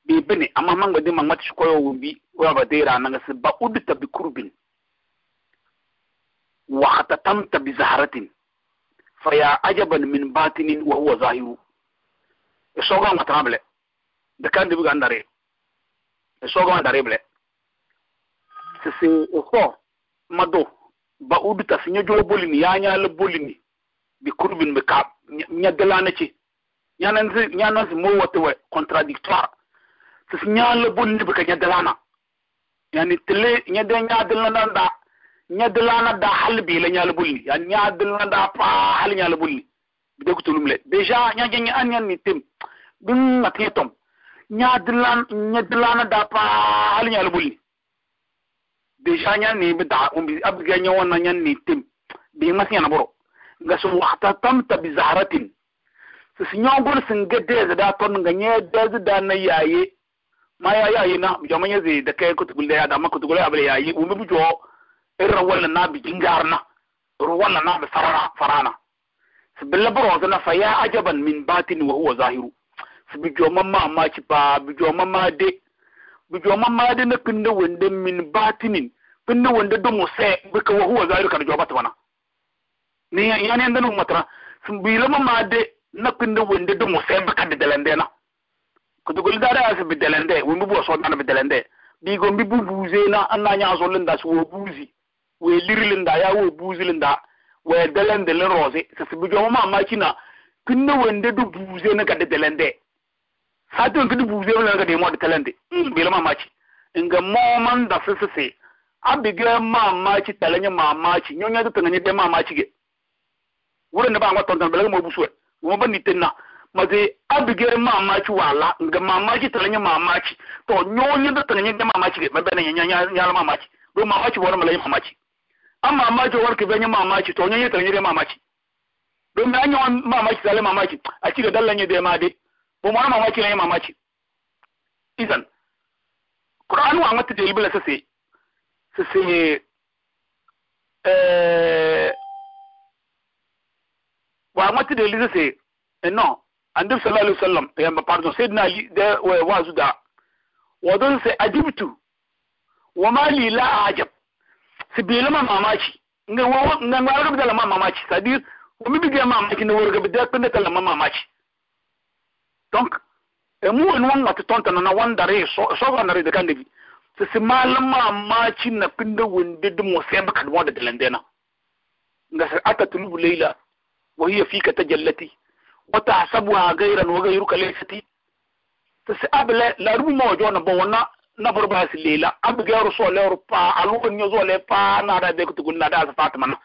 S1: be bene amma man ga de man mate shikoyo wumbi wa ba deera na ga se ba udu tabi kurbin wa khatatam tabi zaharatin fa ya ajaban min batinin wa huwa zahiru e soga ma table de kan dibu gandare e soga ma dare ble se se e mado ba udu si sinyo jo bolini ya nya le bolini bi kurbin bi kap nya delana ci ñanan si ñanan si mo wote we contradictoire te si ñaan la bon ni bi ka nya delana yani tele nya de nya delana da nya delana da hal bi la nya la bulli yani nya delana da pa hal nya la bulli bidegutolumle deja nya nya nya anya ni tem dun na ketom nya dilan nya dilana da pa hali nya lubuli deja nya ni bida umbi abga nya wona nya ni tem bi masnya na boro ga su waqtatamta bi zahratin su sinyo gur sun gade da da ton ga nya da da na yaye ma ya yaye na jamanya zai da kai kutugulle ya da makutugulle abale yayi umbi bujo irra wala na bi jingarna ruwan na bi sarara farana sibilla boro zana fa ya ajaban min batin wa huwa zahiru sibijo mamma ma ci ba bijo mamma de bijo mamma de na kinde wande min batinin kinde wende do mo se bika wa huwa zahiru kan jobata wana ni ya ne ndanu matra simbila mamma de na kinde wende do mo se bika de delende na kutugul dara as bi delende wumbu bo so na bi delende go mbi bu buze na ananya zo linda so buzi we lirilinda ya wo buzi linda wɛ dɛlɛn dɛlɛn rɔɔse sasibu jɔn ma hmm, ma kina kinne wende du buuse ne kadi dɛlɛn dɛ hatin kidi buuse ne kadi mɔ di tɛlɛn de n bɛlɛ ma ma ci nga mɔɔ man da sisi abigɛ ma ma ci tɛlɛ nye ma ma ci nyɔnyɛ ti tɛŋɛ nye bɛ ma ma ci ge wuri ne ba ŋa tɔntɔn bɛlɛ ma busuɛ wɔn ba ni tena maze abigɛ ma ma ci wala nga ma ma ci tɛlɛ nye ma ma ci tɔ nyɔnyɛ ti tɛŋɛ nye bɛ ma ma ci ge mɛ bɛ ne nyɛ nyɛ nyɛ ma ma ci do ma ma ci wɔrɔ mɛlɛ nye ma ma ci an mamaki warki zan yi mamaki to nyon yitar nyire mamaki don an yi mamaki zale mamaki a ci da dallan yadda ya ma dai ba mu mamaki na yi mamaki
S2: izan ƙur'anu a mata jelibi la sase sase eh,
S1: wa mata jelibi sase eh, no annabi sallallahu alaihi wasallam ya eh, ma pardon sayyidina ali da wazu da wadon sai ajibtu wa ma li la ajab sibila ma mamaki nga wo nga warga bidala ma mamaki c'est-à-dire o mi bidia mamaki na warga bidia pende kala ma mamaki donc e mu wani wan wata tonta na wanda re so so na re de kandi se se malam mamaki na pende wonde de mo semba kan wanda de lendena nga sa ata tulubu layla wa hiya fika tajallati wa tahsabuha ghayran wa ghayruka laysati se se abla la rubu mo jona bo wona na furba silela abgar so le rupa alu ko nyo zo le pa na da be kutu na da fatima na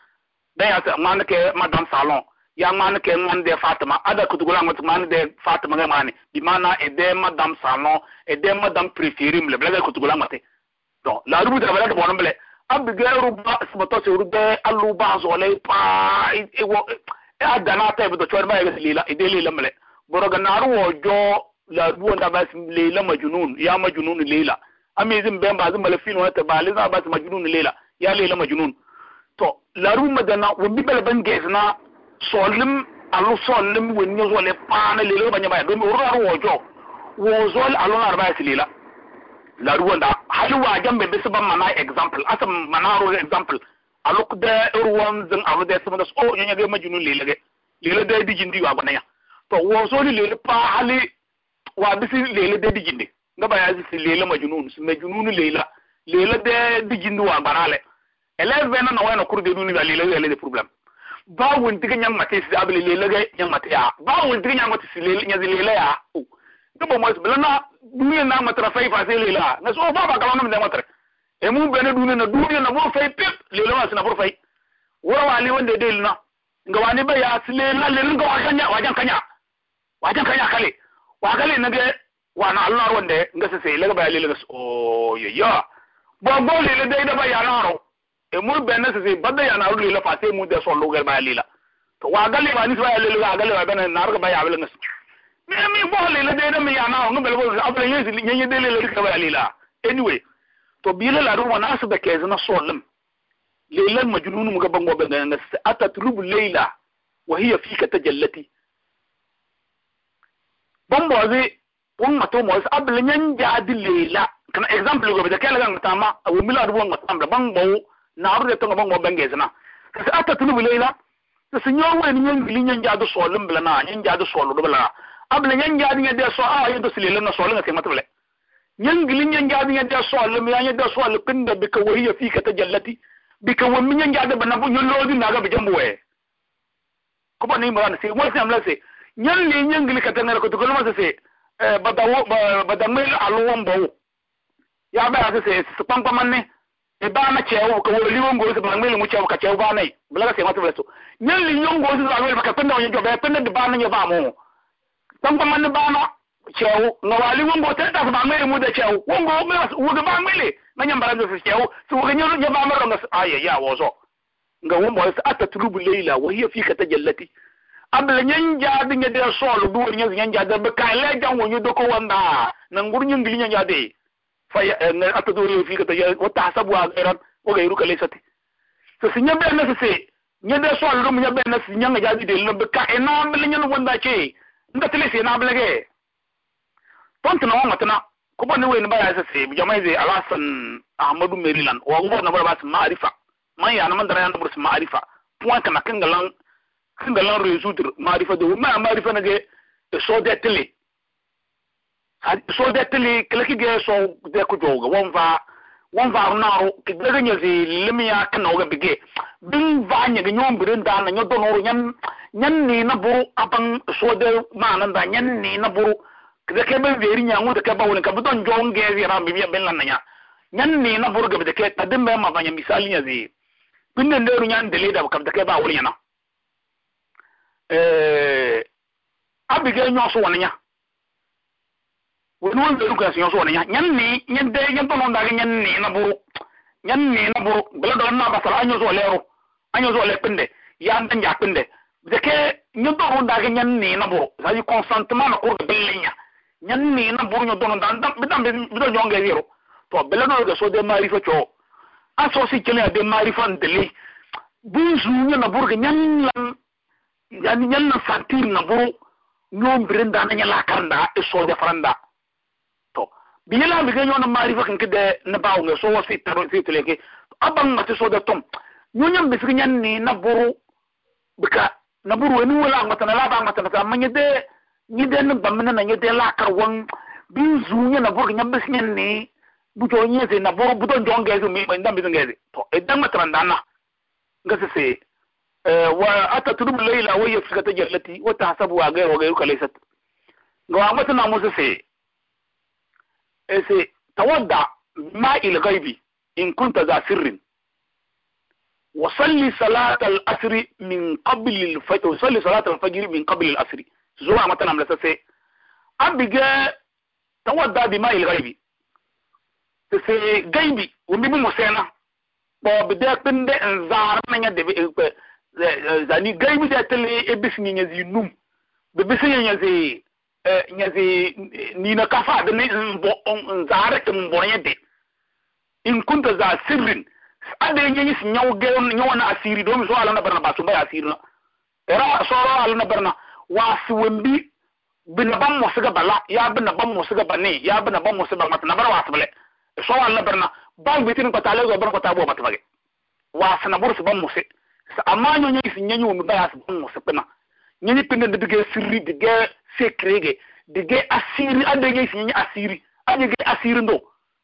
S1: da ya man ke madam salon ya man ke man de fatima ada kutugun ngot man de fatima ga mani bi mana e de madam salon e de madam preferim le blaga kutugun ngate donc la rubu da blaga bonon ble abgar ruba smato se ruba alu ba zo le pa e wo e adana ta be do chorma e silela e de lela mle boroga naru ojo la duwanda ba su lela majnun ya majnun lela ami zin ben ba zin malafin wata ba le za ba su majnun lela ya lela majnun to la ru madana wo bi bal ban ges na solim alu solim wo nyo zo le pana e lela ba nyama do mi ro wo jo wo zol alu na ba su lela la ru wanda hali wa jambe be su ban mana example asa mana ro example alu da ruwan zin alu da su mana o nyo ga majnun lela ga lela da bi jindi wa gwanaya to wo zoli lela pa hali wa bisi lele de digindi nga bayaa ya si lele majunun si majunun leila lele de digindi waa baraale eleve na na wa na kurde dunu ga lele lele de problem ba won tiga nyang mate si abele lele ga nyang mate ya ba won tiga nyang mate si lele nyazi lele ya o to bo mo bla na dunu na matra fai fa se lele na so ba ba kala na matra emu mu be na dunu na dunu na pip lele ma sina por fai wora wa le de lina nga wani ba ya si lele lele nga wa kanya wa jan kanya wa jan kanya kale wakali nage wana allar wande nga sese laga bayali laga o yaya bogo lile dai da bayanaro e mur benna sese badda yanaro lile fase mu da sollo gal bayali la to wagali ba ni bayali laga agali ba benna narga bayali laga mi mi bo lile dai da mi yanaro nga belgo abla yesi nyenye dele laga bayali la anyway to bile la ru wana asba kezi na sollim lilan majnun mu ga bango benga nga sese atatlubu layla wa hiya fika tajallati pombozi wonga to mozi abli nyanjaadi leela kana example go beta kala ganga tama mila do milad tamba tamla bangbo na arde tonga bangbo zina kasi ata tunu leela sinyo we ni nyangili nyanjaadu solum blana nyanjaadu solu blana abli nyanjaadi de so a do silela na solu ngate matble nyangili nyanjaadi nyade solum ya nyade solu kinda bika wo wahiya fika tajallati bika wo wammi nyanjaadi banabu nyolodi naga bijambuwe ko ba ni mara se mo se amla se nyalli nyangli katangara ko tukul masa se e, badawo badamel aluwan bawo ya ba ya se su pampaman ne e ba na chewo ko woli wongo su bangmel mu chewo ka chewo ba nai bulaga se mata bulaso nyalli nyongo su bangmel ka penda wonjo ba penda de ba na nya ba mo pampaman ne ba na chewo na wali wongo ta ta bangmel mu da chewo wongo me wo ga bangmel na nya barando su chewo su wo ga nyoro nya ba ma ronga aye ya wozo nga wongo su atatulubu leila wa hiya fi katajallati abele nye njadi nye dia solo duwe nye nye be kai le jang wonyu doko wanda na ngur ngili nye fa ya wata a eran o ga iru kale sati so si nye be na se nye dia solo mu nye be na si nye njadi de lo be na nye che tele na ge na na na ya kanga lan résoudre marifa de ma marifa nage so detli so detli klaki ge so de ko joga won va won va naro ke de ganya zi limia kana ga bige bin va nya ga nyom birin da na nyodo no nyam nyan ni na buru abang so de ma nan da nyan ni na buru de ke ben veri nya ngu de ke ba won ka budon jonge zi ra mi ben lan nya nyan ni na buru ga de ke tadim be ma ba nya misali nya zi bin de ru nyan dele da ka de ke ba won nya na
S2: Eh,
S1: abigail nyɔ so wɔne nya wɔne wɔn zɛlu kasi nyɔ so wɔne nya nyɛ nni nyɛ dɛ nyɛ tɔnɔ ndage nyɛ nni na buru nyɛ nni na buru gbɛlɛ dɔ na basara anyɔ so wɔlɛ ro anyɔ so wɔlɛ kpende ya ndɛ nya kpende zɛkɛ nyɛ dɔrɔ ndage nyɛ na buru zayi kɔnsantima na kuro gbɛlɛ nya nyɛ nni na buru nyɛ dɔnɔ ndage bi bi dɔn nyɔn gɛ yɛrɛ tɔ gbɛlɛ dɔ so de maari fɛ cɔ asɔ si a de maari fɛ ntɛli bunzu nyɛ na buru kɛ nyɛ yani ñanna santir na buru ñombirenda na ñala karnda e soja faranda to bi yela mi gño na mari fakin kede na baw nge so wasi taro fi tuleke abang ngati soja tom ño ñam bi fi ñanni na buru bika na buru ni wala ngata na laba ngata na ma ñede ñede na bamna na ñede la kar won bi zuñe na buru ñam bi fi ñanni bu to ñese na buru bu to jongezi mi ndam bi ngezi to e dang ma taranda na ngasi se وأتترب الليل وهي في التي وتحسبها غير وغيرك ليست غوامتنا موسى تودع ماء الغيب إن كنت ذا سر وصلي صلاة الأسر من قبل الفجر وصلي صلاة الفجر من قبل الأسر زوما متنا ملسسي أبقى تودع بماء الغيب تسي غيبي ومبي موسينا بابدا كندا انزار من يدبي zani gay mi tetele e bis ni ñezi num be bis ni ñezi ñezi ni na kafa de ni zare tum bonye de in kunta za sirrin ade nyi ñis ñaw geewon nyaw na asiri do mi so ala na barna ba su bay asiri na era so ro ala na barna wa su wambi bi na bam mo su ga bala ya bi na bam mo su ga bani ya bi na bam mo su ba mat na bar wa su bale so ala na barna bang bitin ko tale go bar ko tabo mat bage wa sana bur su bam mo su amanyo nyi si nyenyi unu da yasi bongo sepena nyenyi pende de dige siri dige sekrege dige asiri ade nyi si asiri ade ge asiri ndo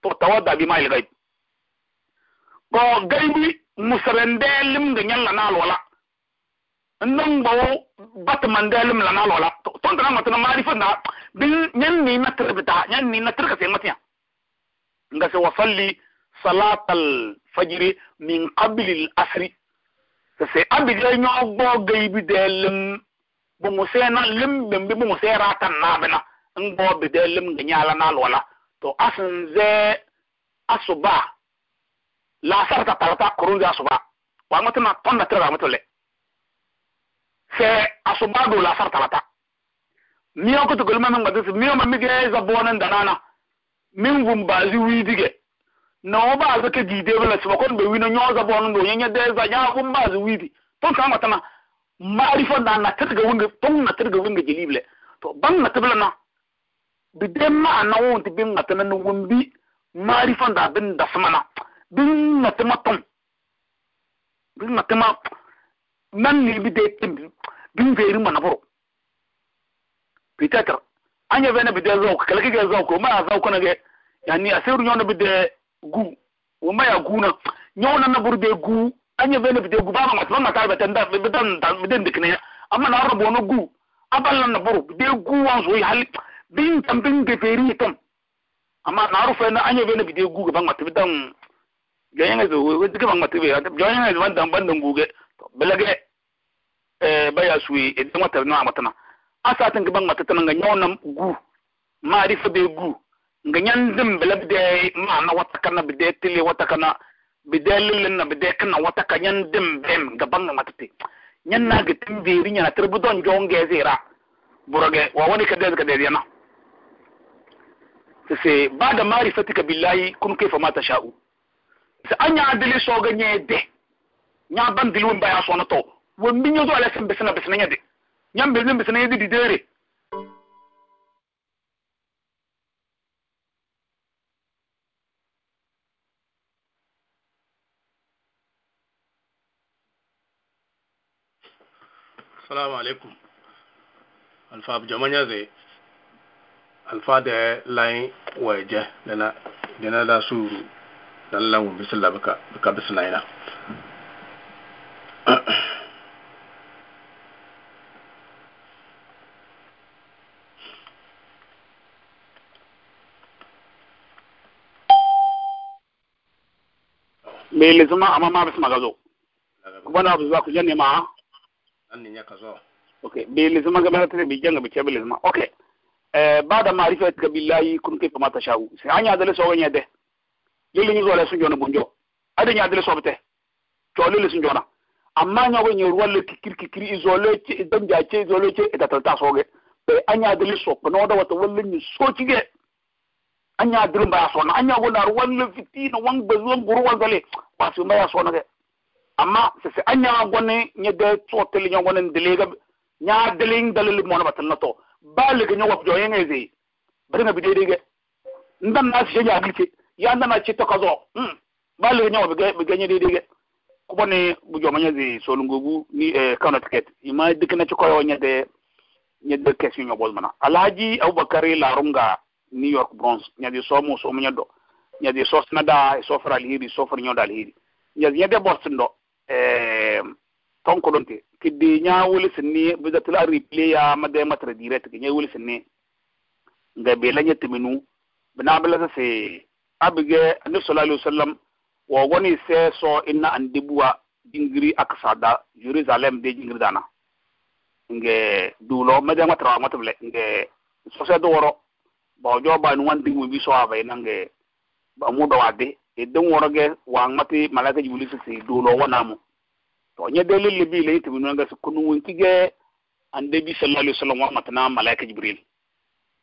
S1: to tawada bi mail gaib ko gaibi musarendelim de nyalla na lola ndong bawo batman delim la na lola to ndana matana marifa na bin nyen ni na terbita nyen ni na terka se matiya nga se wasalli salatal fajri min qabli al sese abidjan nyɔ gbɔ geyi bi dɛ lem bomusɛ na lem lem bi bomusɛ rata naabina n gbɔ bi dɛ lem ge nyaala na lɔla to asin zɛ asuba laasara ta tarata kurun zɛ asuba wa ŋmɛ tɛna tɔn na tɛrɛ wa ŋmɛ tɛlɛ sɛ asuba do laasara tarata miɛ kutu golima mi ŋmɛ tɛ se ma mi gɛ zabɔɔni danana min wum baazi wii digɛ na ọ ba azụ ke ji bala bela siba kwado bewi na onye ọzọ bụ ọnụ na onye nye deza ya bụ mba azụ widi to ka ngwata na ma'arifa na na tirga winga to na tirga winga jeli bile to ban na tabla na bide ma na won ti bin ngata na wumbi ma'arifa da bin da sama na bin na tama tom bin na tama nan ne bi tim bin veri mana boro pitatar anya vena bide zauka kalaka ga zauka ma zauka na ga yani asiru nyona bide gu wo ma ya gu na nyaw na na burde gu anya vele bide gu ba ma ma matma matal bata nda bida nda bida ndikne kene amma na arbo no gu aballa na buru de gu wan so hal bin tam bin de peri tam amma na rufe na anya vele bide gu ba ma matma bidan gayanga zo we diga ba ma matma ya gayanga zo bandan dan gu ge belage eh baya suwi idan wata na matana asatin gaban matata nan ga nyaw na gu ma rifa be gu ganyan nga nyan dim ma na wata kana bide tili wata kana bide na bide kana wataka nyan dim bem ga na matati nyan na ga biri nyana tribu don jonge zira buroge wa wani ka dede ka dede yana sese bada marifatika billahi kun kaifa ma tasha'u sa anya adili so ga de nya ban dilwin baya so na to wambi nyo zo ala sembe sina besina nye de nyam bilin besina yedi de didere
S5: assalamu alaikum alfa jama zai alfa da layin je da na da su dan lanwun bisalla baka bisina ina
S1: mai lizima amma ma bisu magazo kuma na abu zuwa ku janye ma
S5: annin ya kazo
S1: okay bi lizuma ga marata bi janga bi chabe lizuma okay eh bada ma'rifatika billahi kun kai pamata shawu sai anya dale so wanya de yele ni zola sun jona bunjo ada nya dale so bete to lele sun jona amma nya wanya ruwalle kikir kikir izole ce idan ja ce izole ce ita talta so ge be anya dale so kono da wata wallin ni so kige anya ba so na anya wala fitina wang bazuwan guruwan zale ba su ma ya so na ge amma sisi an nya gwani nya de tsotel tele nya gwani delega nya deling dalil mo na batal na to bali ga nya wa jo yenge ze bari na bide dege ndan na shi ya gite ya ndan na ci to kazo hmm bali ga nya wa ga ga nya dege ko bone bu jo ma nya ze so lungugu ni e eh, kana ticket ima dik na ci ko nya de nya de kesi nya bol mana alaji abubakar la runga new york bronze nya de so mo so mo nya do nya de so na da so fra lihi so fra nya dal alheri nya de boston do Eh, tonkodonte kidde ñawuli sinni bidatula replay ya made matra direct ke ñawuli sinni nga be la ñetti minu bina bala sa se abige annabi sallallahu alaihi wasallam wo goni se so inna andibuwa jingiri aksada jerusalem de jingiri dana nge dulo made matra matble nge so se do woro ba jo ba nu wan dingu bi so ave nange ba mu do wade idan warge wa ngmati malaka jibulisi si sai dolo wana mu to nya dalil libi le tibu nga su kunu won kige ande bi sallallahu alaihi wasallam wa matana malaka jibril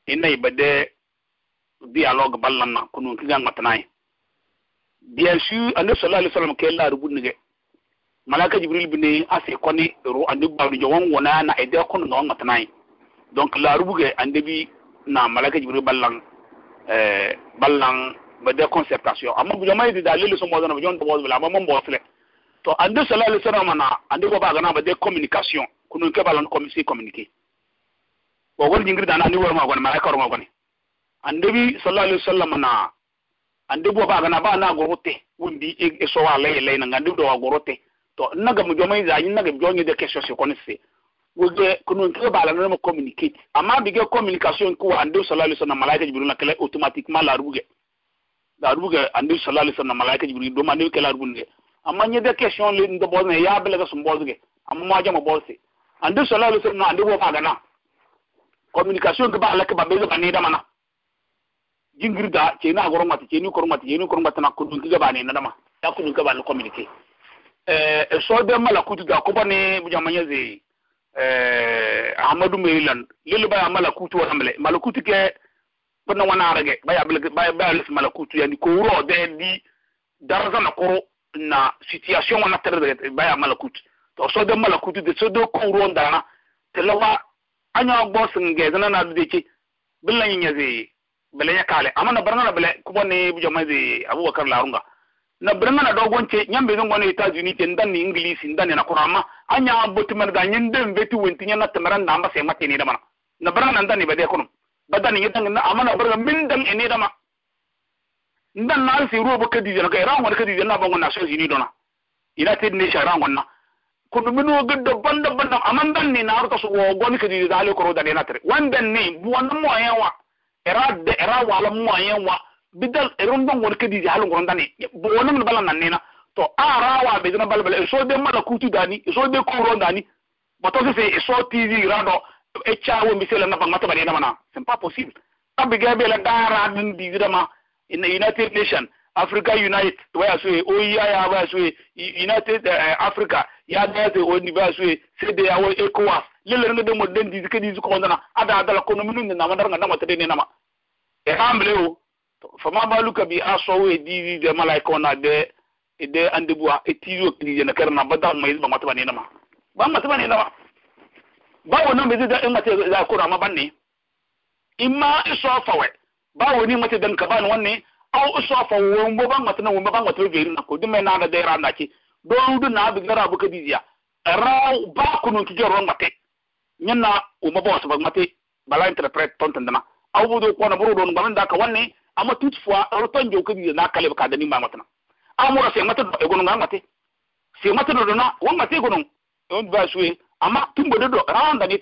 S1: inna ibade dialogue ballan na kunu kiga matana bien sûr ande sallallahu alaihi wasallam ke la rubu nige malaka jibril bi ne ase koni ro ande baru jo won wona na ide kunu no matana donc la rubu ge ande bi na malaka jibril ballan eh ballan bɛdɛ concertation amma jama yi dida lele so mɔzɔn na jɔn tɔbɔ bila amma mɔn bɔ filɛ to ande sala le sara mana ande ko ba gana bɛdɛ communication kunu ke balon communiquer communiquer o gol jingri dana ni worma gon ma ka rongo gon ande bi sallallahu alaihi wasallam na ande bo ba gana ba na gorote wundi e so wa lay lay na ngande do wa gorote to naga mu jama yi za yin naga jɔn yi de question se kon se wogɛ kunu nkɛ b'a la ne ma communicate amma bi kɛ communication ko ande sallallahu alaihi wasallam malaika jibril na kɛlɛ automatiquement la ruge arubu ke andi sallallahu alaihi wasallam malaika jibril do mandi ke arubu ne amma nyi de question le ndo bo ne ya bele ga sum bo ge amma ma jama bo se andi sallallahu alaihi wasallam andi bo fa gana communication ke ba alaka ba bele ba ne eh, eh, da mana jingir da ce na goro mata ce ni goro mata ce ni goro mata na ku dun ga ba ne na da ma ya ku dun ga ba ne communique eh so de malakutu da ko ba ne bu jama nyi ze eh amadu meilan lilu ba malakutu wa amle malakutu ke pẽnda wãna rgɛ ba yaa les malakutu yani ko wuro dɛ di daraja na koro na situation wana tɩ rgɛ eh, ba malakutu tɩ so de malakutu de so de ko wuro n daana tɩ la wa a yõ gbõ sẽn gɛ zẽna na dudeke bɩ la yẽ yẽ ya kale na baranga na bele kuma ne bujo mazi abubakar larunga na baranga na dogon ce nyambe zan gwana ita juni ce ndan ni ingilisi ndan na kurama anya botu man ga nyen den beti wenti na tamaran na amba sai mate ne da mana na ni badan yidan na amana barga min dan ene dama ndan na si ruwa ba kadi jana kai ran wani kadi jana ban wannan shi ni dona ina tid ne shi ran wannan ko dum no ga dabban banda dam aman dan ne na ruka su go ni kadi da ale ko da ne na tare wandan ne bu wannan mo yawa era de era wala mo yawa bidal erun dan wani kadi halun goron dan ne bo wannan balan nan ne na to arawa be dina balbal so be mala kutu dani so be kuro dani boto se so tv rado Eh, e chawo mi sele na bangmata bari na mana c'est pas possible tabi gabe la dara din di dama in the united nation africa unite waya so e oyi aya waya so united eh, africa ya da ze o ni waya so e se de awo ecowas lele ngade mo den di ke di ko ndana ada ada la kono minu na mandar ngada mo tede ni nama e hamble o fama baluka bi aso we di di de malaika e na de de andebuwa etiyo kini je na kerna badam mai ba mataba na Ma. ba mataba ni nama báwo náà mi dídá dẹ́ ńgbà tí ìdá bá ní ìmá ìṣọ́ ọ̀fọ̀wẹ̀ báwo ní mo ti nkàbá ni wọ́n ní aw ìṣọ́ ọ̀fọ̀wẹ̀ wọn bó bá ńgbàtí náà wọn bá ńgbàtí gèrí nà kò dùmẹ̀ náà dẹ́ra náà bi gara abu kadi ziya raw ba kunu ki jor ngate na ka wanne amma toute fois ro ton jo kadi na kale ka amma tun de do da ni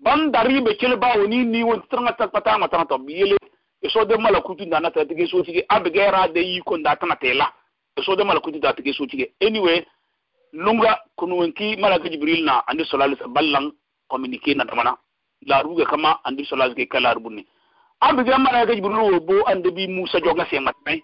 S1: ban da ribe kele ba woni ni won tranga ta pata ma tanga to biele e so de mala kutu na na ta tege so tige abgera de yi ko nda na tela e so de mala kutu da tege so tige anyway lunga kunu mala ka jibril na andi sallallahu alaihi wasallam communique na damana la ruga kama andi sallallahu alaihi wasallam kala rubuni mala ka jibril wo bo andi bi musa joga se matnai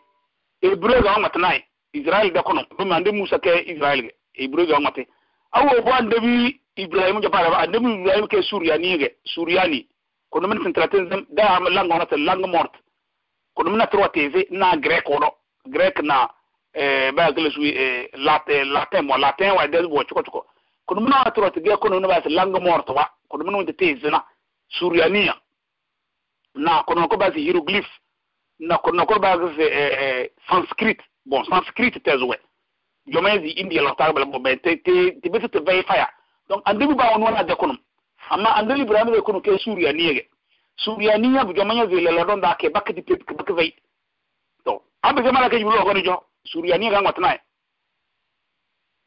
S1: e brega wa matnai israel da kono ko andi musa ke israel ge e brega wa matnai awo bo annabi ibrahim jabara annabi ibrahim ke suryani ge suryani kono men centratin da am lang onata lang mort kono men atro tv na grek ono grek na eh ba gele su eh latin latin mo latin wa de bo choko choko kono men atro tv kono men ba lang mort wa kono men wonte tezina suryaniya na kono ko ba hieroglyph na kono ko ba eh, eh sanskrit bon sanskrit tezwe your man is India lot of te te te they they te to verify. Donc ande bi de Amma ande li bra ke Suriya da ni jo Suriya niya ga ngotna.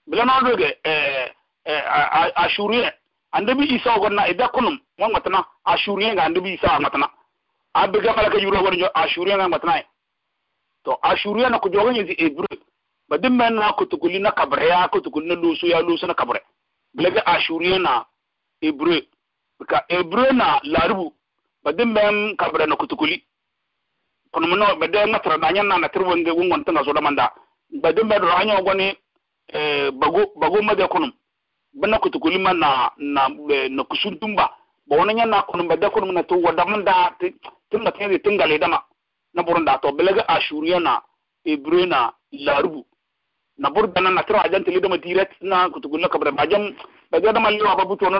S1: Bila na do ge eh eh Ashuriya ande bi isa gonna ida e kono mo ngotna Ashuriya ga ande bi isa ni ga ngotna. To na ko badin men na kutuguli na kabre ya kutuguli na lusu ya lusu na kabre bilege ashuriya na ibre ka ibre na larubu badin men kabre na kutuguli kono mono bade ngatra na nyanna na tirwo nge wongon tanga so manda badin na ro anyo goni eh bago bago made kono bana kutuguli ma na na eh, na kusuntumba ba wona nyanna kono bade kono na to wadamanda tinga tinga tinga le dama na burunda to bilege ashuriya na ibre na larubu na burda na na tiro ajan tili dama direct na kutugulla kabra ajan daga dama liwa babu to na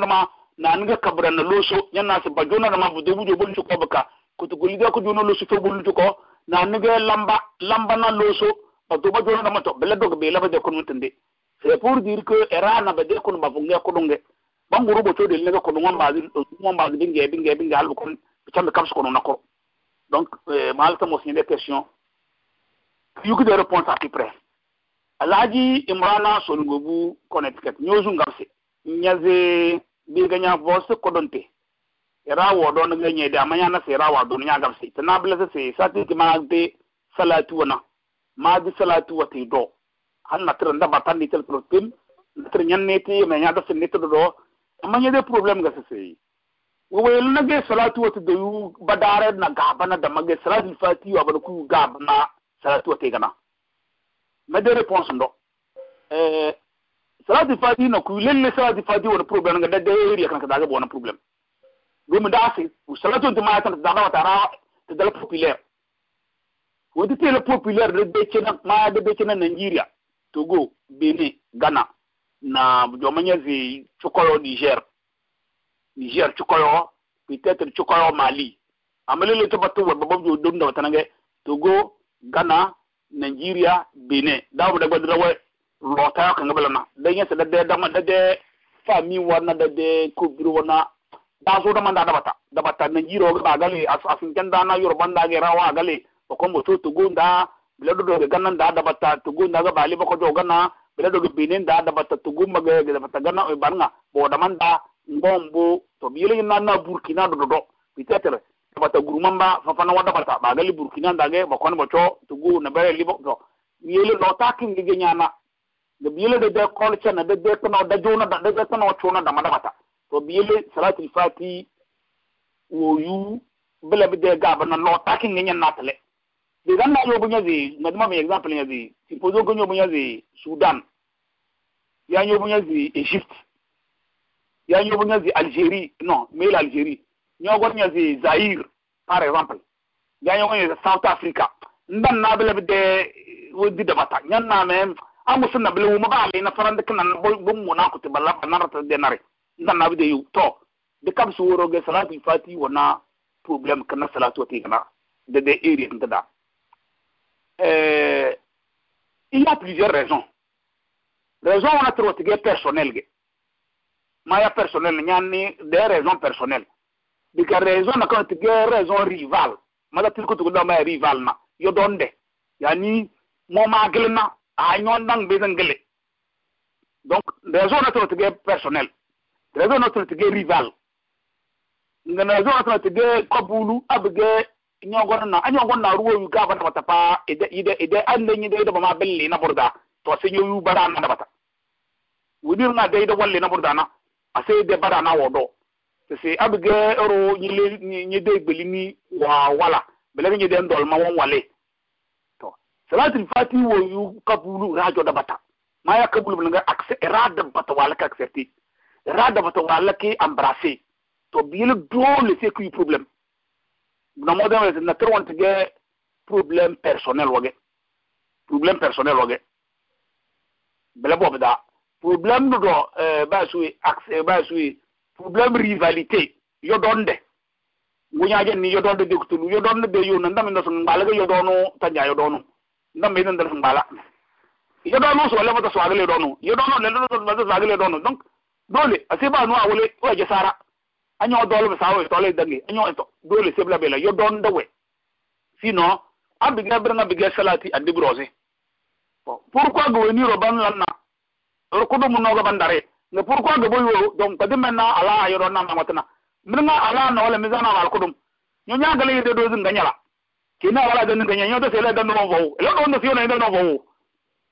S1: na nga kabra na loso yana se bajona na mabu budu bujo bulu ko baka kutugulli ga ko jono loso to bulu ko na nga lamba lamba na loso to bajona dama to bela dog bela ba de kon mutande c'est pour era na ba de kon ba funga ko donge banguru bo to de lega ko ngom ba ngom binge binge binge albu kon chambe kamsu ko na ko donc eh, malta mo sin des questions you get the réponse à peu près alhaji imrana solngobu connecticut nyozu ngabse nyaze biga nya ko kodonte era wodo nga ñe da manya na sera wado nya ngabse tana blese se sati ti managde salatu wana di salatu wati do han na tren da tan ni tel protein na tren ñan ne ti manya da sen ne do do ñe de problem nga se se wo na ge salatu wati do yu badare na gabana da ge salatu fati wa ba ku gabana salatu wati gana mede réponse ndo eh sala di fadi no ku lele sala di fadi wona problème nga dede area kan ka daga bona problème dum dasi u salatu to ma da daga tara te dal populaire wo wodi tele populaire de de cena ma de de cena nigeria togo benin gana na do jomanyazi chokolo niger niger chokolo peut-être chokolo mali amelele to batou wa babu do ndo tanange togo gana nigeria benin da dawo da da wai lɔta kan gbala na da yasa sɛ da dɛ da dɛ fami wana da dɛ biro wana da so da man da bata dabata nigeria ga ba gale asinkan da na yoruba da gɛra wa gale o kɔn to togo da bila dɔ dɔ gana da bata togo da ga bali bɔkɔ ga gana bila dɔ benin da bata togo ma ga dabata gana o ban nga bɔn dama da ngbɔn bo to bi yɛlɛ na na burkina dɔ dɔ peut-être bata gurumamba fafana wada bata bagali burkina ndage bakon bocho tugu na bare libo to yele no takin dige nyana de biele de de kolcha na de de kono da jona da de kono chona da mada bata to biele salatul fati
S7: wo yu
S1: bele bi de gaba na no takin dige nyana tale de ganna yo bunya zi na dama me example nya zi go nyo bunya zi sudan ya nyo bunya zi egypte ya nyo bunya zi algerie non mais l'algerie ñogoñasi zair par exemple ga ñogoñasi south africa ndan na bele de wodi de bata ñan na me amusu na bele wuma baale na farande kana na bo mu na kuti na banarata de nare ndan na bide yu to de kam su woro ge salatu fati wona problem kana salatu ti kana de de iri ntada euh il y a plusieurs raisons raison wana tro ti ge personnel ge maya personnel ñan ni des raisons personnelles dika raison na kan tige raison rival mada til ko tukuda ma rival na yo donde yani mo ma gelna a nyon dang be ngele donc raison na to tige personnel raison na to tige rival ngana raison na to tige kobulu abge nyogor na anyogor na ruwo yu ga bana bata pa ide ide ide ande nyi de ma belli na burda to se nyu bara na bata wudir na de de walli na burda na ase de bara na wodo Se se, ap ge, ero, nye dey belimi, wala, wala. Bele genye dey endol, mawan wale. To. Se la tri fati, woyou kaboulou radyo dabata. Maya kaboulou, bine akse, rad dabata wala ke akse ti. Rad dabata wala ke ambrase. To, biye lèk dron lè se ki yu problem. Bina moden wè, zè natèr want ge, problem personel wage. Problem personel wage. Bele bobe da. Problem lèk dron, bèj wè, akse, bèj wè, problème rivalité yodonde woñaje ni yodonde de yodonde de yo nan damin dafa ngala ga yodono tanja yodono ndam be nan dafa ngala yodono so le mata so agale yodono yodono le do mata so agale yodono donc dole asiba no awole wa je sara anyo dole be sawo to le dangi anyo to dole sebla bela yodonde we sinon abiga brana biga salati adibrose pourquoi go ni roban lanna ko do bandare ne pourquoi gabo yo donc kadi menna ala ayro na matna minga ala no wala mizana wal kudum nyo nya gale yede do zinga nyala kina wala ganin ganya nyo to sele dan no vau ele do no fiona ndo no vau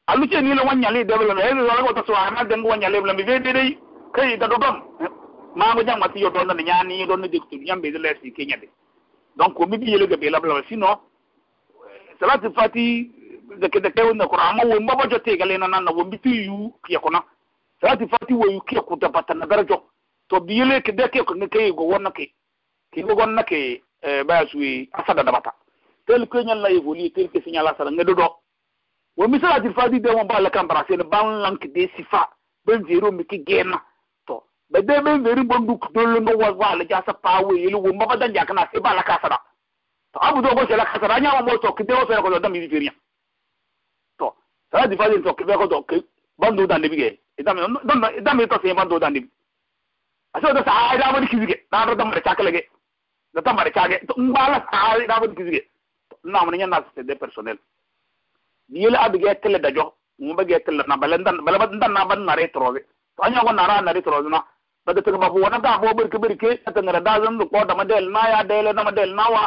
S1: alu che ni le wanya le debla me ele wala ko to so ama dan wanya le bla mi ve de dei kai da do dom ma go jang mati yo do na nya ni do no diktu nyam be de lesi kenya de donc ko mi bi yele gabe la bla sino salatu fati de ke de ke wona qur'an mo wo mbabo jotte gale na na wo bitu yu kiyakona salati fati wo yuki ku da bata na darajo to biyele ke de ke ne ke go wonna ke ke go wonna ke e ba suwi asada da bata tel ke nyal la evoli tel ke signal asada ngedo do wo mi salati fati de mo ba la kambara ne ban lank de sifa ben zero mi ke gena to ba de ben zero bon du do lo no wa wa ja sa pa wo yele wo mabada ja kana se ba la kasada to abu do go se la kasada nya mo to ke de wo se ko do mi firiya to salati fati to ke be ko do ke banduudaan dhibige damiitase banduudaan dhib asooda saxaay dhaabadi kisige naadro damare cakalege datamare cage mbala saxaay dhaabadi kisige namninya nasise de personnel diyele adige tele dajo mumba ge tele na bale ndan bale ndan na ban nare troge to anya ko nara nare troge na bada tege babu wana ka bo berke berke ta ngara dazan du ko da madel na ya dele na madel na wa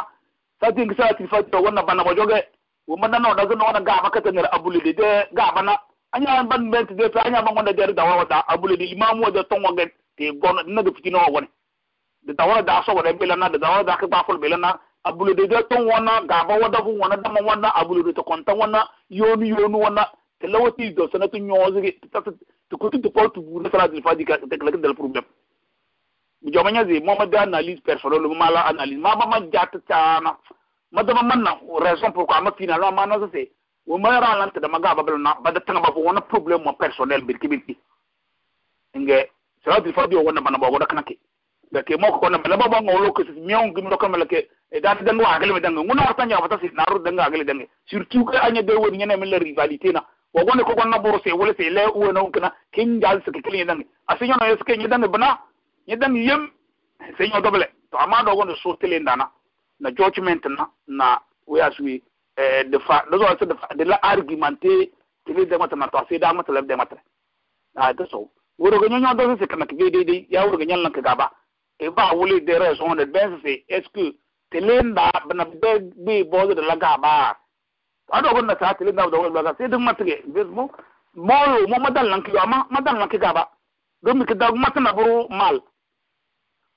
S1: sati ngi sati fa to wonna bana bojoge wo manna no dazo no na ga makata ngara abuli de ga bana anya ban ben te pe anya bangon da jari da wawata abule ah, di imamu da ton waget te gono na da fitino woni da da so wada bela na da tawara da ka bafol bela na abule ah, de ton wona gaba wada fu wona da man wona abule ah, de to konta wona yonu yonu wona te lawati do sana tu nyozi ge ta to ko to portu bu na sala del ka te del problem mi joma nyazi mo ma da analyse personnel mo mala analyse ma ma ma jatta tana ma da man na raison pourquoi ma finalement ma na se wo mayra lante da maga babel na bada tanga babu wona problem mo personnel bil kibil ti nge sala di fadi wona bana bago da kanake da ke mo ko na bala baba ngolo ko si mion gimi do kamela ke e da ta danwa agale me danga nguna warta nya fata si na ru danga agale danga surtout ke anya de woni ngene mel rivalité na wo gone ko gonna boro se wala se le wo no kana kin dal se ke kili danga asinyo no eske nya danga bana nya danga yem se nyo doble to do gondo so tele ndana na judgment na na we as we Eh, de fa de zo de de la argumenter tele de mata mata sai da mata lab de mata a to so wuro ga nyonya do se kana ke de de ya wuro ga nyalla ka gaba e ba wuli de raison de ben se est ce que tele nda bana be be bo de la gaba a do gonna ta tele nda do la sai de mata ke mo mo mo madan lan ki ma madan lan ki gaba do mi ke da mata na buru mal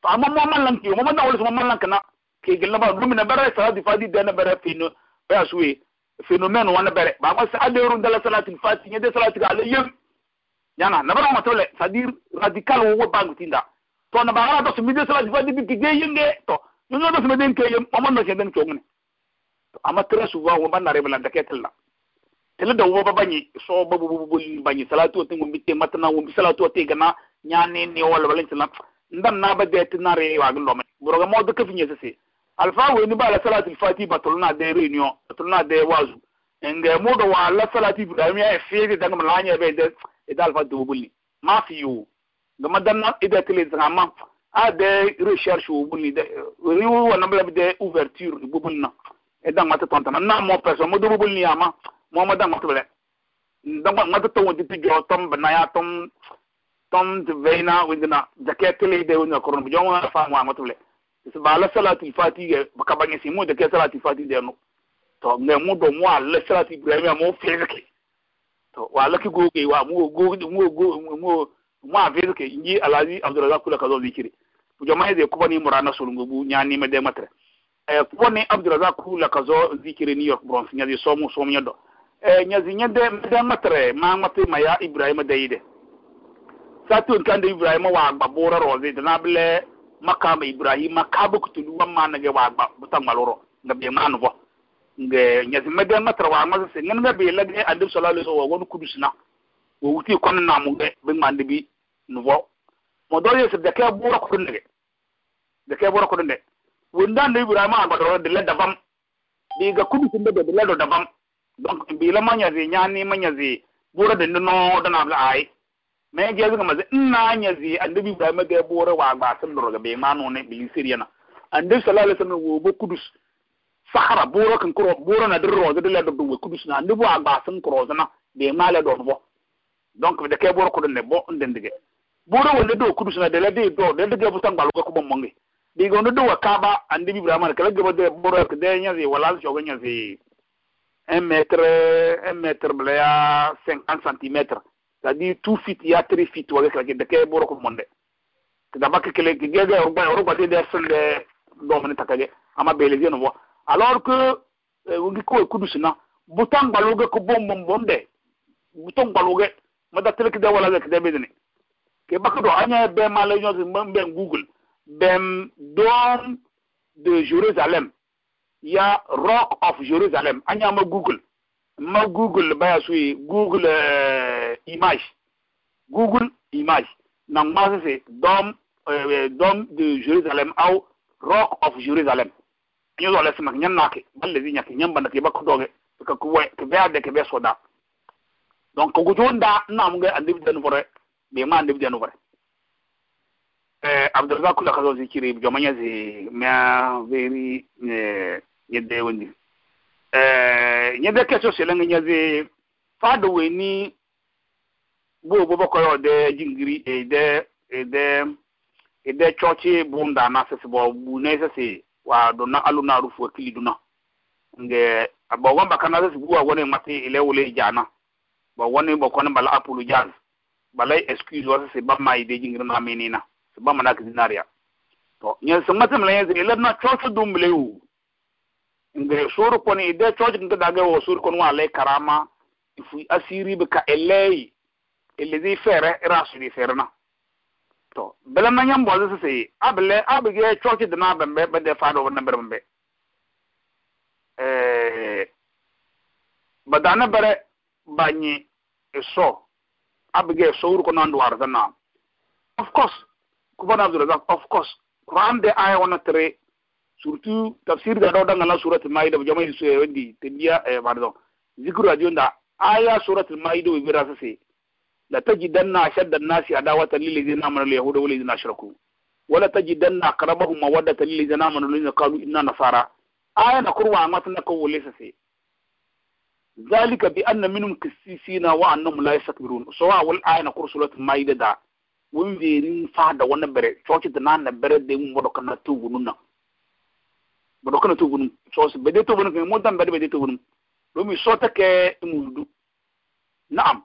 S1: to amma mo malan ki mo madan wuli mo malan kana ke gilla ba do mi na bare sa di fadi de na bare fino bẹ́ẹ̀ sọ yìí bere ba ma sa sẹ adéhùn dala salati fati nyede salati ka ale yem yana nabara ma tɔlɛ sadi radical wo wo bank tinda to na baara to sumi de salati fati bi kige yem to no no dɔ sumi de nke yem ɔmɔ nɔ sɛden tɔ ŋun ama très souvent wo ba nare bala dakɛ tɛl la tɛlɛ dɔ wo ba ba nyi sɔ ba bo bo bo ba nyi salati o te ŋun bi matna wo ŋun salati o te gana nyane ni wala wala ntɛla ndam na ba de te nare wa gilɔmɛ bɔrɔkɛ mɔɔ de kɛfi nyɛ sese Alfa wè nipa la salatil fati batolona de rènyon, batolona de wazou. Enge mwè mwè la salatil vremya e fye, edan mwè la nye vè, edan alfa de wabouni. E ma fiyou, dè mwè dèm nan edè telè zangman, a de recherche wabouni, rewè wè nan mwè de ouverture wabouni e nan. Edan mwè te ton tanan, nan mwè person, mwè dè wabouni yaman, mwè mwè dè mwè te blè. Edan mwè te ton tanan, dèm nan yaman, dèm nan yaman, dèm nan yaman, dèm nan yaman, dèm nan yaman, dèm nan yaman ba ala salati fati yɛ ka ɲɛsin mu de kɛ salati fati de no to ne mu do mu ala salati ibrahim mu fezike to wa ala ki goge wa mu go mu go mu mu a fezike nji alaji abdurrazak kula kazo zikiri jama hede kuba ni murana solungo bu nyani me de matre e eh, kuba ni abdurrazak kula kazo zikiri new york bronx nyazi somu somu nyodo e eh, nyazi nyade me de matre ma mate maya ibrahim de ide satun kan de ibrahim wa agbabora rozi de nable makkama ibrahima ka ɓokkito ɗum wammanage wagba botagmal woro nga ɓe mano fo nge ñasimeden matra wagmasa se ngena ɓe lage adem sala alah sallm wono kudus na o wuti konna namu ge ɓe gmandebi no fo mo dole yeso deke ɓura koɗo nege deke ɓura koɗo nde wonda nde ibrahima agbaɗoro de ledda fam ɓiga kudus ndede de leddo da fam donc mbilamañasi ñanimañasi ɓura de ndeno ɗanamle ayi mais jeega ma se nna ñasi andebi ibrahima ge ɓuure waagwa sendoroga ɓe ma noone ɓe lisiriana andebi sala alah sallam wo bo kudus sahara ɓuuro kan koro ɓuuro na dere roose de le dodo wo kudus na andebi waagwa sen ko roosena ɓe ma le ɗoon bo donc de ke ɓuuro koɗo ne bo ndendige ɓuuro wonde do kudus na de le de do de dege bo sangwalo ga kuɓa mongi ɗiga wonde do wa kaaɓa andebi ibrahima kala geba de ɓuuro ko de ñasi walla ala cooga ñasi un métre un métre ɓe leya cinquante centimétre c'est-à-dire tout fit ya tri fit wage kala de kay boro ko monde te da bakke kele ke gege o ba o ba de der sel de do mane takage ama bele jeno wa alors que eh, wongi ko kudus na butan baloge ko bom bom bonde butan baloge mada tele ke de wala ke de bedene ke bakke do anya be male nyo mbe google bem dom de Jérusalem ya rock of Jérusalem anya ma google Mwen Google imaj. Google imaj. Nan mwen se se, Dom eh, de Jerizalem ou Rock of Jerizalem. Nyon zon lese man, nyan nake, nyan lezi nyeke, nyan banake, yon bak koutonge. Kwa kouwe, kwe ade, kwe beso da. Don kou kouton da, nan mwen ge, an devide an ouvre. Men man an devide an ouvre. Eh, Avdorvan kou la kazo zikire, jomanyan zi, mwen vewi, eh, yedde yon diz. nyɛdɛ kɛsɛ sɛlɛŋ nyɛdɛ faada wɛni bo bo dɛ jingiri e dɛ e dɛ e dɛ na sɛsɛ bɔ bu ne sɛsɛ wa donna alu na aru fuwa duna nge ba kana sɛsɛ wole jana bala apulu jaz bala excuse wa ba e jingiri na mini ba to ngre suru kponi ide church nte dage wo suru koni wa le karama ifu asiri bi ka elei elezi fere rasuli fere na to bela ma nyambo ze se sei abele abige church de na bembe be de fa do na bembe
S2: eh badana
S1: bere banyi eso abige eso uru koni andu arzana of course kubana abdul of course quran de aya 103 surtout tafsir da dawdan ngala suratul maida jama'i su yendi tendia eh pardon zikru ajonda aya suratul maida wi birasa se la tajidanna ashadda an-nasi adawatan lil ladina amanu al-yahuda wal ladzina ashraku wala tajidanna aqrabahum mawaddatan lil ladina amanu lil qalu inna nasara aya na kurwa matna ko wulisa se zalika bi anna minhum qissisina wa annahum la yastakbirun so wa wal aya na kur suratul maida da wun verin fa da wannan bare fokitan na bare de mun bodo kana tugunun nan bɔdɔ kana to wunum sɔɔsi bɛde to wunum kɛmɛ mɔdan bɛde bɛde to wunum lomi sɔɔta kɛ muludu naam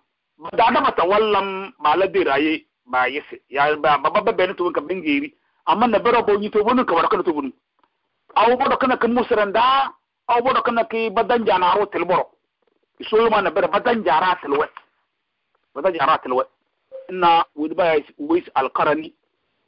S1: daada bata wallam baala dera ye baa yese ya ba ba bɛ bɛni to wunum ka bɛn geeri amma na bɛrɛ bɔ yito wunum ka bɔdɔ kana to wunum aw bɔdɔ kana kɛ musɛrɛn daa aw bɔdɔ kana kɛ badan jaana aw tel bɔrɔ isoyo ma na bɛrɛ badan jaara tel wɛ badan jaara tel wɛ ina wuli ba ya wais alkarani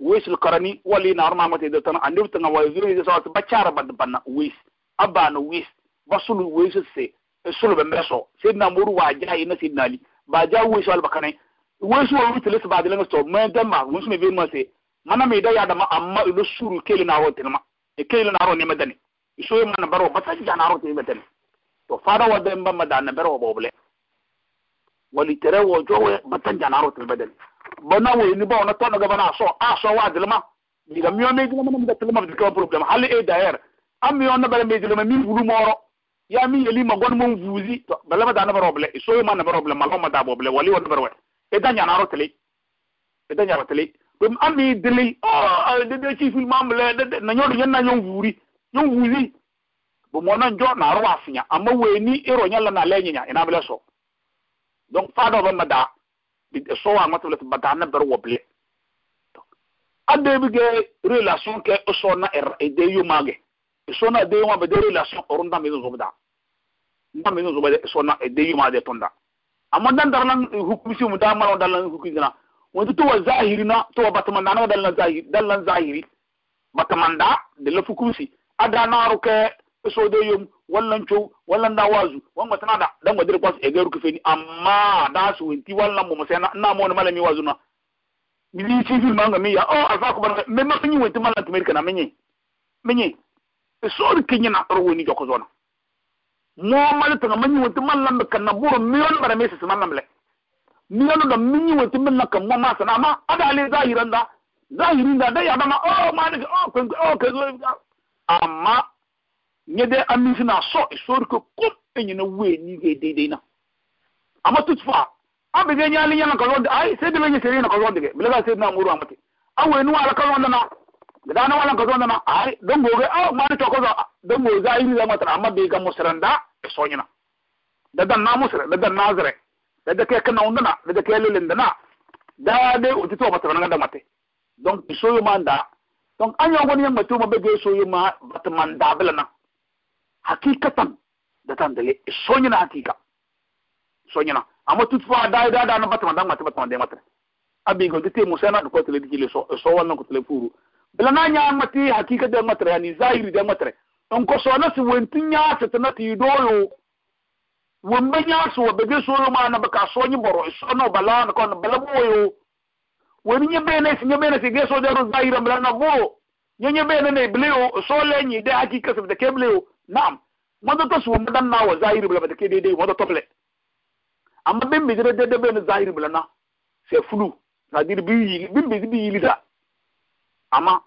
S1: weysl karani walina armamate datana andibtanga wa zurmi sawat bachara bad banna weys abana weys basulu weys se sulu be meso sidna muru wa ja ina sidna ali ba ja weys wal bakane weys wa witles ba dilanga sto men dama musme be mate mana me da ya dama amma ilu suru kele na wote ma e kele na ro ne madani iso e mana baro bata ja na ro te madani to fara wa demba madana baro bobule wali tere wo jowe batan ja na ro te madani bana wo ni ba na to na gabana so a so wa dilma mi da miyo me dilma mi da tilma bi ka problem hali e da yer am miyo na bala me dilma mi bulu moro ya mi yeli ma gon mon vuzi to bala ma da na problem so ma na problem ma ma da problem wali won barwa e da nya na ro tele e da nya ro tele to am mi dili o de de chi fil mam le na nyodo nyen na nyon vuri nyon vuzi bo mo na njo na ro afinya ama we ni ero nya la na le nya ina bele so donc fa do ma da sowa matlet badana ber woble adebige relation ke sona ede er, eh, yomage sona ede yomage de relation orunda mezo zobda nda mezo zobda sona ede eh, yomage tonda amma dan na hukumisi mu da mala dalan hukumina ti to zahiri na to batman na dalan zahiri dalan zahiri batman da da lafukumsi ada na ruke sojojin wannan wallan wannan da wazu wan wata na da dan wadir kwas e garu ni amma da su winti wannan mu masana na mu ne malami wazu na mi li ci fil manga mi ya o oh, alfa ko ban me ma sunyi winti mallan tumir kana menye menye e sori kinyi na tarwo ni joko zona mo mal tanga manyi winti mallan da kana buru miyon bara me su mallan le miyon da minyi winti mallan kan mo ma sana ma ada ale zahiran da zahirin da da ya ba ma o oh, ma ni o ko o ko amma nyɛ dɛ amisi na asɔ esori ko kum enyina wee ni wee deidei na ama tutu fa abe ge nyaali nyana ka lɔdi ayi sɛ dɛmɛ nye sɛ na ka lɔdi kɛ bile ka sɛ na muru amati awe nu ala ka lɔdi na gada na wala ka lɔdi na ayi dongo ge aw mari tɔ kɔsɔ dongo za ayi ni za tara ama bee ka musɛrɛ da esɔ nyina dada na musɛrɛ dada na zɛrɛ dada kɛ kana undana dada kɛ lele ndana daa de o ti tɔ ma tɛmɛ na ka damate donc isoyo ma da donc an yɔn ko ni yɛn ma tu ma bɛ ge soyo ma batama da bela na hakikatan da tan dale na hakika na amma fa da da da na batama da mata batama da mata abi go dite na ko tele dikile so so wannan ko tele furu bla na nya mati hakika da mata yani zahiri da mata on ko so na su wentin ya ta tana ti doyo ba nya so obege so ma na baka so nyi boro so no bala na ko na bala boyo woni nye bene si be bene si ge so da ro zahira bla na go nya be na ne bleo so le nyi da hakika su da bleo Naam, watoto su wanda na wa zahiri bula ba take daidai watoto bula. Amma bin bi daidai da bin zahiri bula na sai fulu na dir bi yili bin bi bi yili da. Amma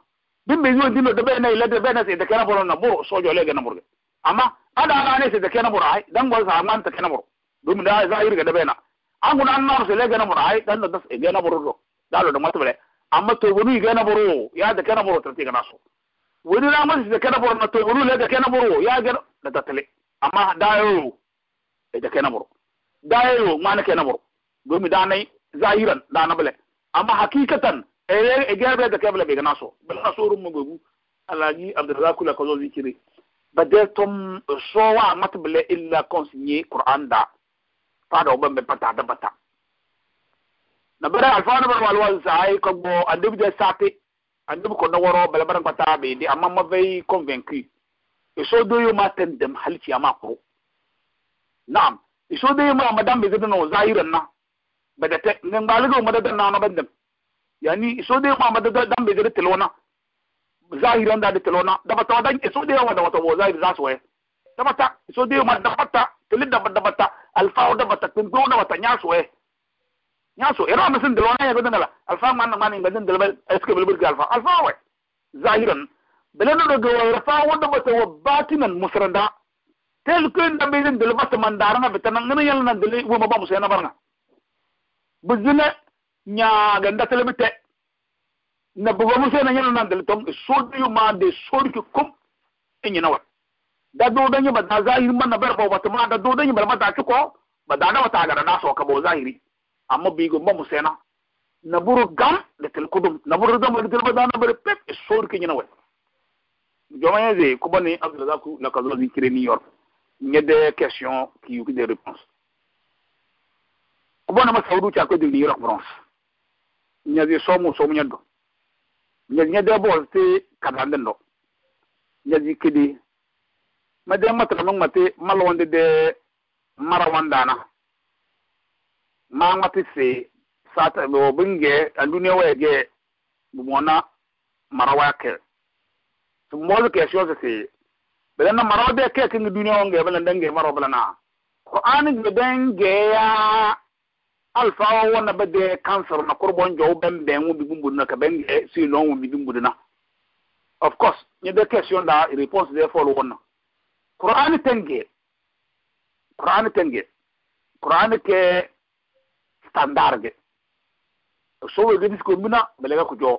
S1: bin bi yo dino da bai na ila da bai na sai da kana bolo na buru sojo le ga na burge. Amma ada ana ne sai da kana buru ai dan gwa sa amma ta kana buru. Dum da zahiri ga da bai na. An guna an na sai le ga na buru ai dan da sai ga na buru do. Dalo da matubule. Amma to wani ga na buru ya da kana buru tarti ga na so. wani na masu da kana buru na to wani da kana buru ya ga da tatale amma da yo da kana buru da yo ma na kana buru domin da nai zahiran da na bale amma hakikatan eh eh ga da kana bale ga naso bal nasurun mu gugu alaji abdurrazak la kazo zikiri badel tom sowa mat bale illa consigné qur'an da fa da ban bata da bata na bare alfa na bar walwa sai ko bo adib da sate an ko kɔnɔ woro bala baran kwata be di a ma vei convaincu e so do yo maten dem halci ama kuru na'am iso do yo ma madam be zedin no na bada te ngan baligo ma na na bandam yani e so do yo ma madadan be zedin telona zahiran da telona da bata wadan e iso do yo da wata wo zahir za su zaa da bata e so do yo ma da bata tilin da bata alfawo da bata tingo da bata nyasu waye ñaso ira masin dilo na yago dangala alfa man man ngi bazin dilo est ce que bilbir alfa alfa wa zahiran belen do go alfa wodo bata wa batinan musranda tel ko nda be den dilo bata man daranga betana ngana yalla na dilo wo ma ba musena barna bizina nya ganda tele bite na bugo musena yalla na dilo tom sodi yu ma de sodi ko kom enyi na wa da do danyi ba da zahir man na bar ba bata ma da do danyi ba ma ta ko ba da na wata ga na so ka bo zahiri amma bigo mba musena naburu gam de tel kudum naburu gam de tel badana bare pep e sor ke nyina wet joma yeze ko bani abdul ku na ka ni kire ni yor nye de question ki yu de réponse ko bana ma saudu cha ko de ni york bronze nye de somu somu nyado nye nye de bo te ka kadande ndo nye di kidi ma de matra mang mate malonde de marawandana mama ti se sata o binge andune wa ge bumona marawa ke to mol ke sho se bela na marawa de ke kin duniya on ge bela dange maro bela na qur'an ge dange ya alfa wona bade cancer na kurbon jo ben ben mu bibumbu na ka ben ge si lon mu bibumbu na of course ni de question da response de follow wona qur'an tenge qur'an tenge qur'an ke standarde so we gidi ko mina belega ko jo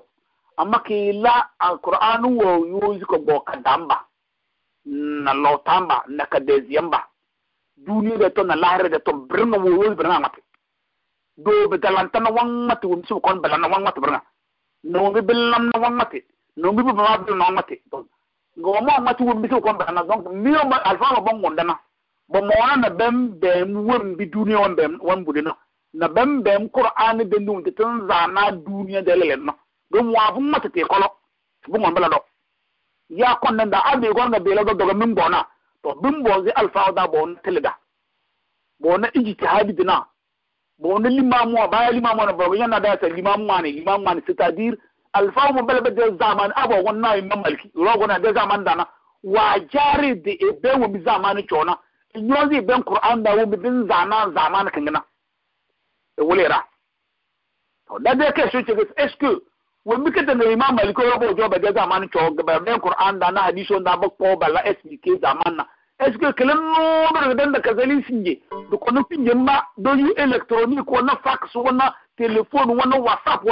S1: amma ke la alquran wo yuzi ko go kadamba na lo tamba na kadeziyamba duniya da to na lahira da to birna wo yuzi birna ngati do be talanta na wang wangmati wum su kon bela na wangmati birna no mi billam na wang wangmati no mi baba bil na wangmati ngo mo tu wum su kon bela na donc mi o alfa ma bongo na bo mo na bem bem wum bi duniya on bem won budina na bɛmbɛm qur'ani de num e de tun zana duniya de lele no do mo afu mata te kolo bu mo bala do ya kon nan da abi kon ga bela do do min bona to bin bonzi alfa da bon bon tilda bona ijtihadi dina bon bona limamu wa baya limamu na bogo yana da ta limamu wa ne limamu wa ne dire alfa mo bela be de zaman abo gon na imam malki rogo na de zaman dana wa jari de ebe wo bi zaman chona nyozi ben qur'an da wo bi din zana zaman kangana ewulera to da dai kai shi ce est ce que wani muke da imam maliko yo bo jo jobe da zaman cho gaba da qur'an da na hadiso da ba ko ba bala explique zaman na est ce que no da dan da kazali sinje do ko no pinje ma do yu electronique wana fax wana telephone wana whatsapp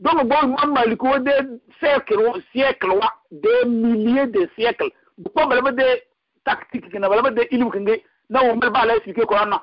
S1: do no bo imam maliko de siècle wa siècle wa de milliers de siècles ko bala de tactique ke kana bala de ilim kange na wo ba la expliquer qur'an na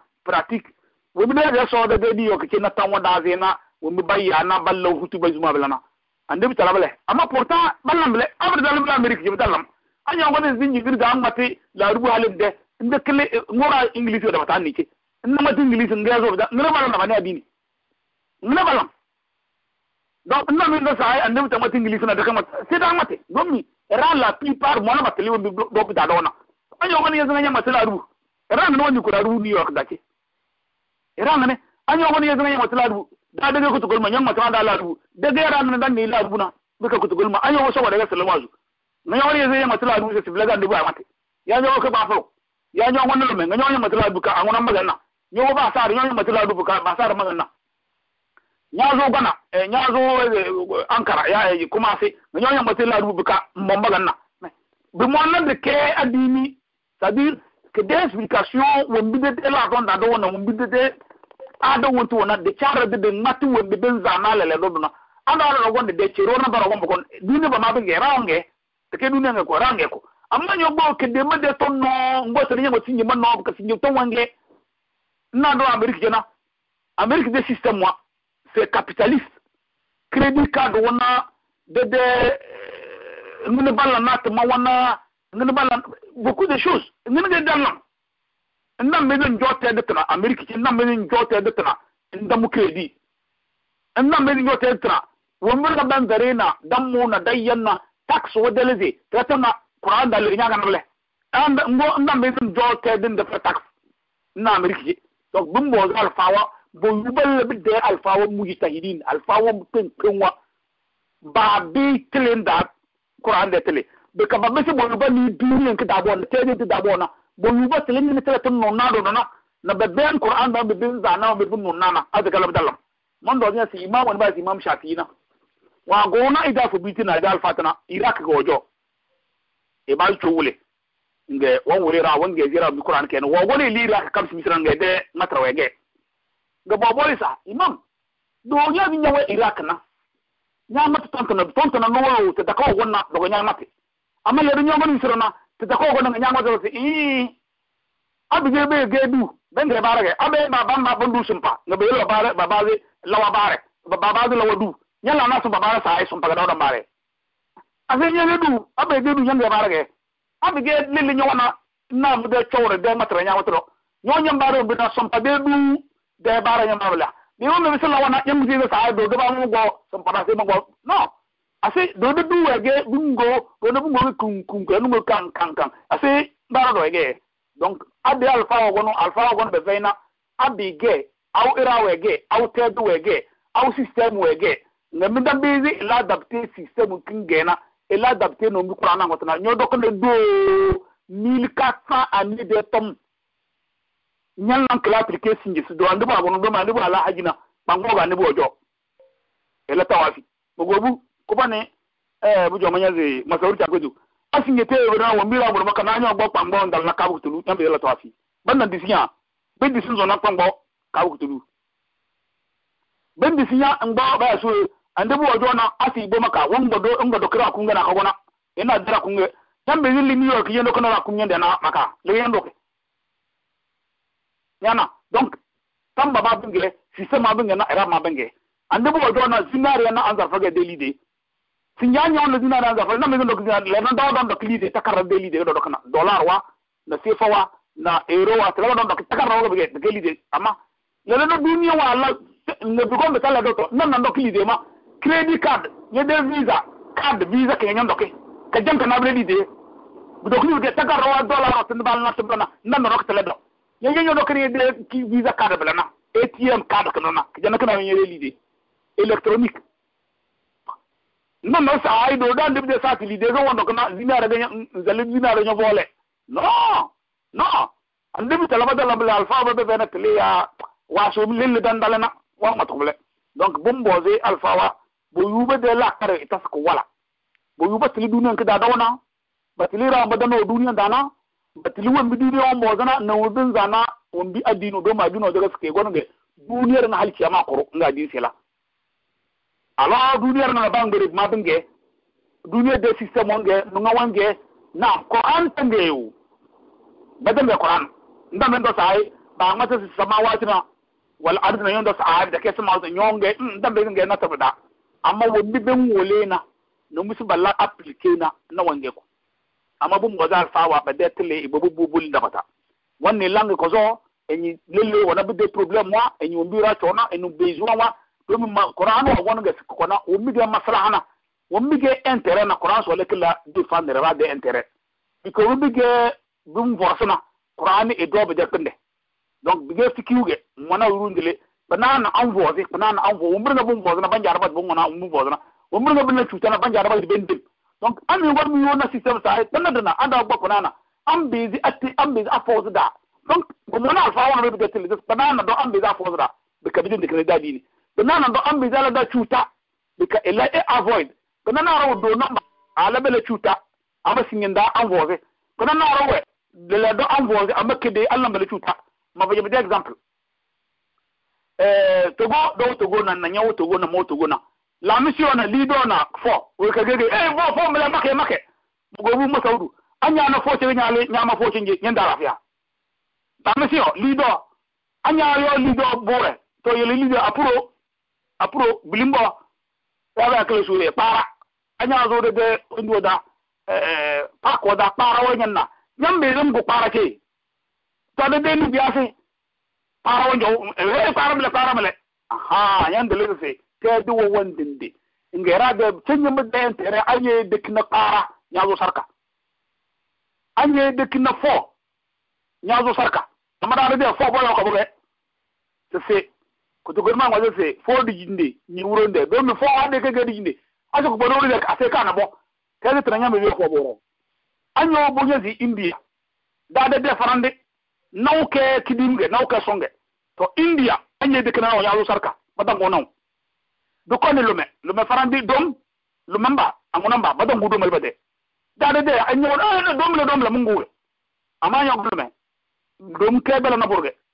S1: pratique wemi na ya so da de di yo ke na tan wada ze na wemi ba ya na balla hutu ba zuma bala ande bi tala bale ama pourtant ballam bale abri dalam la amerique jim dalam anya ngone zinji gir ga amati la rubu halim de inde kle ngora english da bata ni ke inna mati english ngezo da ngora balam na bani adini ngora balam donc inna min da sai ande ta mati english na da kama sai da mati gomi ra la plupart mona mati lewo do do da dona anya ngone yezanga nya mati la rubu ra na woni ko da new york da ke iran ne an yi wani ya zama yamma ladu da daga kutu gulma yamma ta da ladu daga yaran nan dan ne ladu na duka kutu gulma an yi wasu daga sallama zu na yawon ya ne yamma ladu sai tibla ga dubu a mata ya yi ka ba faro ya yi wani lumen ga yawon yamma ladu ka an wani magana yawo ba sa da yawon yamma ladu ka ba sa da magana ya zo gana eh, ya zo eh, ankara ya eh, kuma sai ga yawon yamma ladu ka mun magana bi mu wannan da ke adini sabir kede explication wombidede lagon da dona wombidede ada wonto wona de charre de ngati wombide nzana lele do dona ana ala gon de chiro na bara gon gon dine ba mabe ngera onge te ke dunia ngeko range ko amma nyobo kede mede to no ngo tere nyobo nye ma no ka sinyo to wange na do amerique jena ameriki de système wa c'est capitaliste crédit card wona de de eh, ngune balla nat ngin bala beaucoup de choses ngin ge dalla ndam be ngin jotte de tana amerika ci ndam be ngin jotte de tana ndam ke di ndam be ngin jotte de tana wamur ga ban zarena dam mu na dayyanna tax qur'an da linya ga nale and ngo ndam be ngin jotte din da tax na amerika ci donc bum bo zal fawa bo yubal alfawa mujtahidin alfawa mutun kunwa ba bi da qur'an bika ba mesi bo yuba ni duniya ki dabo na tege ti dabo na bo yuba selin ni tele tun nonna do na na be ben qur'an da be bin zana be bin nonna na azaka lam dalam man do nya si imam wani ba si imam shafi na wa gona ida fu biti na dal fatana iraq go jo e ba chule nge won wuri ra won ge jira bi qur'an ken wo li lira kam si misran de matra wege ga bo bolisa imam do nya bi nyawe iraq na nya mata tontana tontana no wo te da ko wonna do nya mata ama ledu nyongo ni sirona tita ko gono nyango zo si i abi je be ge du bengre barage abe ba ba ma bondu simpa no be lo bare ba baze lawa bare ba ba baze lawa du nyala na so ba bare sa ai sumpa ga do bare ase nye le du abe ge du nyangre barage abi ge lili nyongo na na mu de chowre de matra nyango tro nyonyo mbaro bi na sumpa be du de bare nyamabla ni wona bi sala wana nyangu je sa ai do do ba mu go sumpa na se mo go no ase dodo du wege bungo dodo bungo ke kum kum ke nugo kan kan kan ase baro do ege donc ade alfa ogo no alfa ogo no be veina abi ge au era wege au tedu wege au system wege ngam dan bezi ila adapte system kingena ila adapte no mi kurana nyo nyodo ko do 1400 ani de tom nyan lan kala appliquer sinji do andu ba wono do ma andu ba la hajina bango ga ne bojo ela tawafi bogobu ụbani ee bụ ze maka orita a sị ngete ewere anwụ mmiri agbụrụ maka na anya ọgbọ kpamgbọ ndara na kabụkutulu ya mbere bana ya bendisi nzọ na kpamgbọ ya mgbọ ande bụ ọjọọ na asị igbo maka wọn mgbado mgbado kere akwụnge na akọgbọna ị na-adịra ya new york ihe na ndị na maka lege ndokọ yana na era ma na ti ñañaw le dina dan gafal namme do dina le nan dawa don do klide takarra de lide do dokna dollar wa na sefa wa na euro wa tala don do takarra wa be de lide amma le nan duniya wa la ne bi gombe tala do to nan nan do klide ma credit card ye de visa card visa ke ñan doke ka jam ka na be lide do klide de takarra wa dollar wa tin bal na tin bana nan do tala do ye ñan do kri de ki visa card bala na atm card kana na ka jana kana ye lide électronique na na sa ay do dan dibde sa ti de zo wondo na dinara de zalim dinara nyo vole no no ande bi tala badala bla alfa ba be bena tele ya wa so lille dan dalana wa ma tobele donc bum boze alfa wa bo yuba de la kare tas ko wala bo yuba tili duniya ke da dawna ba tili ra ba dano duniya dana ba tili won bi duniya on bozana na na wodin zana won bi adino do ma dino daga suke gonge duniyar na halkiya ma koro nga din sela ala duniyar na bangare mabin ge duniyar da system wange nunga wange na qur'an tange yu badan be qur'an nda men do sai ba mata su sama wati na wal ardina yon do sai da kesa ma nyonge hmm, nda be nge na tabda amma wobbi ben wole na no musu balla applique na na wange ko amma bum go zar fawa ba de tele ibo bubul da mata wanne langi ko zo enyi lele wona bi de problem wa enyi wombira tona enu bezuwa wa omi ma koran wa wani ga sika kona o mi ge maslaha na o mi ge intérêt na koran so lekila defend ne ba de intere biko o mi ge dum na koran e do be de kende donc bi ge fikiu ge mona urundile banana an bana na an vozi umbrina bum vozi na banjar ba bum na bum vozi na umbrina bin na chuta na banjar ba ben dim donc an mi war mi yona system sa tanna dana ada ba banana an bezi atti an bezi afozi da donc gomona alfa wana be de tele banana do an bezi fɔsi da be kabidin de kene dadi ni ganana do ambi zala da chuta bika ila e avoid ganana rawo do namba ala bele chuta ama singinda an voze ganana rawo lela do an voze ama kede alla bele chuta ma baje bide example eh togo do togo na na nyawo togo na mo togo na
S7: la mission na
S1: lido na fo we ka gege eh fo fo mele make make go bu masaudu anya na fo ce nyale nyama fo ce nje nyanda rafia la mission lido anya yo lido bore to yele lido apuro apro bilimbo yaɓe akele suure paara añaa zodede nduwoda pakoda paara wo ñanna ñamɓe ɗem ko para ke tade de nu biyase
S7: paara wo jow e para mele
S1: aha ñandelede se du wo wondinde ngerade ceññimɓe de intérêt añee dekkina paara ñaazo sarka añee dekkina fo nyazo sarka amaɗaade de fo boyo ko ɓoɓe se se kotogori ma ngwazo se fo dijinde ni wuro nde be mi fo ade ke ke dijinde aso ko bono le ase na bo kede tranya me yo ko boro anyo bo nyazi india da de de farande nauke kidimge nauke songe to india anye de kana ya lu sarka badan ko naw do ko ne lume lume farande dom lumamba angonamba badan gudo mal bade da de de anyo dom le dom le mungu amma anyo lume dom ke bela na burge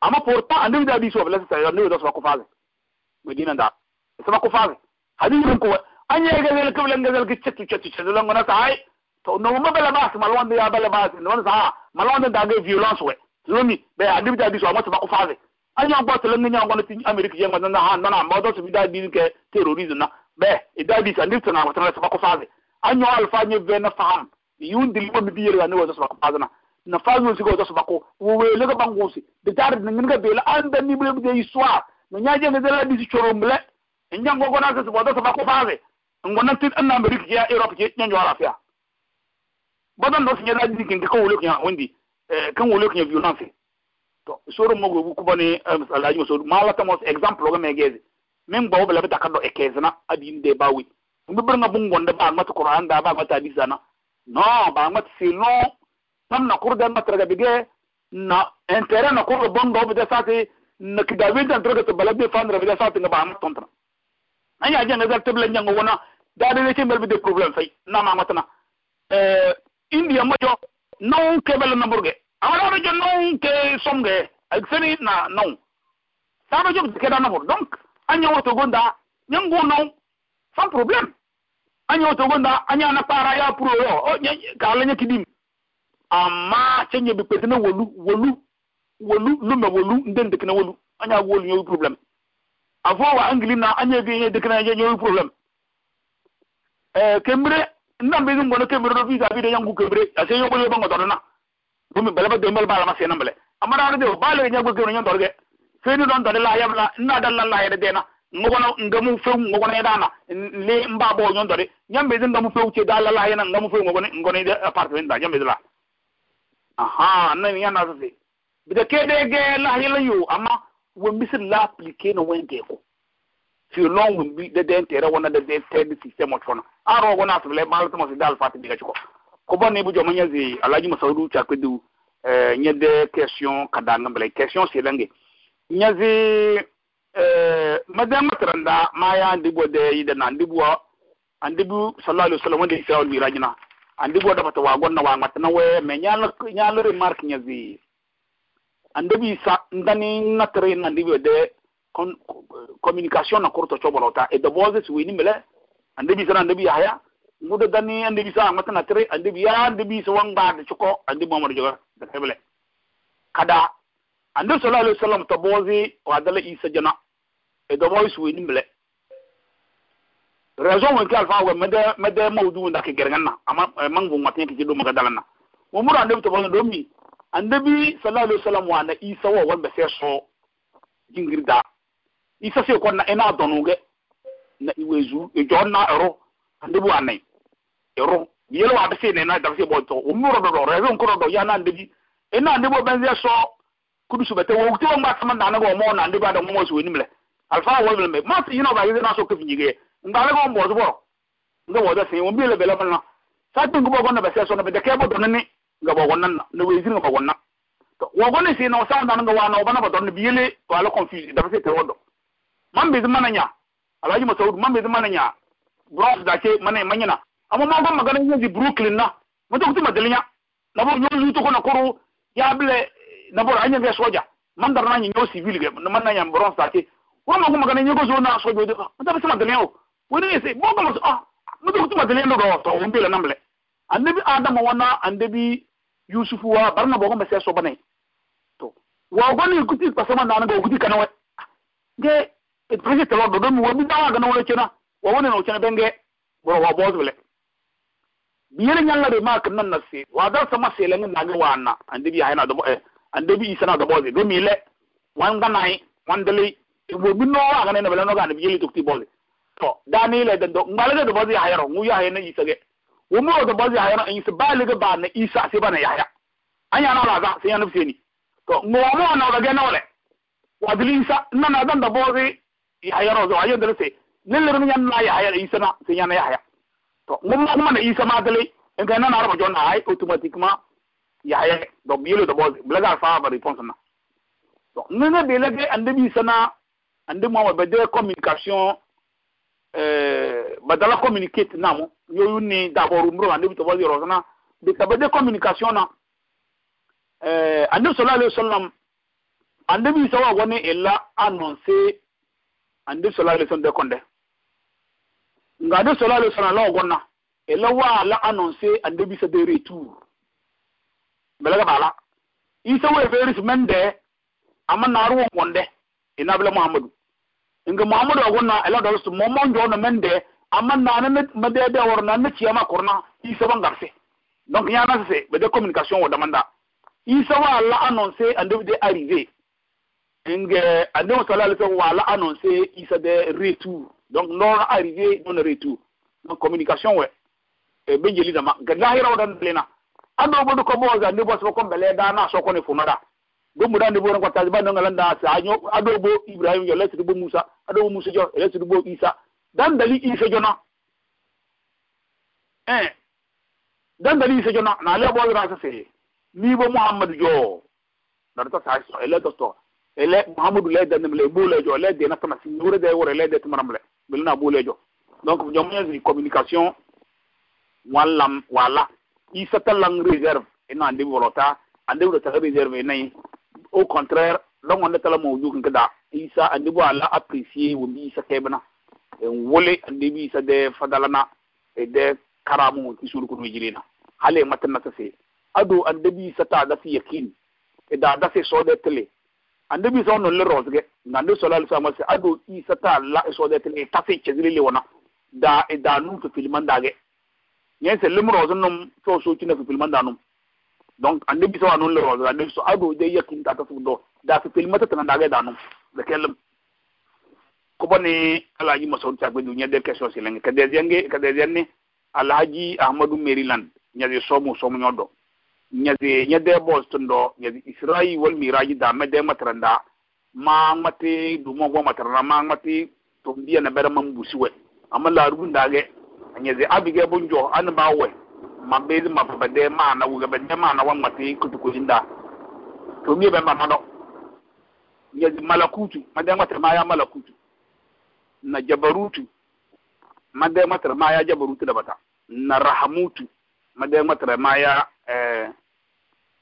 S1: ama pourtant andivida diso wa blesa sayo ndiyo dosa kufaze medina nda saba kufaze hadin ko anye gazel ko lan gazel ki chetu chetu chetu lan ngona sai to no mo bela bas malwan ya bela bas no sa malwan da ga violence we lomi be andivida diso wa saba kufaze anya ngba to lan nya ngona ti america ye ngona ha na ma do sibida din ke terrorism na be da idadi sa ndivida na wa saba kufaze anya alfa nye na faham yun dilbo mi ga ne wa saba kufaze na na fazo sigo to subako wo we le ga bangosi de tar na ngin ga be la anda ni bre de histoire na nyaje ga la bisi choromble nyango gona ga subo to subako faze ngona tit anna amerika ya europe ke nyanyo ala fia badan do sinya la di kin ko wolo kya wendi eh kan wolo kya violence to soro mo go ku bani eh, alaji mo soro mala ta mo example ga me geze min gbawo bela bita kado ekezna adin de bawi mbi bringa bungonde ba mata qur'an da ba mata hadisana no ba mata sino sam na kurde ma traga bige na intérêt na kurde bon do bide sati na kida winta traga to balabi fan bide sati ngaba amat tontra anya je ngal tebla nyang wona da de ci mel bide problème fay na ma matna euh india mo jo non kebel na burge amara jo non ke somge ak seni na non sa do jo ke da na bur donc anya woto gonda nyango non sans problème anya gonda anya na para ya pro yo kala nya amma can ya bikpe na wolu wolu wolu luma wolu nden dik na wolu anya wolu yoy problem afo wa angli na anya ge ye dik na ye yoy problem eh kembre ndam be ngono kembre no visa bi de yangu kembre ase yo boyo bango dorna bumi balaba de mbal ma se amara na bụrụ bala nyago ke no ndorge feni don na dalla la yede dena ngogono ngamu few le mba bo nyambe che de da nyambe la aha na ni yana zai bida ke da ga la hila yo amma when bi sin la applique no wen ke ko fi long when bi da den tere wona da den tere system of fona aro go na tule mal to mo dal fati diga ko ko bon ni bu zi nyazi alaji masaudu cha kwedu eh de question kadanga bele question selange nyazi eh madam matranda maya ndibo de yida na ndibo andibu sallallahu alaihi wasallam wanda isa wal mirajna anndi goo dafa to waa gonna waa ŋatta na wee mais ñaala ñaala remarque ñazi andebi sa ndani natre nandi we de communication na courte cobolota et de voses wini mbele andebi sana andebi yahya ngude dani andebi sa ŋatta natre andebi ya andebi sa wa mbaade cuko andi momado jogo de heble kada andi salah alah wa sallam to boosi waa dala isa jana et de voice wini mbele raison wen kal fa wa mede mede mawdu nda ke gergan na amma eh, mangu matin ke do maga dalanna wa mura annabi to bonga domi annabi sallallahu alaihi wasallam wa na isa wa wa bese so jingirda isa se ko na ena donuge na iwezu e jonna ero annabi wa nai ero yelo wa bese ne na da bese boto um o mura do raison ko do ya na annabi ena annabi benze so kudu subete wo ukte wa ngba tsama na na go mo na annabi da mo so wenimle alfa wa wenimle ma ti yina ba yina so ke finyige ngbale ko mbo zubo nga wo da sin wumbi le bele fanna sa tin gubo gonna be se so na be de ke bo donni nga bo gonna na no wezin nga gonna to wo gonna sin na sa ndan nga wa bana bo donni biele to ala confuse da se te wodo man be zuma nanya alaji masaud man be zuma nanya bros da ke mane manyina amma ma gonna magana yin di brooklyn na mo to kutima delinya na bo nyolu to ko na koru ya bile na bo anya be soja man dar na nyi no civil ge man na nyam bros da ke wo ma ko magana nyi ko zo na soja do ma ta be sama delinya wani ne sai bogo su ah mutu kutu ba zane daga to won bela namle annabi adam wana annabi yusufu wa barna na ba sai so bane to wa goni kuti ba sama na ga kuti kana wa ge it project lo do mu wani dawa ga na wani kina wa wani na kina benge boro wa bozo bele biyar nyalla de ma kan na se wa da sama se lan na ga wana annabi ya yana da eh annabi isa na da bozo do mi le wan ga nai wan dele ibo bi no wa ga ne bele no ga annabi yeli to ti to da danile den do mbalaga do bazi hayro ngu ya hayna isage umu do bazi hayro in su baliga ba na isa se bana ya yaya anya na la za se yana ni to ngu mo na ga na ole wadilin sa na na dan da bozi hayro zo ayo dalse lillir mi yan na ya hayro isa na se ya yaya to ngu mo kuma na isa ma dale en ga na na arba jonna hay automatiquement yaya do bielo do bozi blaga fa ba response na to nene belage ande bi sana ande mo ba de communication Eh, badala communicate namo yoyu ni d'abord umro anabi to wali rozana de de communication na eh anabi sallallahu alaihi wasallam anabi sawa woni illa annonce anabi sallallahu alaihi wasallam de konde nga anabi sallallahu alaihi wasallam la gonna illa wa la annonce anabi sa de retour belaga bala isa we veris mende amma naru wonde inabla muhammadu nga muhammadu agonna ela dalsu momon jono mende amma nana me de de worna ne ciyama korna isa bangarse donc yana se be de communication wo demanda isa wa la annoncer and de arriver nga ande mo sala le wa la annoncer isa de retour donc non arrivé non retour donc communication we e be jeli dama gadahira wadan lena ando bodu ko boza ne bosu ko mbele dana so ko ne funada gomuda ndi bora kwata ba a landa sa anyo adobo ibrahim yo lesi bo musa adobo musa jo bo isa dandali ise isa jona na eh. ale bo ra sa ni bɔ muhammad jɔ na ta sa so ele to ele bo jɔ de na kama si wure de wure le de tmaram le bel na bo au contraire la wanda tala mo yukin kada isa andibo ala apprécier wo bi isa kebna en wole andibi isa de fadalana e de karamu isuru ko jirina hale matanna tase ado andibi isa ta da fi yakin e da da se so de tele andibi sa no le rozge ngande sallallahu alaihi wasallam ado isa ta la e so de tele e ta se chezile le wona da e da nun ko filman dage nyense limro zonum so so kina filman danum donc anndemi sowa noon lewo anndemi so ado de yakkinta ta sum ɗo da so felimata tan andaga da noon le kellam ko bone alaji masaud sakbedi ñadde question si lenge ka deuxiéme ka deuxiéme ne alhaji ahmadou mariland ñade soomo soomo ñoɗɗo ñade ñadde boos ton ɗo ñade israyi wal miraji da medde matara nda ma mate dumogo matarana ma mate to mbiyana ɓera mam busi we amma laarugu ndage ñade abige bo jo an mbawwe mabezi mababade mana bade mana wa kutu kujinda to mi be mano ya malakutu made ngmati ma ya malakutu na jabarutu ma ngmati ma ya jabarutu da bata na rahamutu made ngmati ma ya eh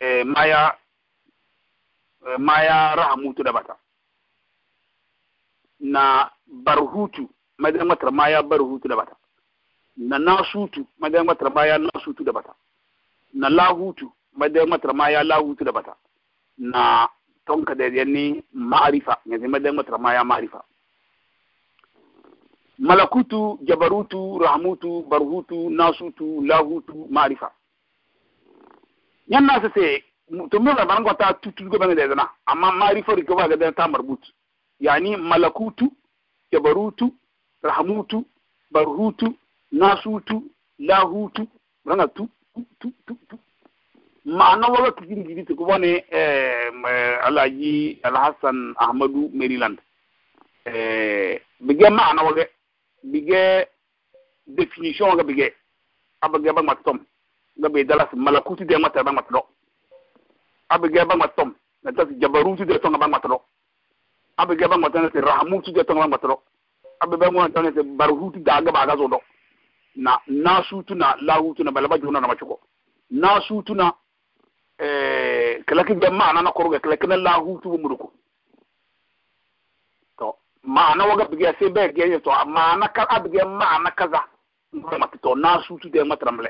S1: eh ma ya eh, ma ya rahamutu da bata na barhutu made ngmati ma ya barhutu da bata na nasutu sutu madan ma ya na da bata na lahutu madan ma ya lahutu da bata na tonka da yanni ma'arifa yanzu madan ma ya ma'arifa malakutu jabarutu rahmutu barhutu nasutu lahutu ma'arifa yanna sai sase tumbe da banan tutu ga bane da yana amma ma'arifa rike ba ga da ta marbut yani malakutu jabarutu rahmutu barhutu nasutu lahutu ranga tu tu tu tu manowolo tijingiditi ko woni
S2: e eh, eh,
S1: alaji alhasan ahmadou maryland e bige manowoge bige définition ga bige abage bagma tom gabe dalas malakuti de mata bagma tdo abige bagma tom natas jabarutu de tonga bagma tdo abige bagma tanati rahmutu de tonga bagma tdo abe bagma tanati barhutu daga bagazo do na na sutuna lawutuna balaba jona na machoko na sutuna eh kleki be mana na koroge kleki na lahutu bumuruko to mana waga bige se be geye to mana ka abige mana kaza ngoma mm -hmm. to na sutu de matramble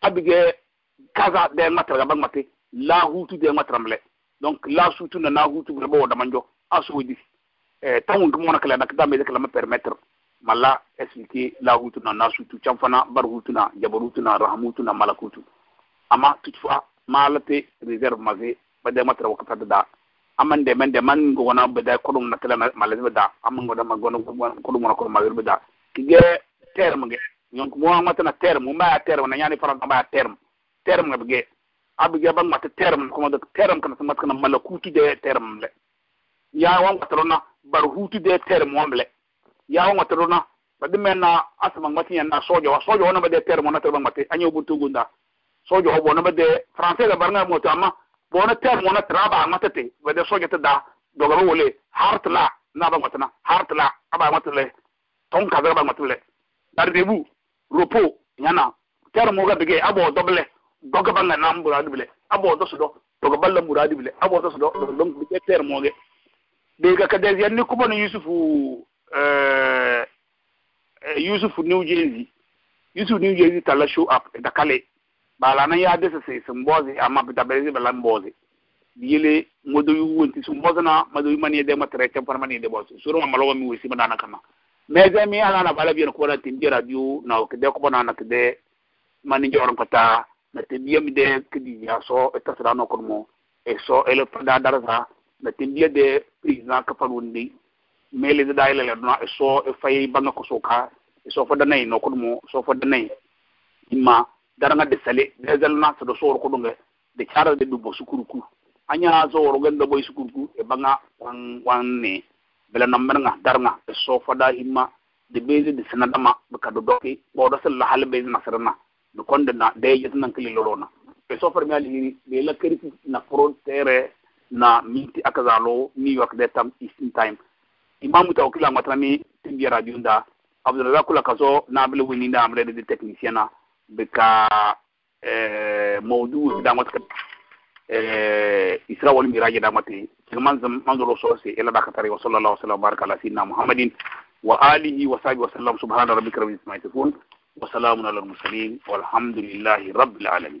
S1: abige kaza de matraga bang mate lahutu de matramble donc la sutuna na hutu bumuruko da manjo aso wodi eh tangu ngumona kala nakda me kala me permettre mala expliquer la hutuna na nasutu chamfana bar hutuna jabarutuna rahamutuna malakutu ama tutfa malate reserve mage bada matra wakata da aman de men de man gona bada kolum na kala malaze bada amman gona ma gona kolum na kolum mawir bada kige terme ge nyon ko mo matana terme ma terme na nyani faran ba terme terme ga bege abige ban mata terme kuma da terme kana sama kana malakutu de terme le ya wan katrona bar hutu de terme wamle ya ŋmatoro na ba de mɛn na asama ŋmati yɛn na sɔjɔ wa sɔjɔ wɔn bɛ de tɛri mɔ na ba ŋmati an y'o bu tugu sɔjɔ wɔ bɛ de faransɛ ka mɔtɔ ama wɔn na tɛri mɔ na a ba ŋmati te de sɔjɔ te da wele n'a ba ŋmati na a ba ŋmati lɛ tɔn kaza a ba ŋmati ropo tɛri mɔ ka bege a dɔ bilɛ na muradi bilɛ dɔ
S2: Eh,
S1: eh, yusufu new jersey yusufu new jersey tala show up da kale bala na ya desa sai sun bozi amma bita bari bala bozi yele modo yu wonti sun bozi na modo yu mani de matare tan far mani de bozi suru ma malawa mi wisi mana kama
S3: me ze mi ala na bala biyan
S1: ko na tindi radio na ko de ko na na de mani joron ko ta na tindi mi de kidi ya so etasra no ko mo e so ele fada darasa na tindi de president ka meelede ɗa e lele ɗona e so e fayi bange ko e so kaa e sofo danayi no ko ɗum o sofo danayi imma daranga de sale desalna saɗo sooro ko ɗonge de carade ɗubbo sukuru ku aña sooro gelɗo ɓoye sukuru ku e bange wan wanne bela nammerga daranga e sofoɗa imma de beise de senadama ɓe kado doki ɓoɗo sella hale beise nasarana ɗe kondena deejetanankeli loɗona e sofere mi alihiri ɓe la keriti na frontére na minti acasa lowo new york de tam eastern time imamu taw kila matrami timbi radio nda abdurraza kula kaso nabele wini nda amre de technicien na beka eh mawdu hmm. da matka eh isra wal miraj da mati man man do so se ila da katari wa sallallahu alaihi wasallam baraka ala sayyidina muhammadin wa alihi wa sahbihi wa sallam subhana rabbika rabbil izzati yasifun wa salamun alal mursalin walhamdulillahi rabbil alamin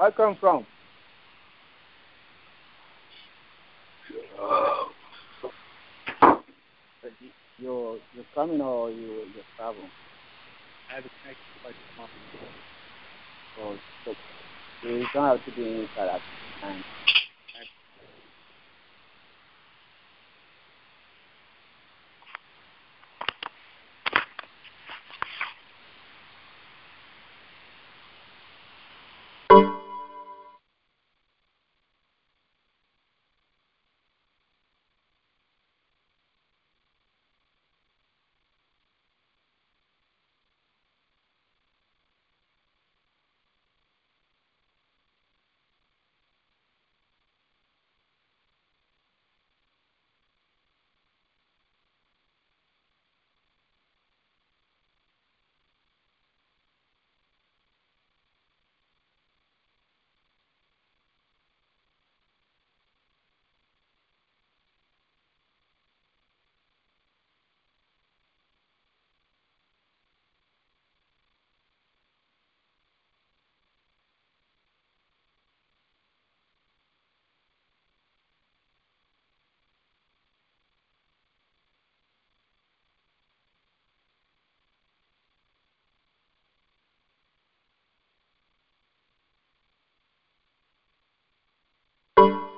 S4: I come from?
S3: Uh,
S9: you're, you're coming or you, you're traveling? I have a connection like the Oh, so you don't have to be inside at the time.
S3: you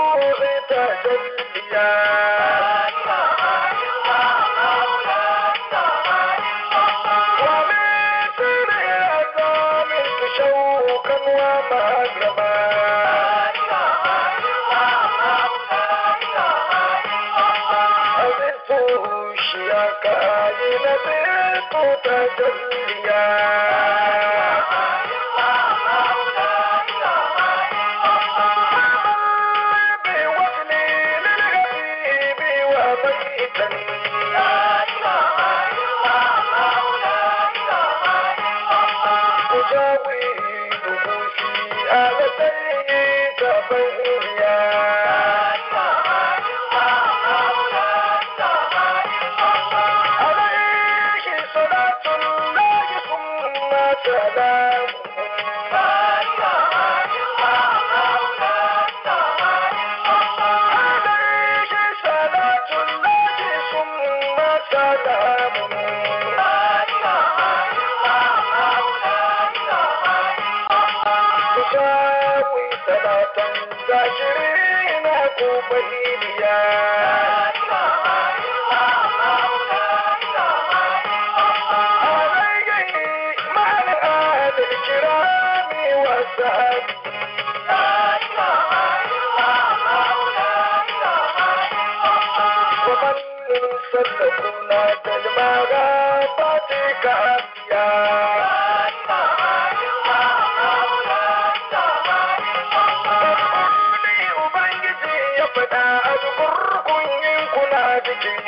S2: कार्यूट الكرام والسهد magic